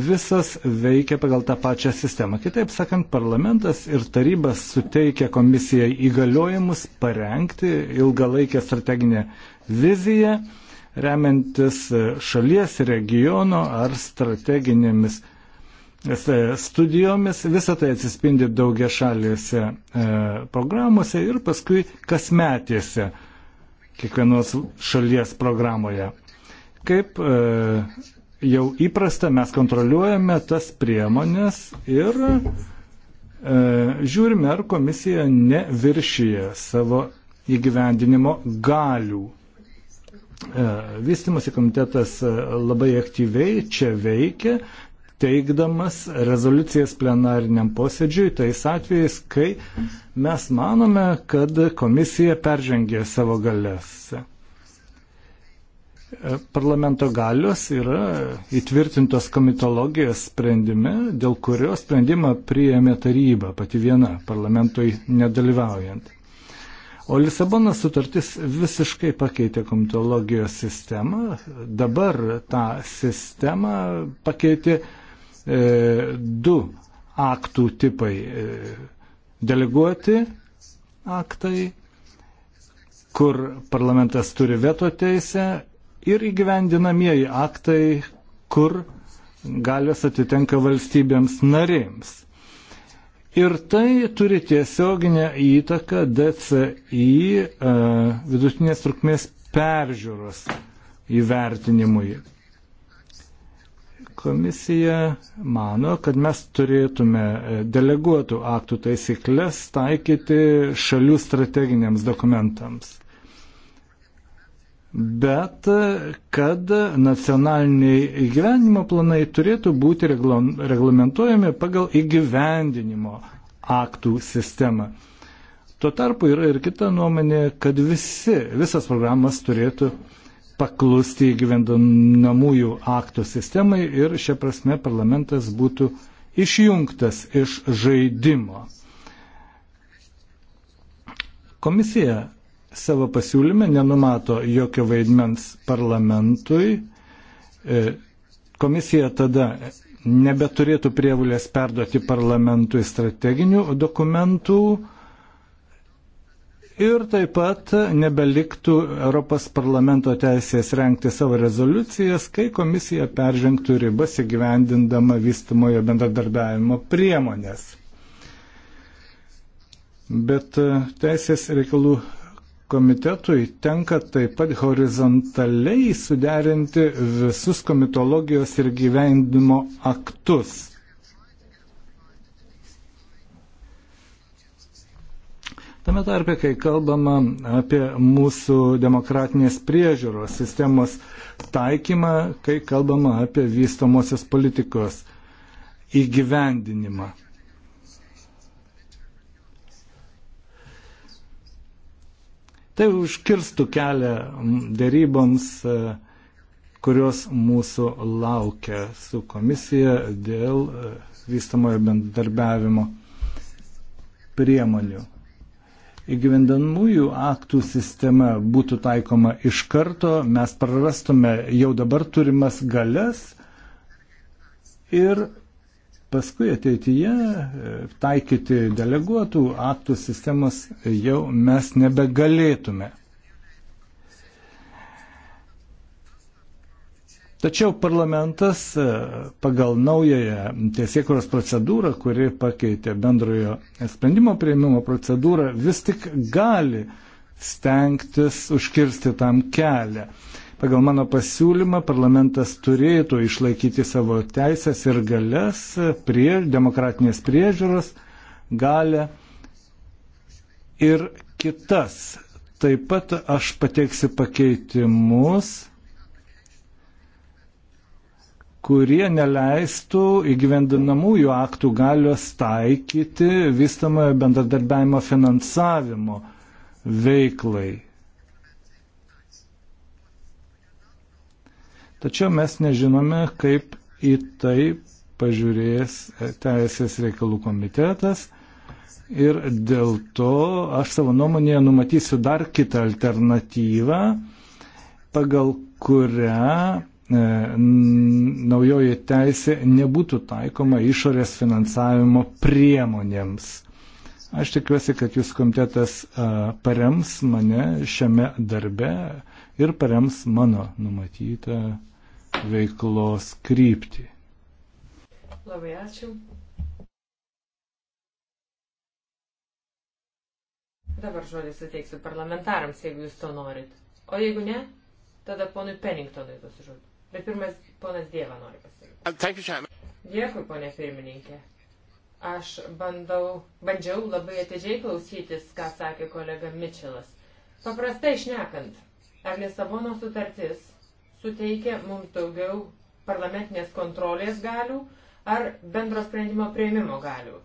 visas veikia pagal tą pačią sistemą. Kitaip sakant, parlamentas ir tarybas suteikia komisijai įgaliojimus parengti ilgalaikę strateginę viziją, remiantis šalies, regiono ar strateginėmis E, studijomis, visą tai atsispindi daugia šalėse e, programuose ir paskui kasmetėse kiekvienos šalies programoje. Kaip e, jau įprasta, mes kontroliuojame tas priemonės ir e, žiūrime, ar komisija neviršyje savo įgyvendinimo galių. E, Vystimosi komitetas e, labai aktyviai čia veikia, teikdamas rezoliucijas plenariniam posėdžiui tais atvejais, kai mes manome, kad komisija peržengė savo galės. Parlamento galios yra įtvirtintos komitologijos sprendime, dėl kurio sprendimą priėmė taryba pati viena, parlamentui nedalyvaujant. O Lisabonos sutartis visiškai pakeitė komitologijos sistemą. Dabar tą sistemą pakeitė uh, E, du aktų tipai e, - deleguoti aktai, kur parlamentas turi veto teisę ir įgyvendinamieji aktai, kur galės atitenka valstybėms narėms. Ir tai turi tiesioginę įtaką DCI e, vidutinės trukmės peržiūros įvertinimui. Komisija mano, kad mes turėtume e, deleguotų aktų taisyklės taikyti šalių strateginiams dokumentams. Bet e, kad nacionaliniai įgyvenimo planai turėtų būti reglamentuojami pagal įgyvendinimo aktų sistemą. Tuo tarpu yra ir kita nuomonė, kad visi, visas programas turėtų uh, paklusti gyvendinamųjų aktų sistemai ir šia prasme parlamentas būtų išjungtas iš žaidimo. Komisija savo pasiūlyme nenumato jokio vaidmens parlamentui. E, komisija tada nebeturėtų prievalės perduoti parlamentui strateginių dokumentų, ir taip pat nebeliktų Europos parlamento teisės renkti savo rezoliucijas, kai komisija peržengtų ribas įgyvendindama vystumojo bendradarbiavimo priemonės. Bet e, teisės reikalų komitetui tenka taip pat horizontaliai suderinti visus komitologijos ir gyvendimo aktus Tame tarpe, kai kalbama apie mūsų demokratinės priežiūros sistemos taikymą, kai kalbama apie vystomosios politikos įgyvendinimą. Tai užkirstų kelią dėryboms, kurios mūsų laukia su komisija dėl vystamojo bendarbiavimo priemonių įgyvendamųjų aktų sistema būtų taikoma iš karto, mes prarastume jau dabar turimas galias ir paskui ateityje e, taikyti deleguotų aktų sistemas jau mes nebegalėtume. Tačiau parlamentas e, pagal naująją tiesiekuros procedūrą, kuri pakeitė bendrojo sprendimo prieimimo procedūrą, vis tik gali stengtis užkirsti tam kelią. Pagal mano pasiūlymą parlamentas turėtų išlaikyti savo teisės ir galės prie demokratinės priežiūros galę ir kitas. Taip pat aš pateiksiu pakeitimus kurie neleistų įgyvendinamųjų aktų galios taikyti vystamojo bendradarbiavimo finansavimo veiklai. Tačiau mes nežinome, kaip į tai pažiūrės Teisės reikalų komitetas ir dėl to aš savo nuomonėje numatysiu dar kitą alternatyvą, pagal kurią E, naujoji teisė nebūtų taikoma išorės finansavimo priemonėms. Aš tikiuosi, kad jūs komitetas e, parems mane šiame darbe ir parems mano numatytą veiklos kryptį. Labai ačiū. Dabar žodį suteiksiu parlamentarams, jeigu jūs to norit. O jeigu ne, tada ponui Penningtonui duosiu žodį. Bet pirmas ponas Dieva nori pasakyti. Uh, Dėkui, ponė pirmininkė. Aš bandau, bandžiau labai atidžiai klausytis, ką sakė kolega Mitčelas. Paprastai išnekant, ar Lisabono sutartis suteikia mums daugiau parlamentinės kontrolės galių ar bendro sprendimo prieimimo galių?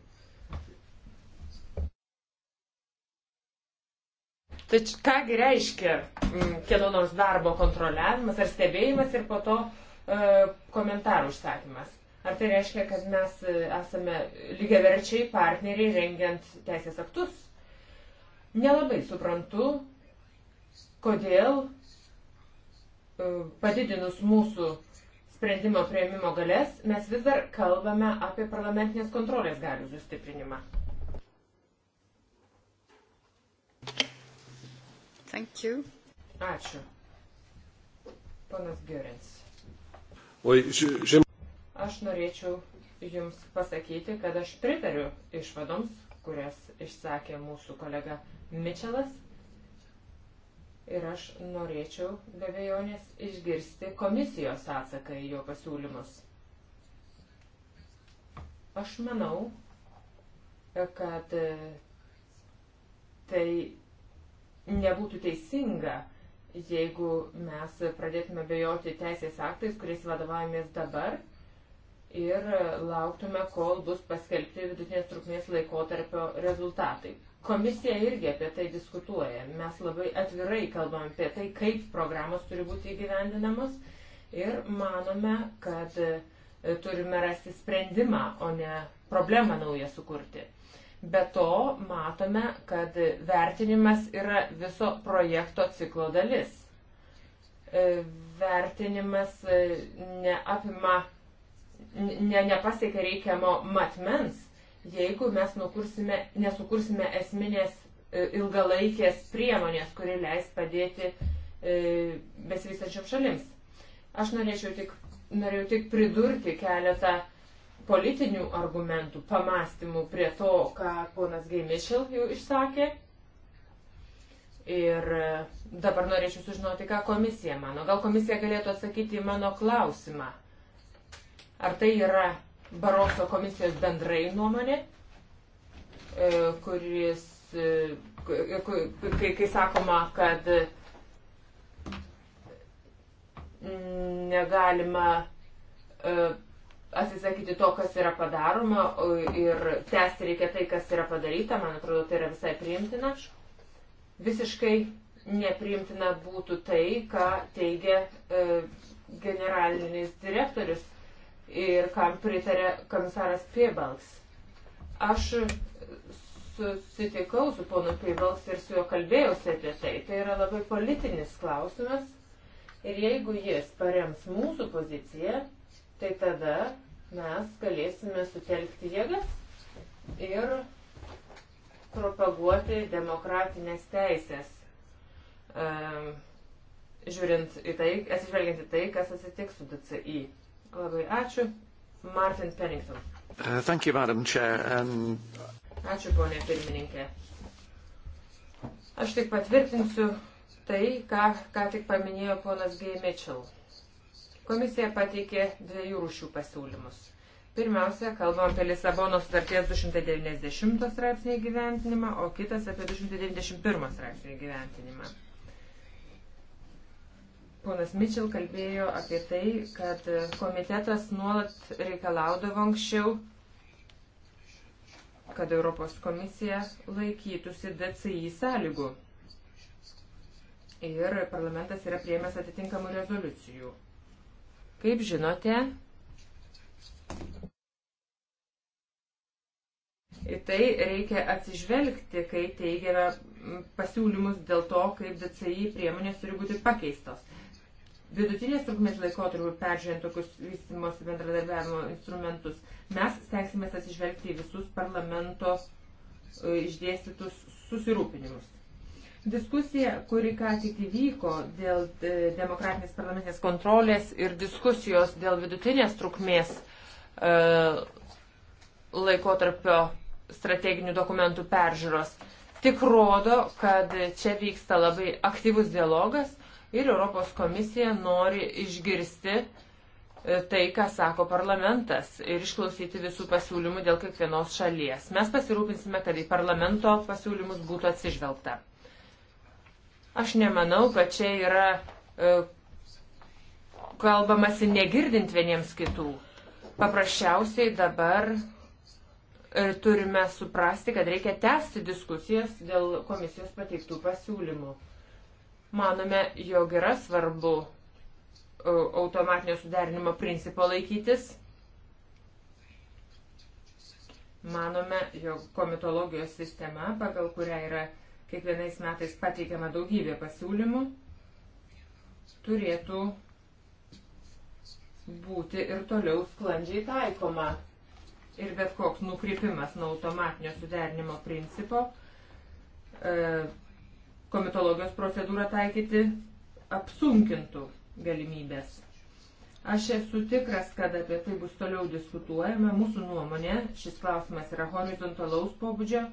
Tai kągi reiškia mm, kieno nors darbo kontroliavimas ar stebėjimas ir po to e, komentarų užsakymas? Ar tai reiškia, kad mes e, esame lygiaverčiai partneriai rengiant teisės aktus? Nelabai suprantu, kodėl e, padidinus mūsų sprendimo prieimimo galės mes vis dar kalbame apie parlamentinės kontrolės galių sustiprinimą. Thank you. Ačiū. Ponas Gerins. Oi, žinau. Aš norėčiau Jums pasakyti, kad aš pritariu išvadoms, kurias išsakė mūsų kolega Mičelas. Ir aš norėčiau be vėjonės išgirsti komisijos atsaką į jo pasiūlymus. Aš manau, kad e, tai nebūtų teisinga, jeigu mes pradėtume bejoti teisės aktais, kuriais vadovavomės dabar ir lauktume, kol bus paskelbti vidutinės trukmės laikotarpio rezultatai. Komisija irgi apie tai diskutuoja. Mes labai atvirai kalbam apie tai, kaip programos turi būti įgyvendinamos ir manome, kad turime rasti sprendimą, o ne problemą naują sukurti. Be to matome, kad vertinimas yra viso projekto ciklo dalis. E, vertinimas e, neapima, ne, nepasiekia reikiamo matmens, jeigu mes nesukursime esminės e, ilgalaikės priemonės, kuri leis padėti besivystančiam šalims. Aš norėčiau tik, norėjau tik pridurti keletą politinių argumentų, pamastymų prie to, ką ponas Gaimišel jau išsakė. Ir e, dabar norėčiau sužinoti, ką komisija mano. Gal komisija galėtų atsakyti į mano klausimą. Ar tai yra Baroso komisijos bendrai nuomonė, e, kuris, e, kai, kai sakoma, kad mm, negalima atsisakyti to, kas yra padaroma ir tęsti reikia tai, kas yra padaryta, man atrodo, tai yra visai priimtina. Visiškai nepriimtina būtų tai, ką teigia e, generalinis direktorius ir kam pritarė komisaras Piebalgs. Aš susitikau su ponu Piebalgs ir su juo kalbėjausi apie tai. Tai yra labai politinis klausimas ir jeigu jis parems mūsų poziciją, tai tada mes galėsime sutelkti jėgas ir propaguoti demokratinės teisės. Um, žiūrint į tai, atsižvelgiant į tai, kas atsitiks su DCI. Labai ačiū. Martin Pennington. Uh, thank you, Madam Chair. Um... Ačiū, ponė pirmininkė. Aš tik patvirtinsiu tai, ką, ką tik paminėjo ponas G. Mitchell. Komisija pateikė dviejų rūšių pasiūlymus. Pirmiausia, kalbam apie Lisabono sutarties 290 straipsnį gyventinimą, o kitas apie 291 straipsnį gyventinimą. Ponas Mitchell kalbėjo apie tai, kad komitetas nuolat reikalaudavo anksčiau, kad Europos komisija laikytųsi DCI sąlygų. Ir parlamentas yra priemęs atitinkamų rezoliucijų. Kaip žinote, į tai reikia atsižvelgti, kai teigiame pasiūlymus dėl to, kaip DCI priemonės turi būti pakeistos. Vidutinės trukmės laikotarpių peržiūrint tokius vystimosi bendradarbiavimo instrumentus, mes stengsime atsižvelgti į visus parlamento e, išdėstytus susirūpinimus. Diskusija, kuri ką tik įvyko dėl e, demokratinės parlamentinės kontrolės ir diskusijos dėl vidutinės trukmės e, laikotarpio strateginių dokumentų peržiūros, tik rodo, kad čia vyksta labai aktyvus dialogas ir Europos komisija nori išgirsti e, tai, ką sako parlamentas ir išklausyti visų pasiūlymų dėl kiekvienos šalies. Mes pasirūpinsime, kad į parlamento pasiūlymus būtų atsižvelgta. Aš nemanau, kad čia yra e, kalbamasi negirdint vieniems kitų. Paprasčiausiai dabar ir e, turime suprasti, kad reikia tęsti diskusijas dėl komisijos pateiktų pasiūlymų. Manome, jog yra svarbu e, automatinio suderinimo principo laikytis. Manome, jog komitologijos sistema, pagal kurią yra kiekvienais metais pateikiama daugybė pasiūlymų, turėtų būti ir toliau sklandžiai taikoma. Ir bet koks nukrypimas nuo automatinio suderinimo principo e, komitologijos procedūrą taikyti apsunkintų galimybės. Aš esu tikras, kad apie tai bus toliau diskutuojama. Mūsų nuomonė šis klausimas yra horizontalaus pobūdžio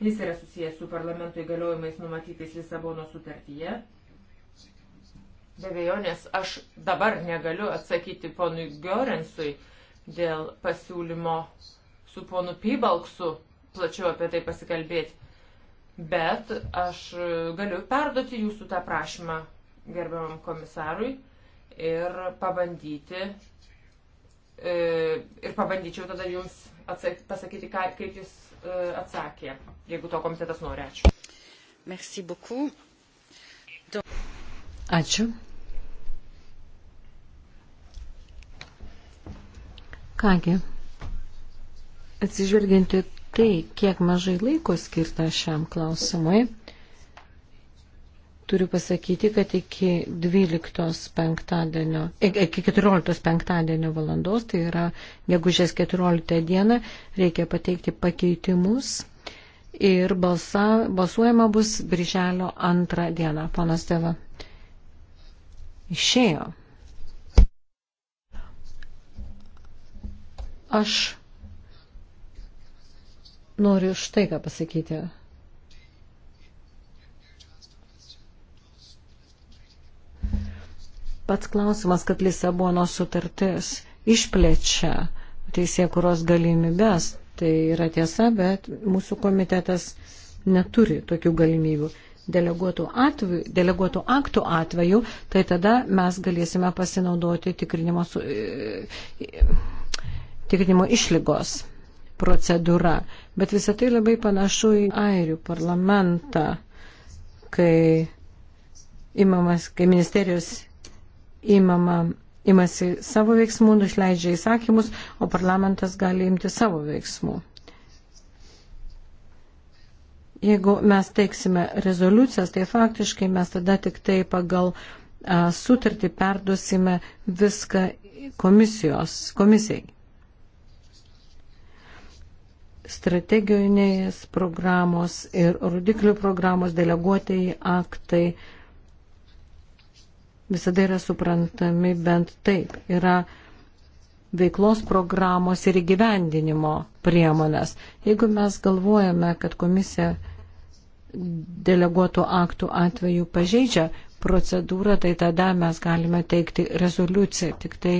Jis yra susijęs su parlamento įgaliojimais numatytais Lisabono sutartyje. Be vėjonės, aš dabar negaliu atsakyti ponui Görensui dėl pasiūlymo su ponu Pybalksu plačiau apie tai pasikalbėti, bet aš galiu perduoti jūsų tą prašymą gerbiamam komisarui ir pabandyti e, ir pabandyčiau tada jums atsak, pasakyti, ką, kaip jis e, atsakė jeigu to komitetas nori. Ačiū. Merci beaucoup. Do... Ačiū. Kągi, atsižvelginti tai, kiek mažai laiko skirta šiam klausimui, turiu pasakyti, kad iki 12 penktadienio, iki 14 penktadienio valandos, tai yra gegužės 14 dieną, reikia pateikti pakeitimus ir balsa, balsuojama bus birželio antrą dieną. Ponas Deva išėjo. Aš noriu štai ką pasakyti. Pats klausimas, kad Lisabono sutartis išplečia teisėkuros galimybės Tai yra tiesa, bet mūsų komitetas neturi tokių galimybių. Deleguotų, atveju, deleguotų aktų atveju, tai tada mes galėsime pasinaudoti tikrinimo, su, tikrinimo išlygos procedūra. Bet visą tai labai panašu į airių parlamentą, kai, imamas, kai ministerijos imama imasi savo veiksmų, išleidžia įsakymus, o parlamentas gali imti savo veiksmų. Jeigu mes teiksime rezoliucijas, tai faktiškai mes tada tik tai pagal a, sutartį perduosime viską komisijos, komisijai. Strategijinės programos ir rodiklių programos deleguotieji aktai visada yra suprantami bent taip. Yra veiklos programos ir įgyvendinimo priemonės. Jeigu mes galvojame, kad komisija deleguotų aktų atveju pažeidžia procedūrą, tai tada mes galime teikti rezoliuciją, tik tai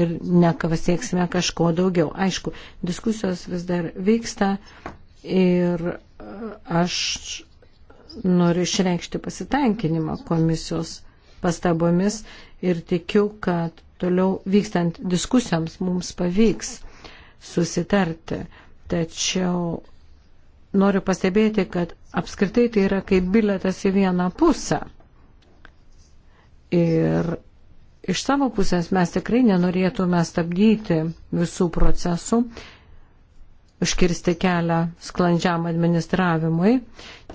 ir nekavasieksime kažko daugiau. Aišku, diskusijos vis dar vyksta ir e, aš noriu išreikšti pasitenkinimą komisijos pastabomis ir tikiu, kad toliau vykstant diskusijoms mums pavyks susitarti. Tačiau noriu pastebėti, kad apskritai tai yra kaip biletas į vieną pusę. Ir iš savo pusės mes tikrai nenorėtume stabdyti visų procesų, užkirsti kelią sklandžiam administravimui.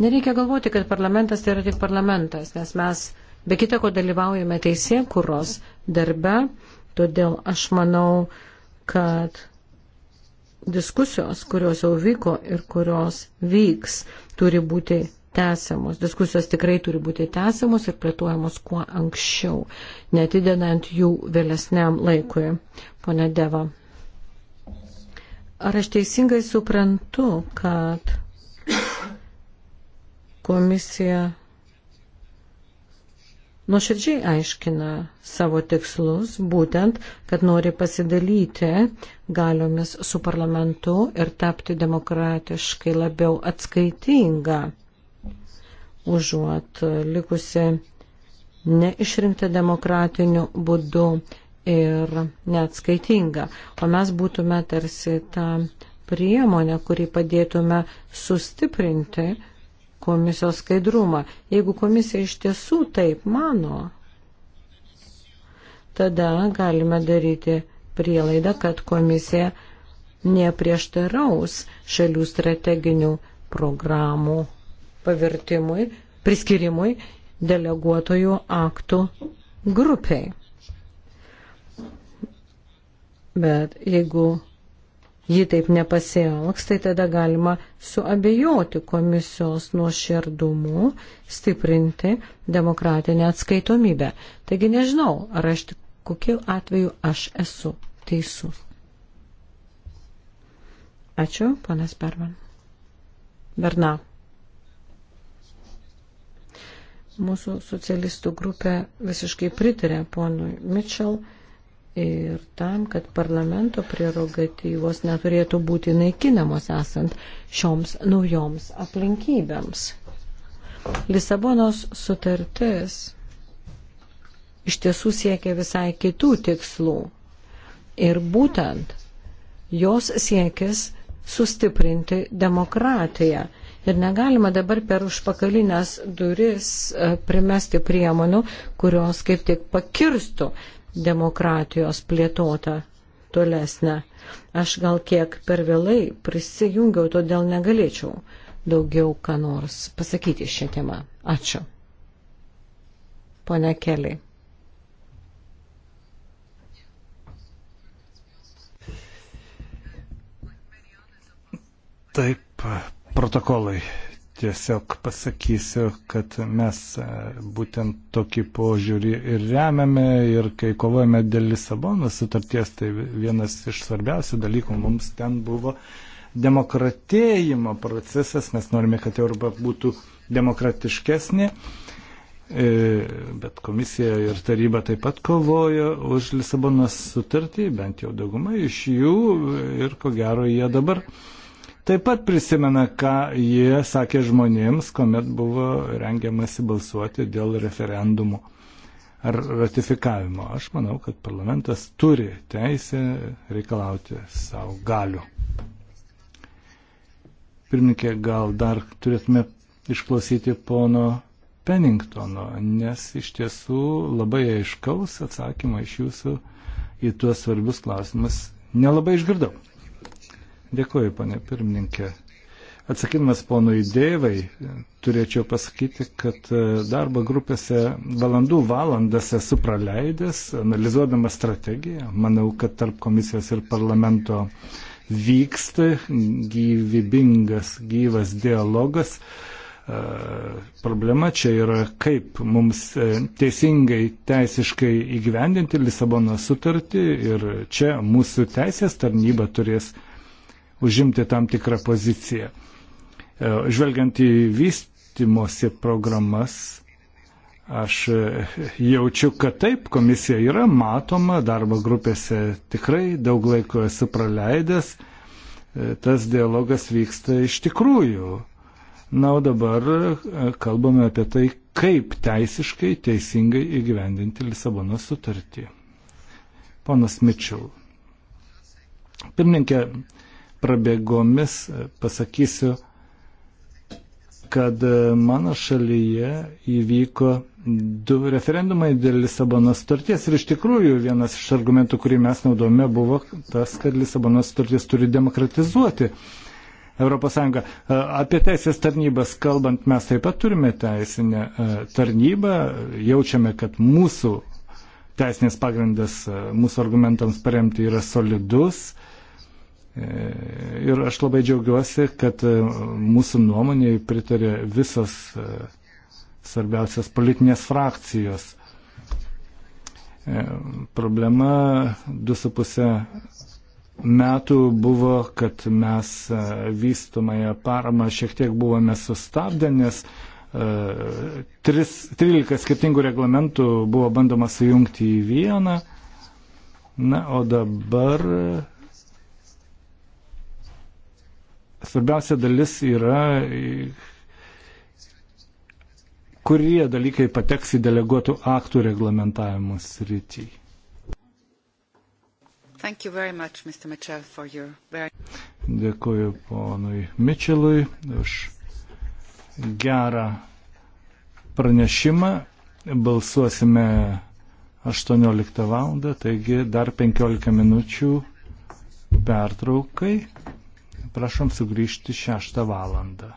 Nereikia galvoti, kad parlamentas tai yra tik parlamentas, nes mes Be kita, ko dalyvaujame teisė kuros darbe, todėl aš manau, kad diskusijos, kurios jau vyko ir kurios vyks, turi būti tęsiamos. Diskusijos tikrai turi būti tęsiamos ir plėtojamos kuo anksčiau, netidedant jų vėlesniam laikui. Pone Deva. Ar aš teisingai suprantu, kad komisija nuoširdžiai aiškina savo tikslus, būtent, kad nori pasidalyti galiomis su parlamentu ir tapti demokratiškai labiau atskaitinga, užuot likusi neišrinkta demokratiniu būdu ir neatskaitinga. O mes būtume tarsi tą priemonę, kurį padėtume sustiprinti komisijos skaidrumą. Jeigu komisija iš tiesų taip mano, tada galime daryti prielaidą, kad komisija neprieštaraus šalių strateginių programų pavirtimui, priskirimui deleguotojų aktų grupiai. Bet jeigu ji taip nepasielgs, tai tada galima suabejoti komisijos nuoširdumu, stiprinti demokratinę atskaitomybę. Taigi nežinau, ar aš tik kokiu atveju aš esu teisus. Ačiū, panas Berman. Berna. Mūsų socialistų grupė visiškai pritarė ponui Mitchell ir tam, kad parlamento prerogatyvos neturėtų būti naikinamos esant šioms naujoms aplinkybėms. Lisabonos sutartis iš tiesų siekia visai kitų tikslų ir būtent jos siekis sustiprinti demokratiją. Ir negalima dabar per užpakalinės duris e, primesti priemonių, kurios kaip tik pakirstų demokratijos plėtotą tolesnę. Aš gal kiek per vėlai prisijungiau, todėl negalėčiau daugiau ką nors pasakyti šią temą. Ačiū. Pone Keliai. Taip, protokolai Tiesiog pasakysiu, kad mes e, būtent tokį požiūrį ir remiame ir kai kovojame dėl Lisabonos sutarties, tai vienas iš svarbiausių dalykų mums ten buvo demokratėjimo procesas, mes norime, kad Europa būtų demokratiškesnė, e, bet komisija ir taryba taip pat kovojo už Lisabonos sutartį, bent jau dauguma iš jų e, ir ko gero jie dabar taip pat prisimena, ką jie sakė žmonėms, kuomet buvo rengiamasi balsuoti dėl referendumų ar ratifikavimo. Aš manau, kad parlamentas turi teisę reikalauti savo galių. Pirmininkė, gal dar turėtume išklausyti pono Penningtono, nes iš tiesų labai aiškaus atsakymą iš jūsų į tuos svarbius klausimus nelabai išgirdau. Dėkuoju, ponė pirmininkė. Atsakydamas ponui Dėvai, turėčiau pasakyti, kad e, darbo grupėse valandų valandas esu praleidęs, analizuodamas strategiją. Manau, kad tarp komisijos ir parlamento vyksta gyvybingas, gyvas dialogas. E, problema čia yra, kaip mums e, teisingai teisiškai įgyvendinti Lisabono sutartį ir čia mūsų teisės tarnyba turės užimti tam tikrą poziciją. E, žvelgiant į vystimosi programas, aš e, jaučiu, kad taip, komisija yra matoma, darbo grupėse tikrai daug laiko esu praleidęs, e, tas dialogas vyksta iš tikrųjų. Na, o dabar kalbame apie tai, kaip teisiškai, teisingai įgyvendinti Lisabono sutartį. Ponas Mitchell. Pirmininkė, prabėgomis pasakysiu, kad e, mano šalyje įvyko du referendumai dėl Lisabonos sutarties ir iš tikrųjų vienas iš argumentų, kurį mes naudojame, buvo tas, kad Lisabonos sutartis turi demokratizuoti ES. E, apie teisės tarnybas kalbant, mes taip pat turime teisinę e, tarnybą, jaučiame, kad mūsų teisinės pagrindas mūsų argumentams paremti yra solidus. E, ir aš labai džiaugiuosi, kad e, mūsų nuomonėje pritarė visas e, svarbiausias politinės frakcijos. Problema 2,5 metų buvo, kad mes vystomąją paramą šiek tiek buvome sustabdę, nes 3, 13 skirtingų reglamentų buvo bandoma sujungti į vieną. Na, o dabar Svarbiausia dalis yra, kurie dalykai pateks į deleguotų aktų reglamentavimo sritį. Much, Mitchell, very... Dėkuoju ponui Mitchellui už gerą pranešimą. Balsuosime 18 val. taigi dar 15 minučių pertraukai prašom sugrįžti 6 valandą.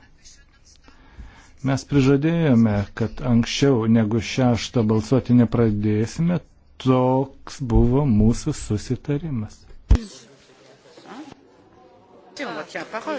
Mes prižadėjome, kad anksčiau negu 6 balsuoti nepradėsime, toks buvo mūsų susitarimas. Tiens, on va tiens parole.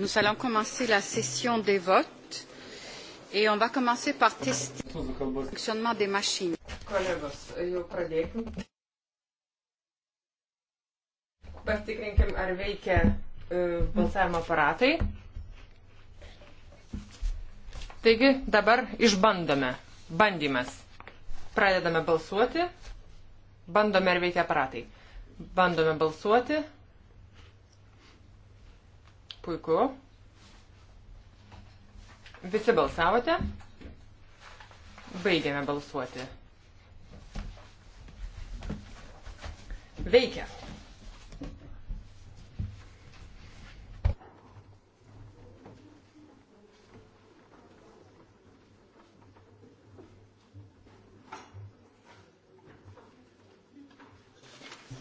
Nous allons commencer la session des votes et on va commencer par tester le fonctionnement des machines. Kolegos, jau pradėkim. Pastikrinkim, ar veikia uh, balsavimo aparatai. Taigi dabar išbandome. Bandymas. Pradedame balsuoti. Bandome, ar veikia aparatai. Bandome balsuoti. Puiku. Visi balsavote? Baigėme balsuoti. Veikia.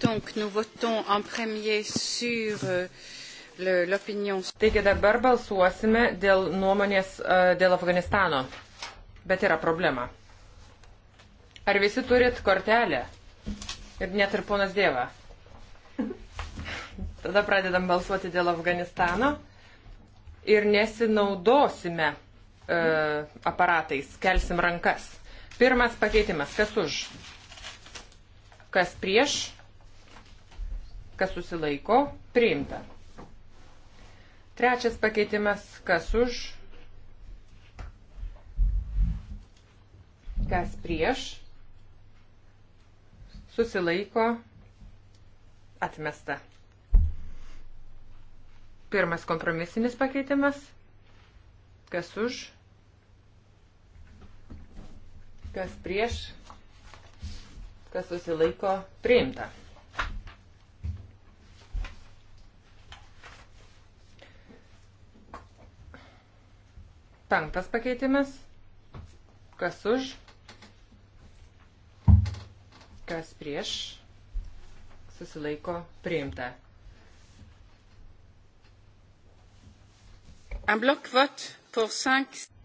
Donc nous votons en premier sur euh, Taigi dabar balsuosime dėl nuomonės e, dėl Afganistano. Bet yra problema. Ar visi turit kortelę? Ir net ir ponas Dieva. Tada pradedam balsuoti dėl Afganistano ir nesinaudosime e, aparatais, kelsim rankas. Pirmas pakeitimas, kas už, kas prieš, kas susilaiko, priimta. Trečias pakeitimas, kas už, kas prieš, susilaiko, atmesta. Pirmas kompromisinis pakeitimas, kas už, kas prieš, kas susilaiko, priimta. Penktas pakeitimas. Kas už? Kas prieš? Susilaiko priimta.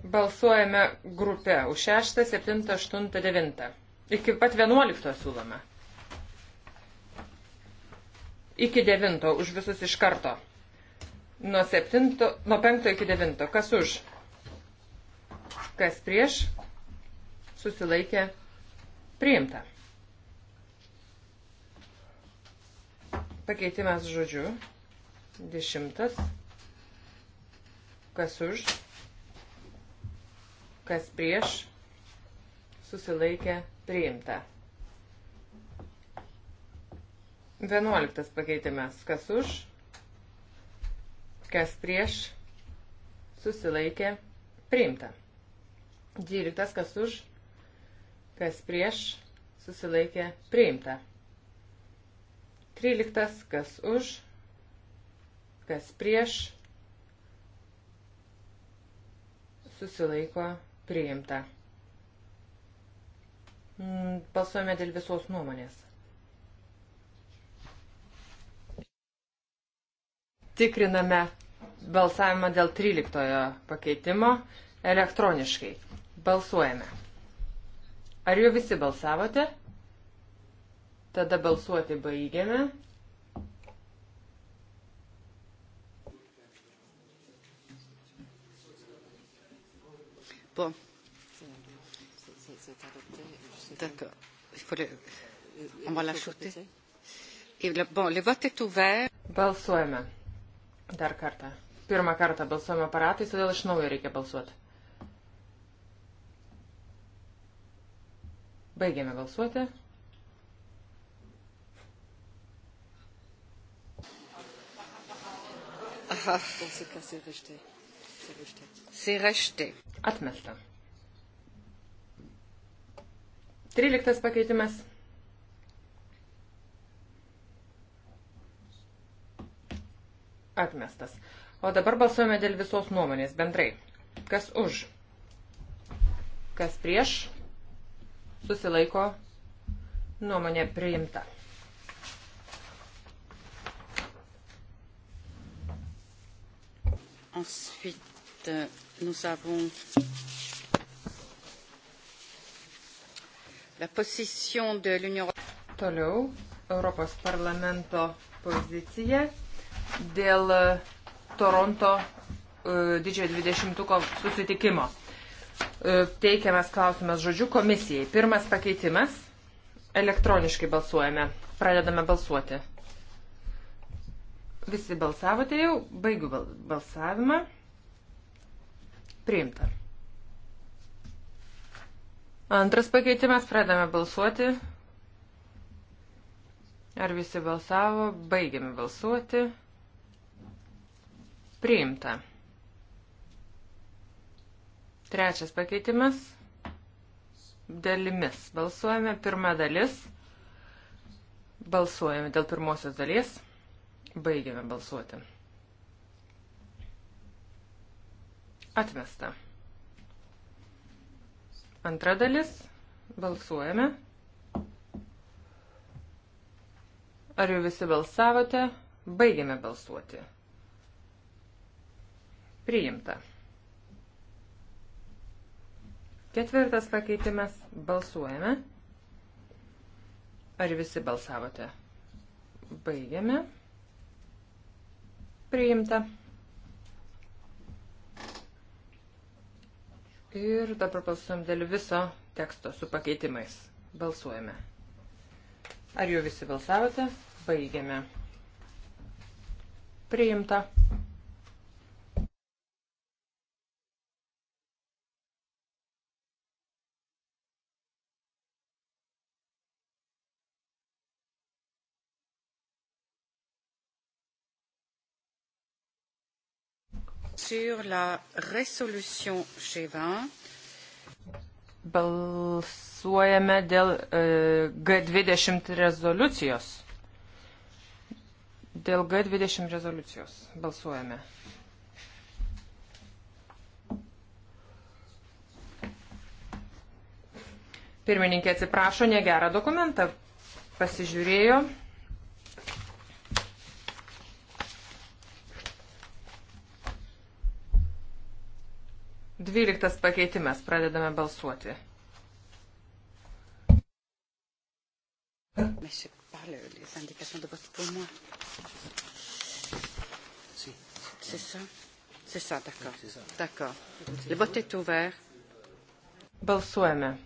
Balsuojame grupę už 6, 7, 8, 9. Iki pat 11 siūloma. Iki 9 už visus iš karto. Nuo, 7, nuo 5 iki 9. Kas už? kas prieš, susilaikė, priimta. Pakeitimas žodžiu, dešimtas, kas už, kas prieš, susilaikė, priimta. Vienuoliktas pakeitimas, kas už, kas prieš, susilaikė, priimta. 12 kas už, kas prieš, susilaikė priimta. 13 kas už, kas prieš, susilaiko priimta. Mm, balsuojame dėl visos nuomonės. Tikriname balsavimą dėl 13 pakeitimo elektroniškai. Balsuojame. Ar jau visi balsavote? Tada balsuoti baigiame. Bon. D'accord. Il faut le... On va l'ajouter. Le, bon, le vote est ouvert. Balsuojame. Dar kartą. Pirmą kartą balsuojame aparatais, todėl iš naujo reikia balsuoti. Baigėme balsuoti. Aha. C'est rejeté. Atmesta. Tryliktas pakeitimas. Atmestas. O dabar balsuojame dėl visos nuomonės bendrai. Kas už? Kas prieš? susilaiko, nuomonė priimta. Ensuite, nous avons la position de l'Union européenne. Toliau Europos parlamento pozicija dėl Toronto e, didžiojo 20 susitikimo. E, teikiamas klausimas žodžiu komisijai. Pirmas pakeitimas. Elektroniškai balsuojame. Pradedame balsuoti. Visi balsavote jau. Baigiu balsavimą. Priimta. Antras pakeitimas. Pradedame balsuoti. Ar visi balsavo? Baigiame balsuoti. Priimta. Trečias pakeitimas. Dalimis. Balsuojame pirmą dalis. Balsuojame dėl pirmosios dalies. Baigiame balsuoti. Atmesta. Antra dalis. Balsuojame. Ar jau visi balsavote? Baigiame balsuoti. Priimta. Ketvirtas pakeitimas. Balsuojame. Ar visi balsavote? Baigiame. Priimta. Ir dabar balsuojam dėl viso teksto su pakeitimais. Balsuojame. Ar jau visi balsavote? Baigiame. Priimta. sur la résolution G20. Balsuojame dėl e, G20 rezoliucijos. Dėl G20 rezoliucijos balsuojame. Pirmininkė atsiprašo, negerą dokumentą pasižiūrėjo. Dvyliktas pakeitimas. Pradedame balsuoti. Mais je parle les indications de vote pour moi. Si. C'est ça C'est ça, d'accord. D'accord. Le vote est ouvert. Balsuojame.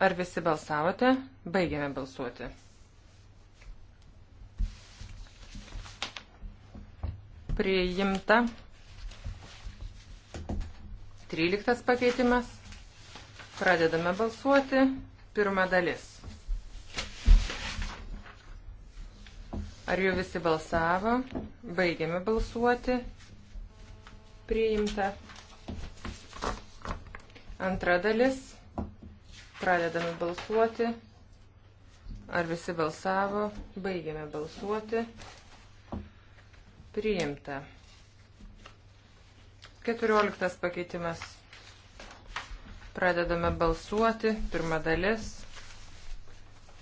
Ar visi balsavote? Baigiame balsuoti. Priimta 13 pakeitimas. Pradedame balsuoti. Pirma dalis. Ar jau visi balsavo? Baigiame balsuoti. Priimta. Antra dalis. Pradedame balsuoti. Ar visi balsavo? Baigiame balsuoti. Priimta. 14 pakeitimas. Pradedame balsuoti. Pirma dalis.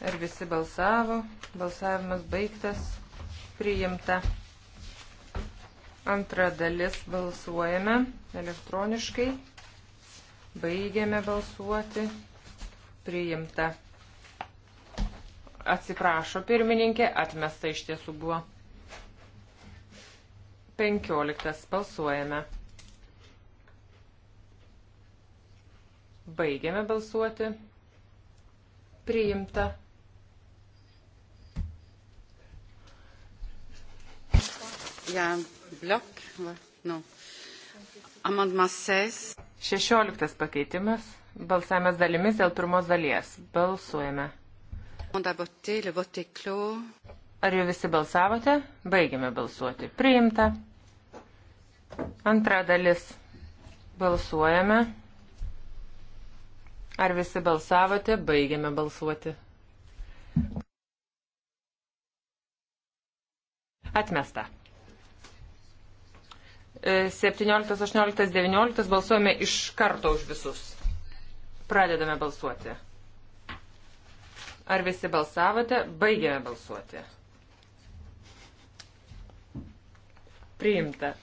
Ar visi balsavo? Balsavimas baigtas. Priimta. Antra dalis balsuojame elektroniškai. Baigiame balsuoti. Priimta. Atsiprašo pirmininkė, atmesta iš tiesų buvo. 15. Balsuojame. Baigiame balsuoti. Priimta. Ja, blok. No. Amandmas 16. 16 pakeitimas. Balsavimas dalimis dėl pirmos dalies. Balsuojame. Ar jau visi balsavote? Baigiame balsuoti. Priimta. Antra dalis. Balsuojame. Ar visi balsavote? Baigiame balsuoti. Atmesta. 17, 18, 19 balsuojame iš karto už visus. Pradedame balsuoti. Ar visi balsavote? Baigiame balsuoti. Priimta.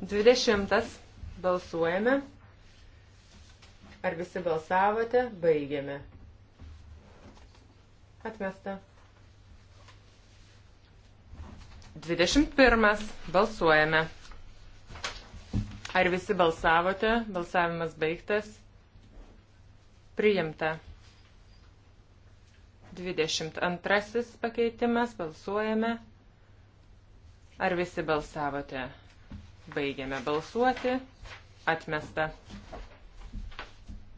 20. Balsuojame. Ar visi balsavote? Baigiame. Atmesta. 21. Balsuojame. Ar visi balsavote? Balsavimas baigtas. Priimta. 22 pakeitimas. Balsuojame. Ar visi balsavote? Baigiame balsuoti atmesta.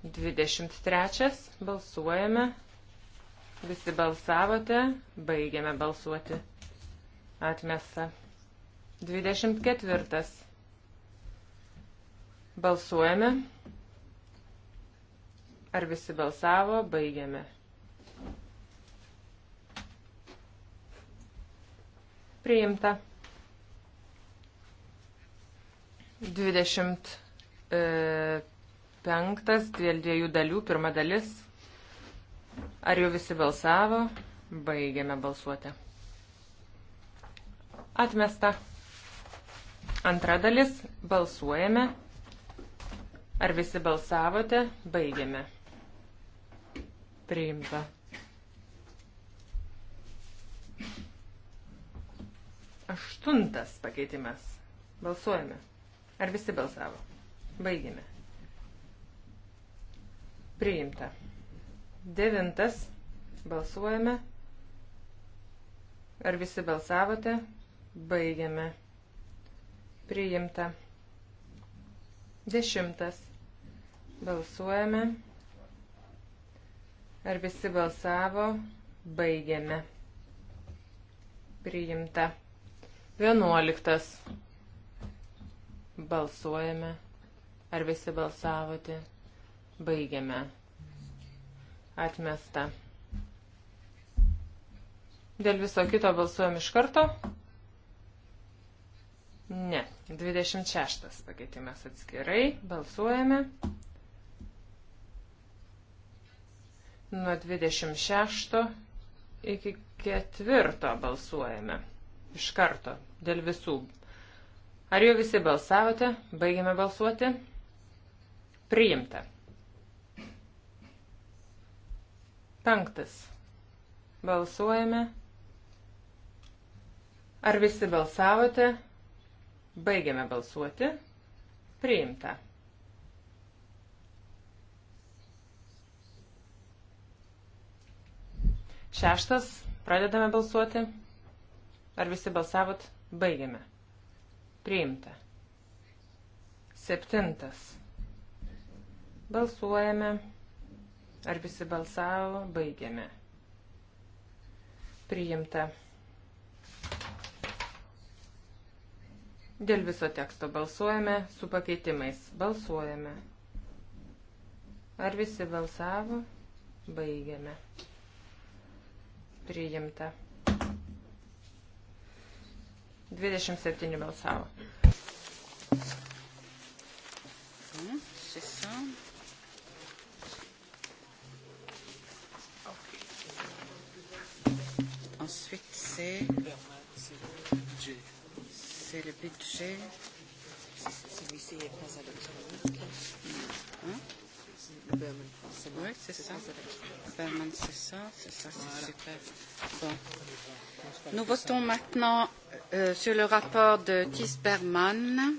23. Balsuojame. Visi balsavote. Baigiame balsuoti. Atmesta. 24. Balsuojame. Ar visi balsavo? Baigiame. Priimta. 20. E, penktas dėl dviejų dalių, pirma dalis. Ar jau visi balsavo? Baigiame balsuoti. Atmesta. Antra dalis. Balsuojame. Ar visi balsavote? Baigiame. Priimta. Aštuntas pakeitimas. Balsuojame. Ar visi balsavo? Baigėme. Priimta. Devintas. Balsuojame. Ar visi balsavote? Baigiame. Priimta. Dešimtas. Balsuojame. Ar visi balsavo? Baigiame. Priimta. Vienuoliktas. Balsuojame. Ar visi balsavote? Baigiame. Atmesta. Dėl viso kito balsuojam iš karto? Ne. 26 pakeitimas atskirai. Balsuojame. Nuo 26 iki 4 balsuojame. Iš karto. Dėl visų. Ar jau visi balsavote? Baigiame balsuoti. Priimta. Penktas. Balsuojame. Ar visi balsavote? Baigiame balsuoti. Priimta. Šeštas. Pradedame balsuoti. Ar visi balsavot? Baigiame. Priimta. Septintas. Balsuojame. Ar visi balsavo? Baigiame. Priimta. Dėl viso teksto balsuojame su pakeitimais. Balsuojame. Ar visi balsavo? Baigiame. Priimta. 27 balsavo. C'est ça. ensuite, c'est. C'est le budget. Celui-ci est pas adopté. Hein le Berman, c'est Oui, c'est ça. Berman, c'est ça. C'est ça, c'est voilà. super. Bon. Nous votons maintenant euh, sur le rapport de Tis Berman.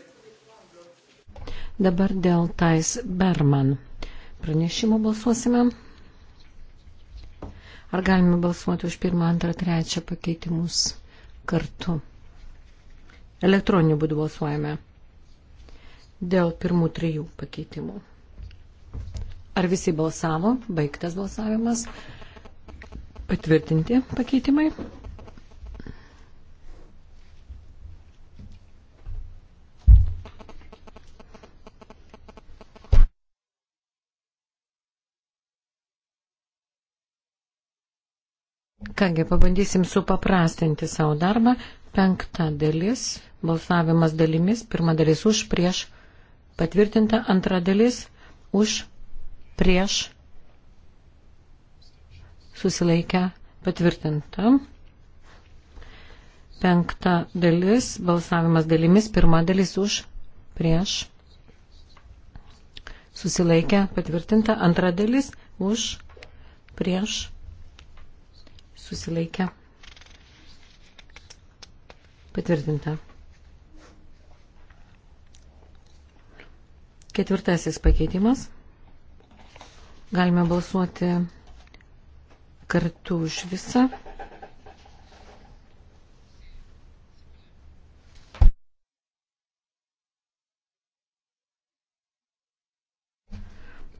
Dabar dėl Tais Berman. Pranešimo balsuosime. Ar galime balsuoti už pirmą, antrą, trečią pakeitimus kartu? Elektroniniu būdu balsuojame dėl pirmų trijų pakeitimų. Ar visi balsavo? Baigtas balsavimas. Patvirtinti pakeitimai. Kągi, pabandysim supaprastinti savo darbą. Penkta dalis, balsavimas dalimis, pirma dalis už, prieš, patvirtinta, antra dalis už, prieš, susilaikę, patvirtinta. Penkta dalis, balsavimas dalimis, pirma dalis už, prieš, susilaikę, patvirtinta, antra dalis už, prieš, susilaikė, patvirtinta. Ketvirtasis pakeitimas. Galime balsuoti kartu už visą.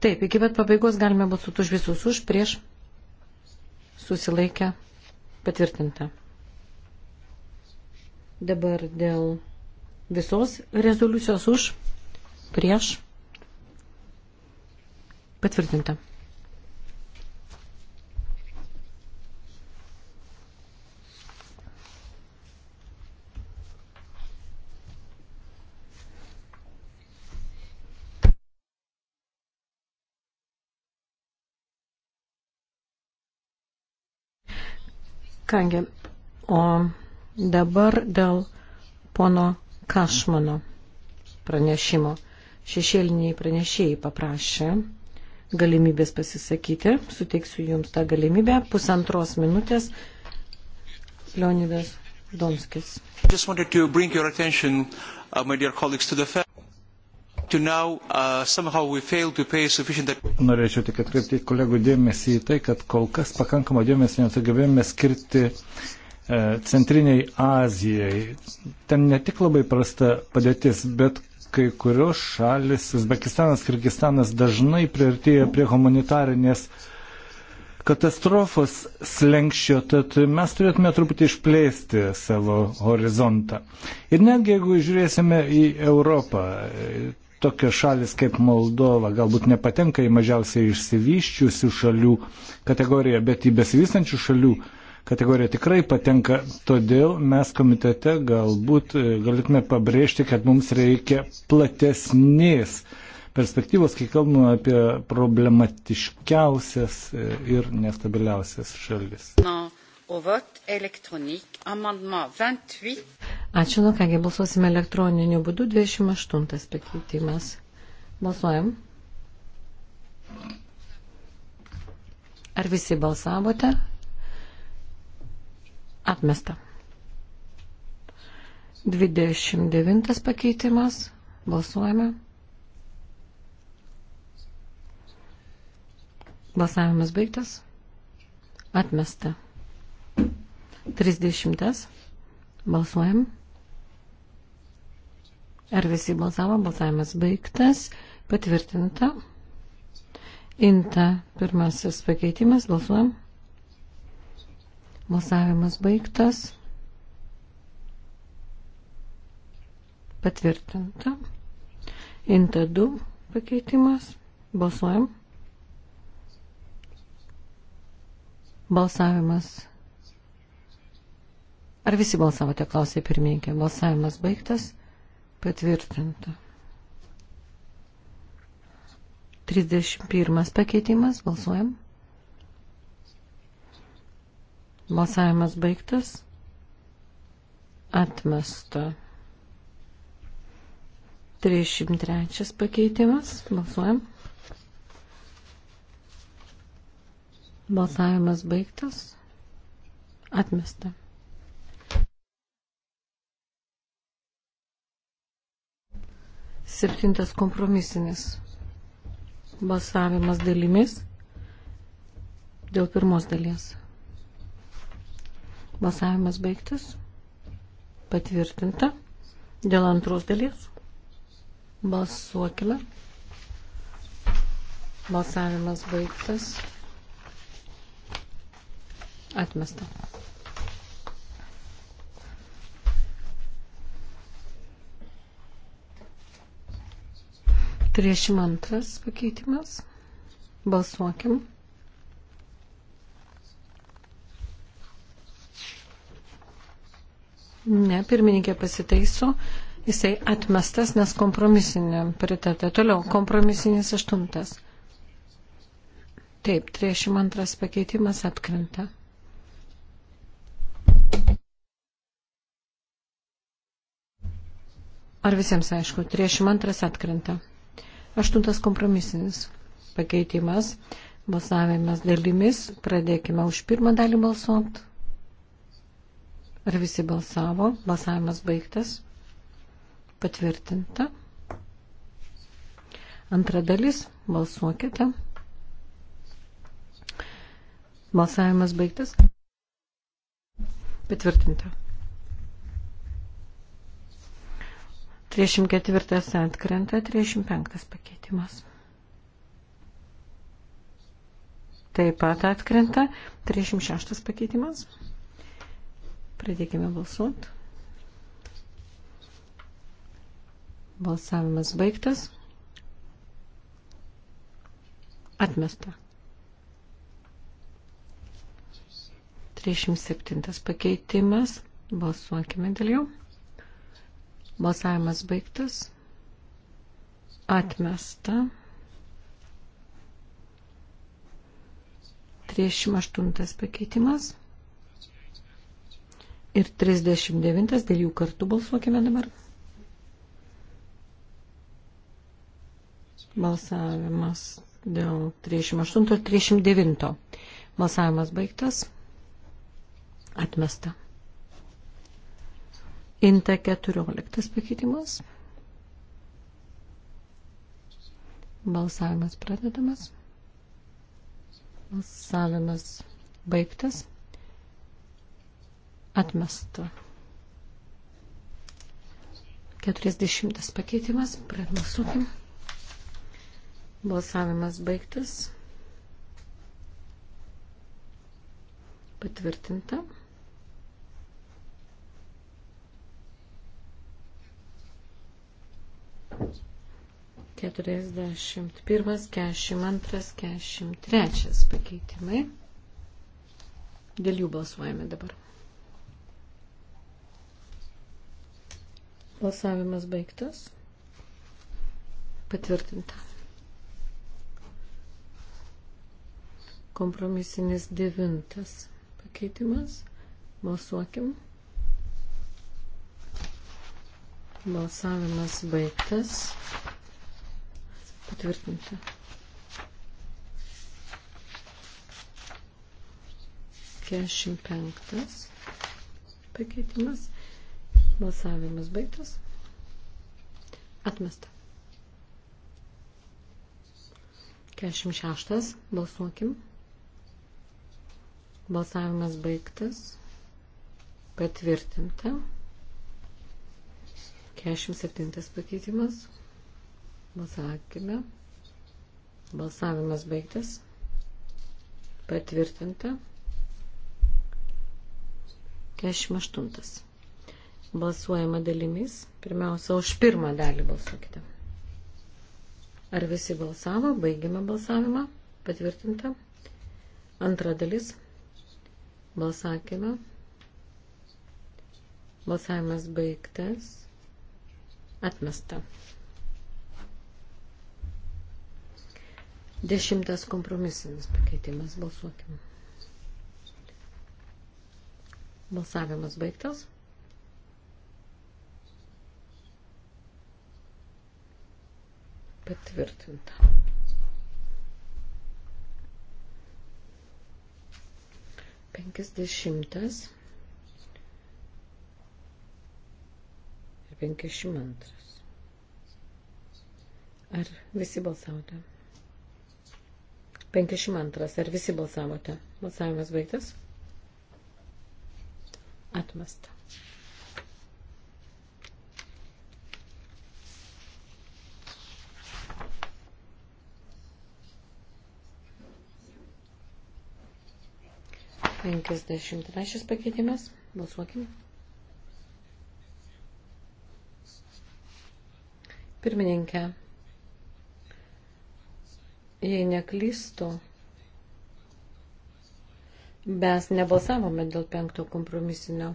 Taip, iki pat pabaigos galime balsuoti už visus, už, prieš, susilaikę, patvirtinta. Dabar dėl visos rezoliucijos už, prieš, patvirtinta. Kągi, o dabar dėl pono Kašmano pranešimo. Šešėliniai pranešėjai paprašė galimybės pasisakyti. Suteiksiu jums tą galimybę. Pusantros minutės. Leonidas Donskis now, uh, Norėčiau tik atkreipti kolegų dėmesį į tai, kad kol kas pakankamo dėmesio nesugebėjome skirti e, Centriniai Azijai. Ten ne tik labai prasta padėtis, bet kai kurios šalis, Uzbekistanas, Kirgistanas dažnai priartėja prie humanitarinės katastrofos slengščio, tad mes turėtume truputį išplėsti savo horizontą. Ir netgi jeigu žiūrėsime į Europą, tokios šalis kaip Moldova galbūt nepatenka į mažiausiai išsivyščiusių šalių kategoriją, bet į besivystančių šalių kategorija tikrai patenka. Todėl mes komitete galbūt e, galėtume pabrėžti, kad mums reikia platesnės perspektyvos, kai kalbame apie problematiškiausias e, ir nestabiliausias šalis. No. Ačiū, nu kągi, balsuosime elektroniniu būdu. 28 pakeitimas. Balsuojam. Ar visi balsavote? Atmesta. 29 pakeitimas. Balsuojame. Balsavimas baigtas. Atmesta. 30. Balsuojam. Ar visi balsavo? Balsavimas baigtas. Patvirtinta. Inta pirmasis pakeitimas. Balsuojam. Balsavimas baigtas. Patvirtinta. Inta 2 pakeitimas. Balsuojam. Balsavimas Ar visi balsavote, klausė pirmininkė. Balsavimas baigtas. Patvirtinta. 31 pakeitimas. Balsuojam. Balsavimas baigtas. Atmesta. 303 pakeitimas. Balsuojam. Balsavimas baigtas. Atmesta. Septintas kompromisinis balsavimas dalimis dėl pirmos dalies. Balsavimas baigtas. Patvirtinta. Dėl antros dalies. Balsuokime. Balsavimas baigtas. Atmesta. 32 pakeitimas. Balsuokim. Ne, pirmininkė pasitaiso. Jisai atmestas, nes kompromisinė pritarta. Toliau, kompromisinis aštuntas. Taip, 32 pakeitimas atkrenta. Ar visiems aišku, 32 atkrenta. Aštuntas kompromisinis pakeitimas. Balsavimas dalimis. Pradėkime už pirmą dalį balsuot. Ar visi balsavo? Balsavimas baigtas. Patvirtinta. Antra dalis. Balsuokite. Balsavimas baigtas. Patvirtinta. 34 atkrenta, 35 pakeitimas. Taip pat atkrenta, 36 pakeitimas. Pradėkime balsuoti. Balsavimas baigtas. Atmesta. 37 pakeitimas. Balsuokime dėl jų. Balsavimas baigtas. Atmesta. 38 pakeitimas. Ir 39 dėl jų kartų balsuokime dabar. Balsavimas dėl 38 ir 39. Balsavimas baigtas. Atmesta. Inta 14 pakeitimas. Balsavimas pradedamas. Balsavimas baigtas. Atmesta. 40 pakeitimas. Prabalsuokim. Balsavimas baigtas. Patvirtinta. 41, 42, 43 pakeitimai. Dėl jų balsuojame dabar. Balsavimas baigtas. Patvirtinta. Kompromisinis devintas pakeitimas. Balsuokim. Balsavimas baigtas. Patvirtinti. Kešim penktas pakeitimas. Balsavimas baigtas. Atmesta. 46. Balsuokim. Balsavimas baigtas. Patvirtinta. 47 pakeitimas. Balsakime. Balsavimas baigtas. Patvirtinta. 48. Balsuojama dalimis. Pirmiausia, už pirmą dalį balsuokite. Ar visi balsavo? Baigime balsavimą. Patvirtinta. Antra dalis. Balsakime. Balsavimas baigtas. Atmesta. Dešimtas kompromisinis pakeitimas. Balsuokime. Balsavimas baigtas. Patvirtinta. Penkisdešimtas. 52. Ar visi balsavote? 52. Ar visi balsavote? Balsavimas baigtas? Atmesta. Penkiasdešimt trečias pakeitimas. Balsuokime. Pirmininkė, jei neklystu, mes nebalsavome dėl penkto kompromisinio.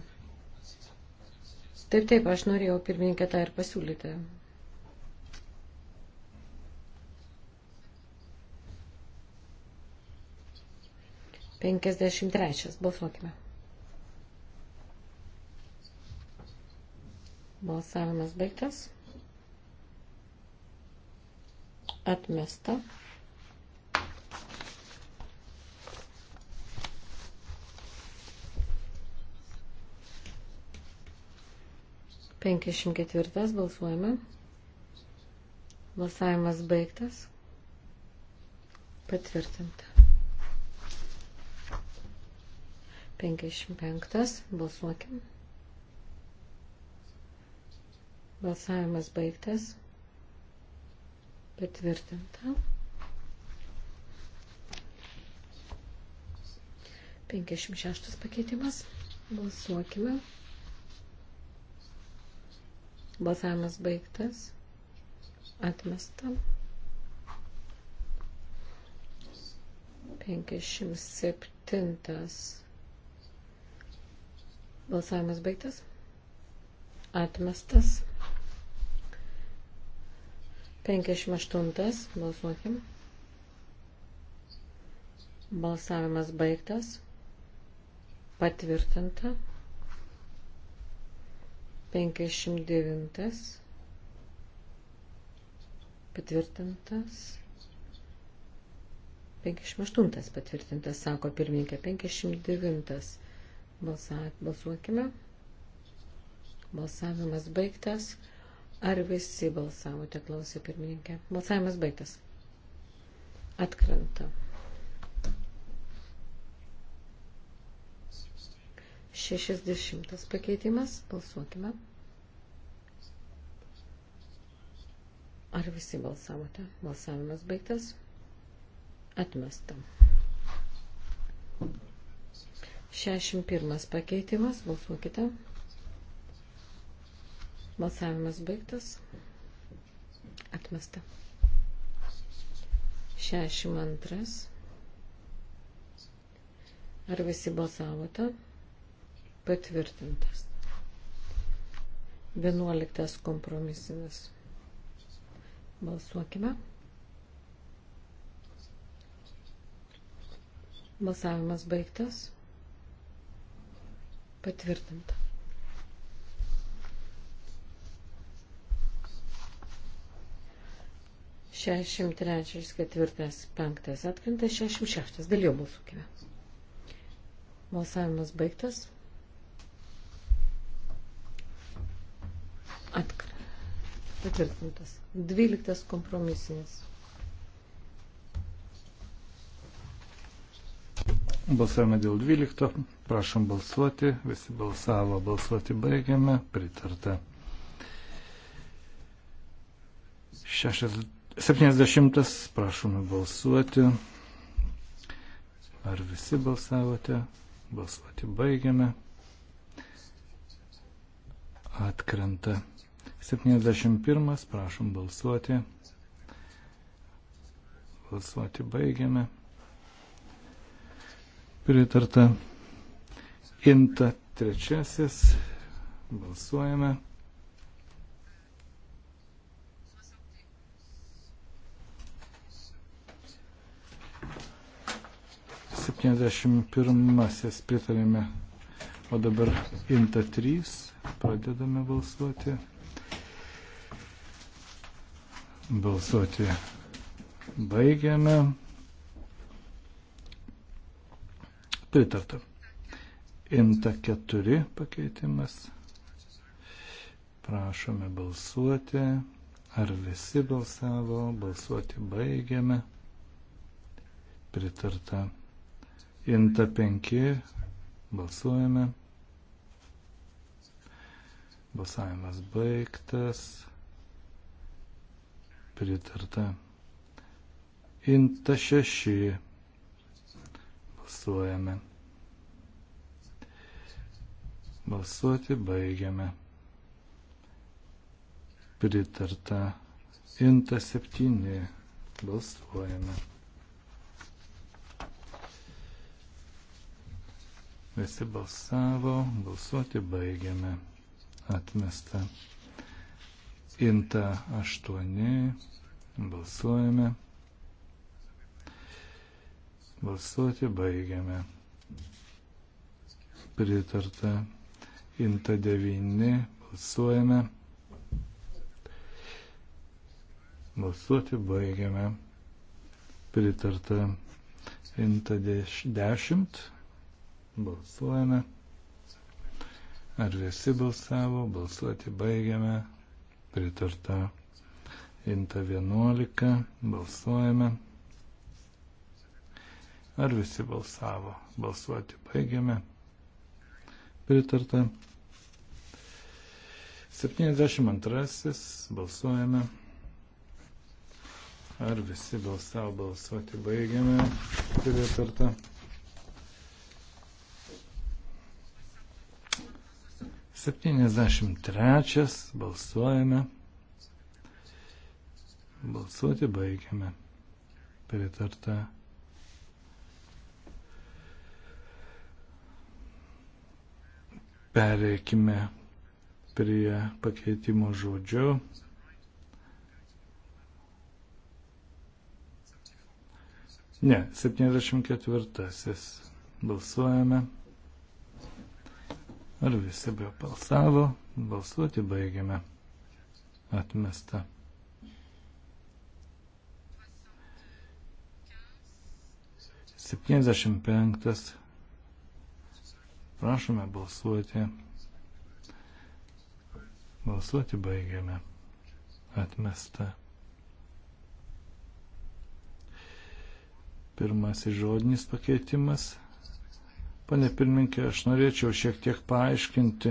Taip, taip, aš norėjau pirmininkę tą ir pasiūlyti. Penkiasdešimt trečias. Balsuokime. Balsavimas baigtas. atmesta. Penkiasdešimt ketvirtas balsuojame. Balsavimas baigtas. Patvirtinta. 55. Balsuokim. Balsavimas baigtas. Patvirtinta. 56 pakeitimas. Balsuokime. Balsavimas baigtas. Atmesta. 57. Balsavimas baigtas. Atmestas. 58. Balsuokim. Balsavimas baigtas. Patvirtinta. 59. Patvirtintas. 58 patvirtintas, sako pirmininkė, 59 Balsa, balsuokime. Balsavimas baigtas. Ar visi balsavote, klausė pirmininkė? Balsavimas baigtas. Atkrenta. 60 pakeitimas. Balsuokime. Ar visi balsavote? Balsavimas baigtas. Atmesta. 61 pakeitimas. Balsuokite. Balsuokite. Balsavimas baigtas. Atmesta. 62. Ar visi balsavote? Patvirtintas. 11 kompromisinis. Balsuokime. Balsavimas baigtas. Patvirtinta. 63, 4, 5 atkrenta, 66. Dėl jo balsuokime. Balsavimas baigtas. Atkrenta. Patvirtintas. 12 kompromisinis. Balsavome dėl 12. Prašom balsuoti. Visi balsavo. Balsuoti baigiame. Pritarta. 60. 70. Prašome balsuoti. Ar visi balsavote? Balsuoti baigiame. Atkrenta. 71. Prašom balsuoti. Balsuoti baigiame. Pritarta. Inta trečiasis. Balsuojame. 71 pritarėme, o dabar imta 3, pradedame balsuoti. Balsuoti baigiame. Pritarta. Imta 4 pakeitimas. Prašome balsuoti. Ar visi balsavo? Balsuoti baigiame pritarta. Inta 5. Balsuojame. Balsavimas baigtas. Pritarta. Inta 6. Balsuojame. Balsuoti baigiame. Pritarta. Inta 7. Balsuojame. Visi balsavo, balsuoti baigiame. Atmesta. Inta 8. Balsuojame. Balsuoti baigiame. Pritarta. Inta 9. Balsuojame. Balsuoti baigiame. Pritarta. Inta 10. Balsuojame. Ar visi balsavo? Balsuoti baigiame. Pritarta. Inta 11. Balsuojame. Ar visi balsavo? Balsuoti baigiame. Pritarta. 72. Balsuojame. Ar visi balsavo? Balsuoti baigiame. Pritarta. 73 balsuojame. Balsuoti baigiame. Pritarta. Pereikime prie pakeitimo žodžių. Ne, 74. Balsuojame. Ar visi be balsavo? Balsuoti baigiame. Atmesta. 75. Prašome balsuoti. Balsuoti baigiame. Atmesta. Pirmasis žodinis pakeitimas. Pane pirminkė, aš norėčiau šiek tiek paaiškinti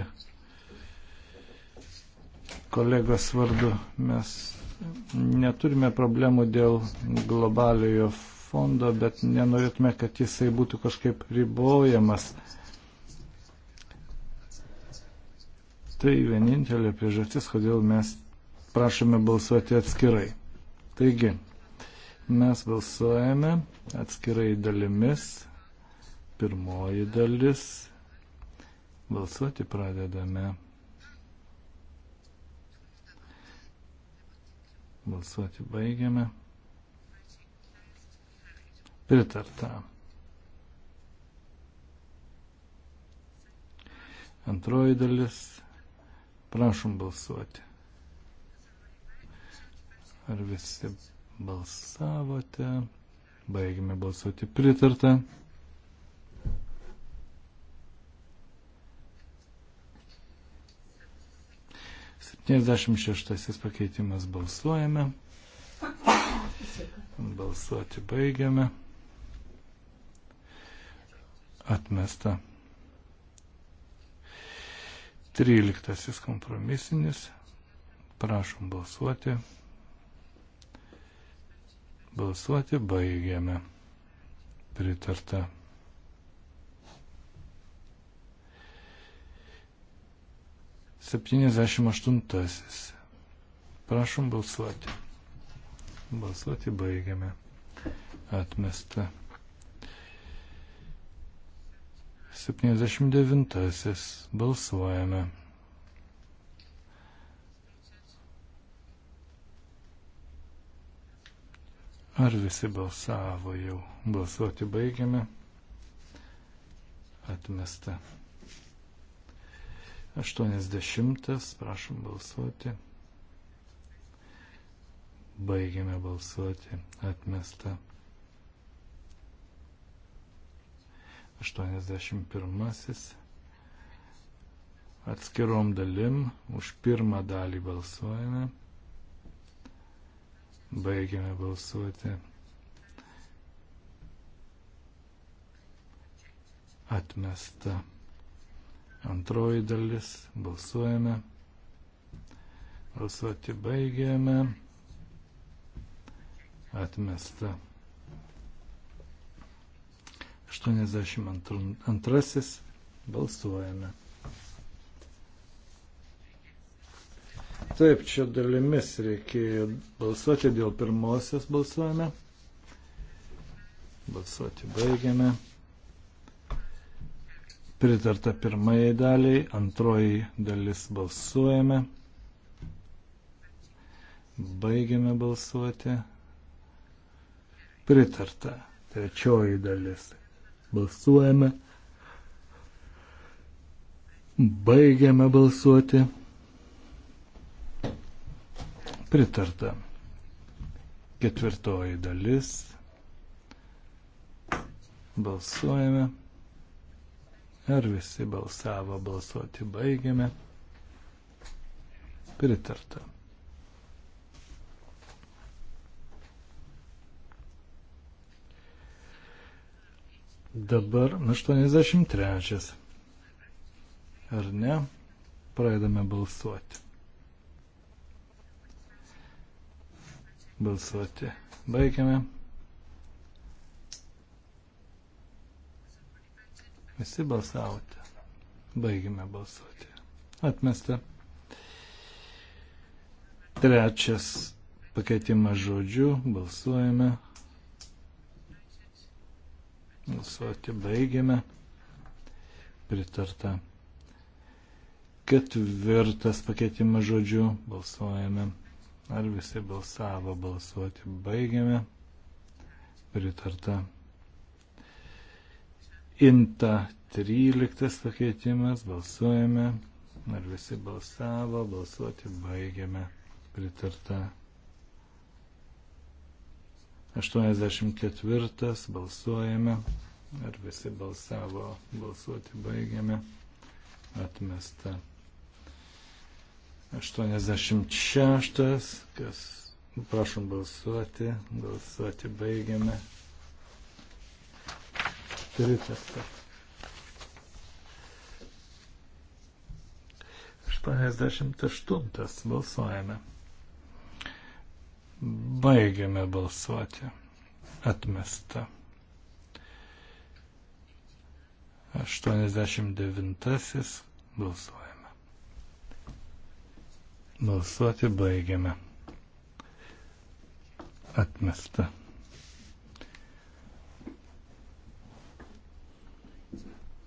kolegos vardu. Mes neturime problemų dėl globaliojo fondo, bet nenorėtume, kad jisai būtų kažkaip ribojamas. Tai vienintelė priežastis, kodėl mes prašome balsuoti atskirai. Taigi, mes balsuojame atskirai dalimis Pirmoji dalis. Balsuoti pradedame. Balsuoti baigiame. Pritarta. Antroji dalis. Prašom balsuoti. Ar visi balsavote? Baigime balsuoti pritartą. 76 pakeitimas balsuojame. Balsuoti baigiame. Atmesta. 13 kompromisinis. Prašom balsuoti. Balsuoti baigiame. Pritarta. 78. Prašom balsuoti. Balsuoti baigiame. Atmesta. 79. Balsuojame. Ar visi balsavo jau? Balsuoti baigiame. Atmesta. 80, prašom balsuoti. Baigiame balsuoti. Atmesta. 81. Atskirom dalim už pirmą dalį balsuojame. Baigiame balsuoti. Atmesta. Antroji dalis. Balsuojame. Balsuoti baigėme. Atmesta. 82. Balsuojame. Taip, čia dalimis reikėjo balsuoti dėl pirmosios balsuojame. Balsuoti baigiame. Pritarta pirmajai daliai, antroji dalis balsuojame. Baigiame balsuoti. Pritarta trečioji dalis. Balsuojame. Baigiame balsuoti. Pritarta. Ketvirtoji dalis. Balsuojame. Ar visi balsavo balsuoti baigiame? Pritarta. Dabar 83. Ar ne? Pradedame balsuoti. Balsuoti. Baigiame. Visi balsavote. Baigime balsuoti. Atmesta. Trečias pakeitimas žodžių. Balsuojame. Balsuoti baigėme. Pritarta. Ketvirtas pakeitimas žodžių. Balsuojame. Ar visi balsavo balsuoti? Baigėme. Pritarta. Inta 13 pakeitimas, balsuojame. Ar visi balsavo, balsuoti baigiame. Pritarta. 84 balsuojame. Ar visi balsavo, balsuoti baigiame. Atmesta. 86, kas prašom balsuoti, balsuoti baigiame pritarta. 88 balsuojame. Baigiame balsuoti. Atmesta. 89 balsuojame. Balsuoti baigiame. Atmesta.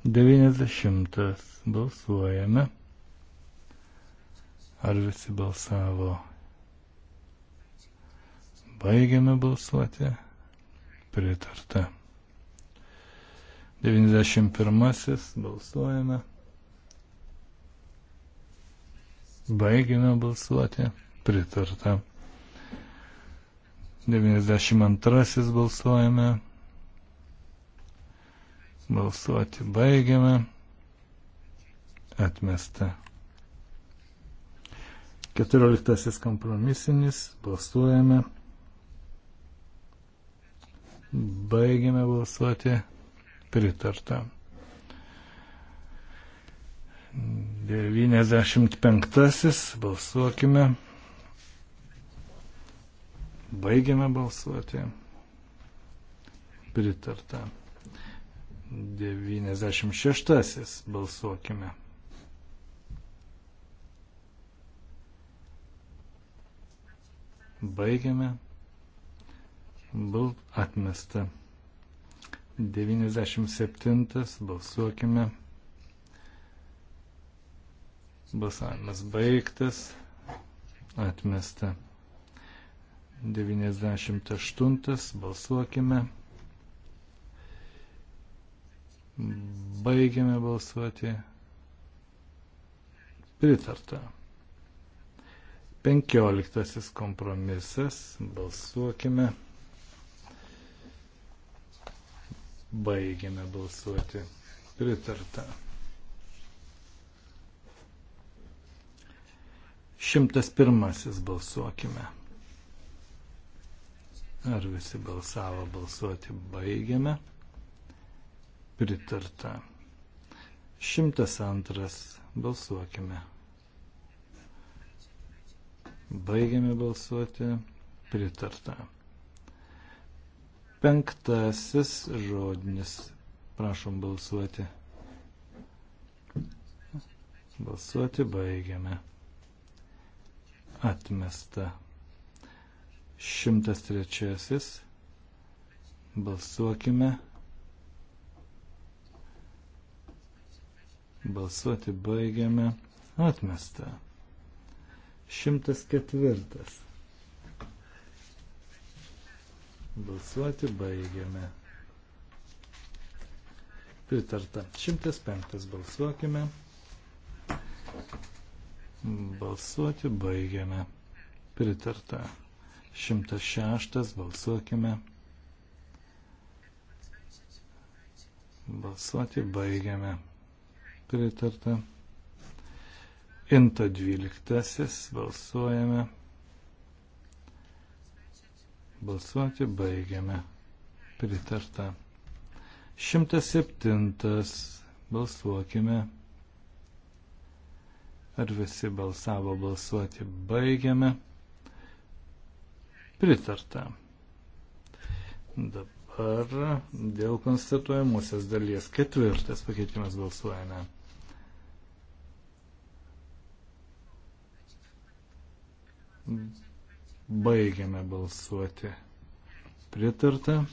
90. Balsuojame. Ar visi balsavo? Baigiame balsuoti. Pritarta. 91. Balsuojame. Baigiame balsuoti. Pritarta. 92. Balsuojame. Balsuoti baigiame. Atmesta. Keturioliktasis kompromisinis. Balsuojame. Baigiame balsuoti. Pritarta. 95. Balsuokime. Baigiame balsuoti. Pritarta. 96 balsuokime. Baigiame. Buvo atmesta. 97 balsuokime. Balsavimas baigtas. Atmesta. 98 balsuokime. Baigiame balsuoti. Pritarta. Penkioliktasis kompromisas. Balsuokime. Baigiame balsuoti. Pritarta. 101 balsuokime. Ar visi balsavo balsuoti? Baigiame pritarta. 102. Balsuokime. Baigiame balsuoti. Pritarta. Penktasis žodinis. Prašom balsuoti. Balsuoti baigiame. Atmesta. 103. Balsuokime. Balsuoti baigiame. Atmesta. 104. Balsuoti baigiame. Pritarta. 105. Balsuokime. Balsuoti baigiame. Pritarta. 106. Balsuokime. Balsuoti baigiame pritarta. Inta 12. Balsuojame. Balsuoti baigiame. Pritarta. 107. Balsuokime. Ar visi balsavo balsuoti baigiame. Pritarta. Dabar dėl konstatuojamosios dalies ketvirtas pakeitimas balsuojame. Baigiame balsuoti. Pritarta.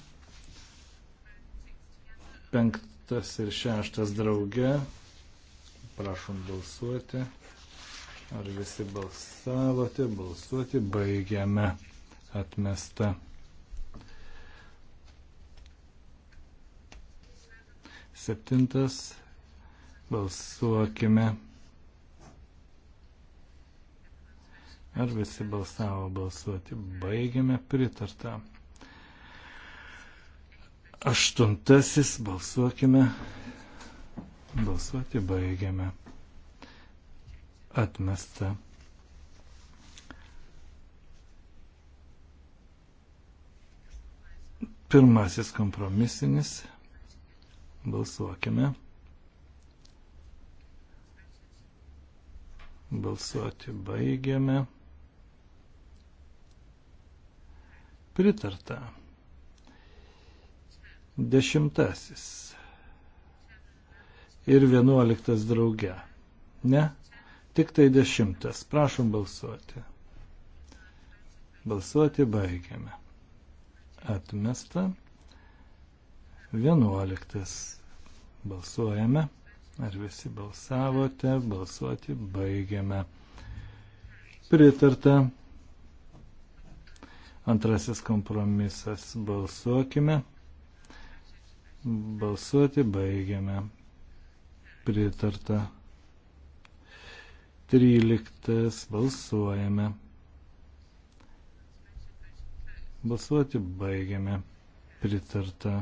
Penktas ir šeštas drauge. Prašom balsuoti. Ar visi balsavote? Balsuoti baigiame. Atmesta. Septintas. Balsuokime. Ar visi balsavo balsuoti? Baigiame pritartą. Aštuntasis balsuokime. Balsuoti baigiame. Atmesta. Pirmasis kompromisinis. Balsuokime. Balsuoti baigiame. pritarta. Dešimtasis. Ir vienuoliktas drauge. Ne? Tik tai dešimtas. Prašom balsuoti. Balsuoti baigiame. Atmesta. Vienuoliktas. Balsuojame. Ar visi balsavote? Balsuoti baigiame. Pritarta. Antrasis kompromisas. Balsuokime. Balsuoti baigiame. Pritarta. Tryliktas. Balsuojame. Balsuoti baigiame. Pritarta.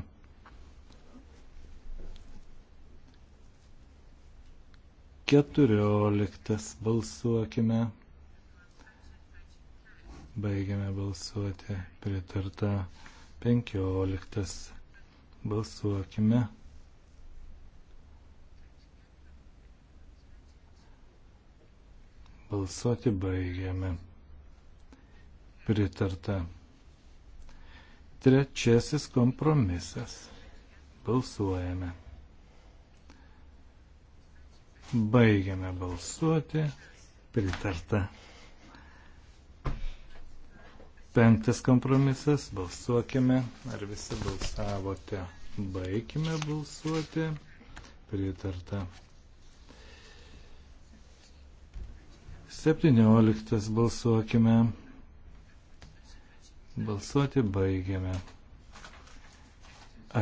Keturioliktas. Balsuokime. Baigiame balsuoti. Pritarta 15. Balsuokime. Balsuoti baigiame. Pritarta. Trečiasis kompromisas. Balsuojame. Baigiame balsuoti. Pritarta. Penktas kompromisas. Balsuokime. Ar visi balsavote? Baigime balsuoti. Pritarta. 17 balsuokime. Balsuoti baigiame.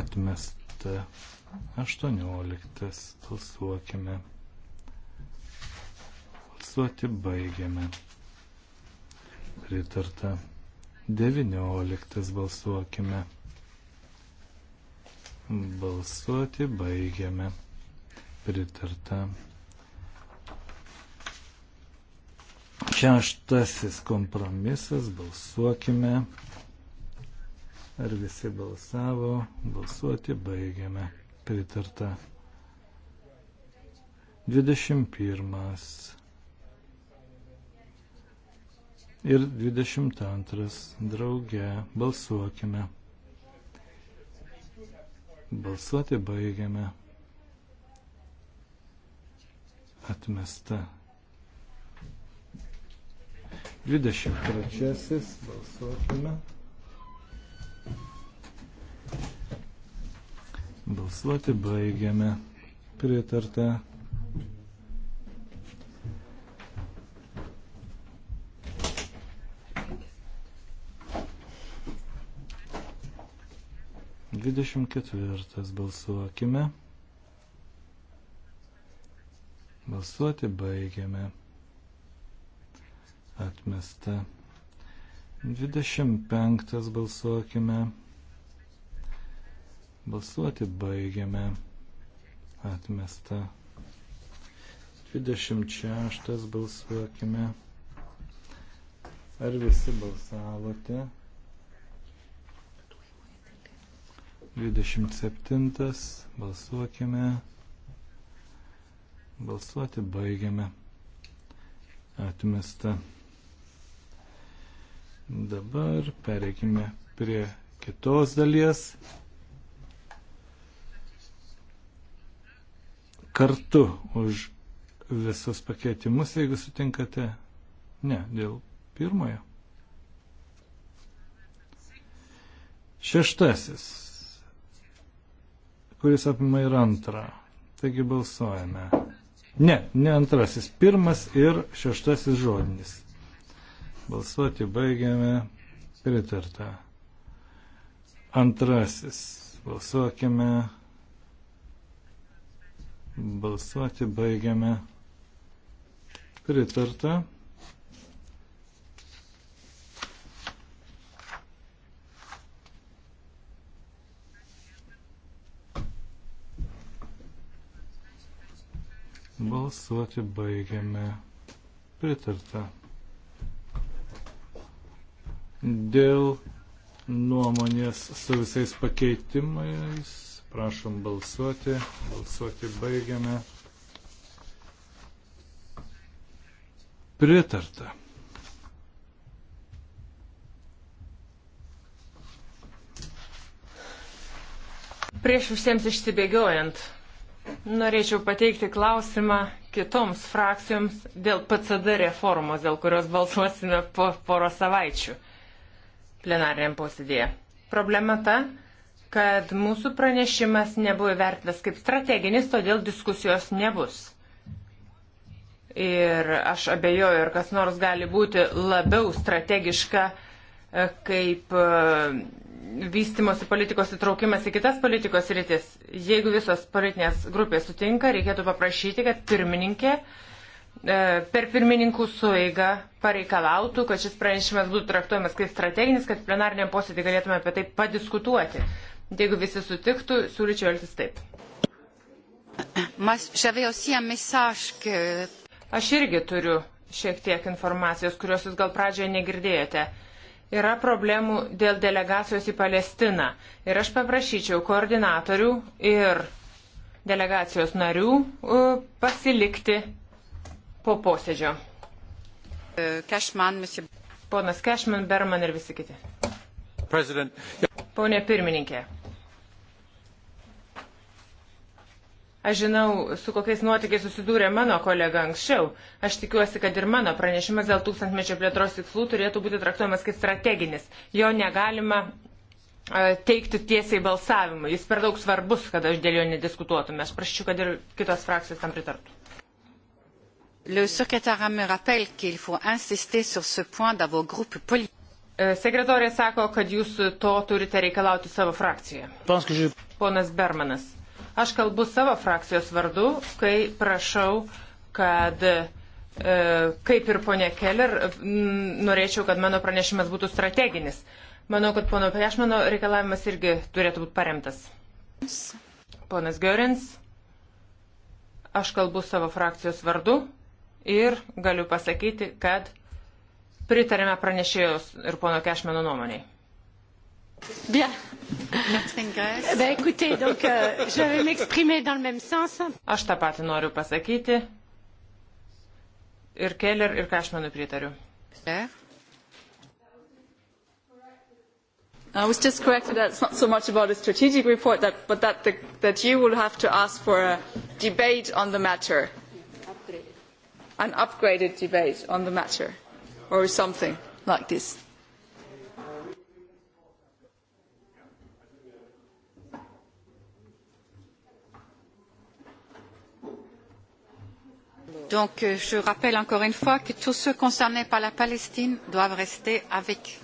Atmesta. 18 balsuokime. Balsuoti baigiame. Pritarta. 19 balsuokime. Balsuoti baigiame. Pritarta. Šeštasis kompromisas. Balsuokime. Ar visi balsavo? Balsuoti baigiame. Pritarta. 21 ir 22 drauge. Balsuokime. Balsuoti baigiame. Atmesta. 23. Balsuokime. Balsuoti baigiame. Pritarta. 24 balsuokime. Balsuoti baigiame. Atmesta. 25 balsuokime. Balsuoti baigiame. Atmesta. 26 balsuokime. Ar visi balsavote? 27. Balsuokime. Balsuoti baigiame. Atmesta. Dabar pereikime prie kitos dalies. Kartu už visus pakeitimus, jeigu sutinkate. Ne, dėl pirmojo. Šeštasis kuris apima ir antrą. Taigi balsuojame. Ne, ne antrasis. Pirmas ir šeštasis žodinis. Balsuoti baigiame. Pritarta. Antrasis. Balsuokime. Balsuoti baigiame. Pritarta. Balsuoti baigiame. Pritarta. Dėl nuomonės su visais pakeitimais prašom balsuoti. Balsuoti baigiame. Pritarta. Prieš visiems išsibėgiojant Norėčiau pateikti klausimą kitoms frakcijoms dėl PCD reformos, dėl kurios balsuosime po poro savaičių plenariniam posėdėje. Problema ta, kad mūsų pranešimas nebuvo vertinas kaip strateginis, todėl diskusijos nebus. Ir aš abejoju, ar kas nors gali būti labiau strategiška e, kaip e, vystimosi politikos įtraukimas į kitas politikos rytis. Jeigu visos politinės grupės sutinka, reikėtų paprašyti, kad pirmininkė e, per pirmininkų sueigą pareikalautų, kad šis pranešimas būtų traktuojamas kaip strateginis, kad plenariniam posėdį galėtume apie tai padiskutuoti. Jeigu visi sutiktų, siūlyčiau elgtis taip. Aš irgi turiu šiek tiek informacijos, kurios jūs gal pradžioje negirdėjote yra problemų dėl delegacijos į Palestiną. Ir aš paprašyčiau koordinatorių ir delegacijos narių pasilikti po posėdžio. Cashman, Ponas Kešman, Berman ir visi kiti. President. Pone pirmininkė, Aš žinau, su kokiais nuotykiais susidūrė mano kolega anksčiau. Aš tikiuosi, kad ir mano pranešimas dėl tūkstantmečio plėtros tikslų turėtų būti traktuojamas kaip strateginis. Jo negalima teikti tiesiai balsavimui. Jis per daug svarbus, kad aš dėl jo nediskutuotume. Aš prašyčiau, kad ir kitos frakcijos tam pritartų. Le secrétariat me rappelle qu'il faut insister sur ce point dans vos groupes politiques. E, sekretorė sako, kad jūs to turite reikalauti savo frakcijoje. Ponas Bermanas. Aš kalbu savo frakcijos vardu, kai prašau, kad e, kaip ir ponė Keller, norėčiau, kad mano pranešimas būtų strateginis. Manau, kad pono Pešmano reikalavimas irgi turėtų būti paremtas. Ponas Görins, aš kalbu savo frakcijos vardu ir galiu pasakyti, kad pritarėme pranešėjos ir pono Kešmano nuomonėje. Bien. Ben, écoutez, donc, euh, je vais m'exprimer dans le même sens. Aš tą patį noriu pasakyti. Ir Keller, ir Kašmanui pritariu. Yeah. I was just corrected that it's not so much about a strategic report, that, but that, the, that you will have to ask for a debate on the matter. An upgraded debate on the matter, or something like this. Donc, euh, je rappelle encore une fois que tous ceux concernés par la Palestine doivent rester avec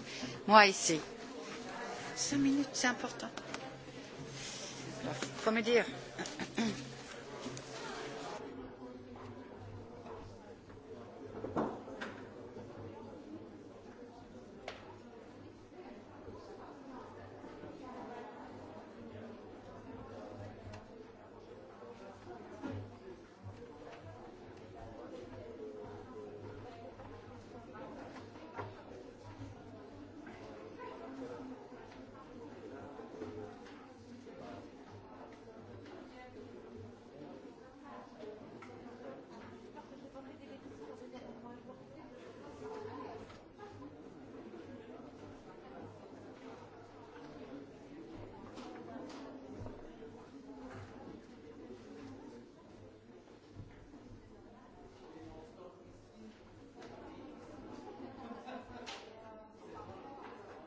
moi ici. Cinq minutes, c'est important. Il faut me dire.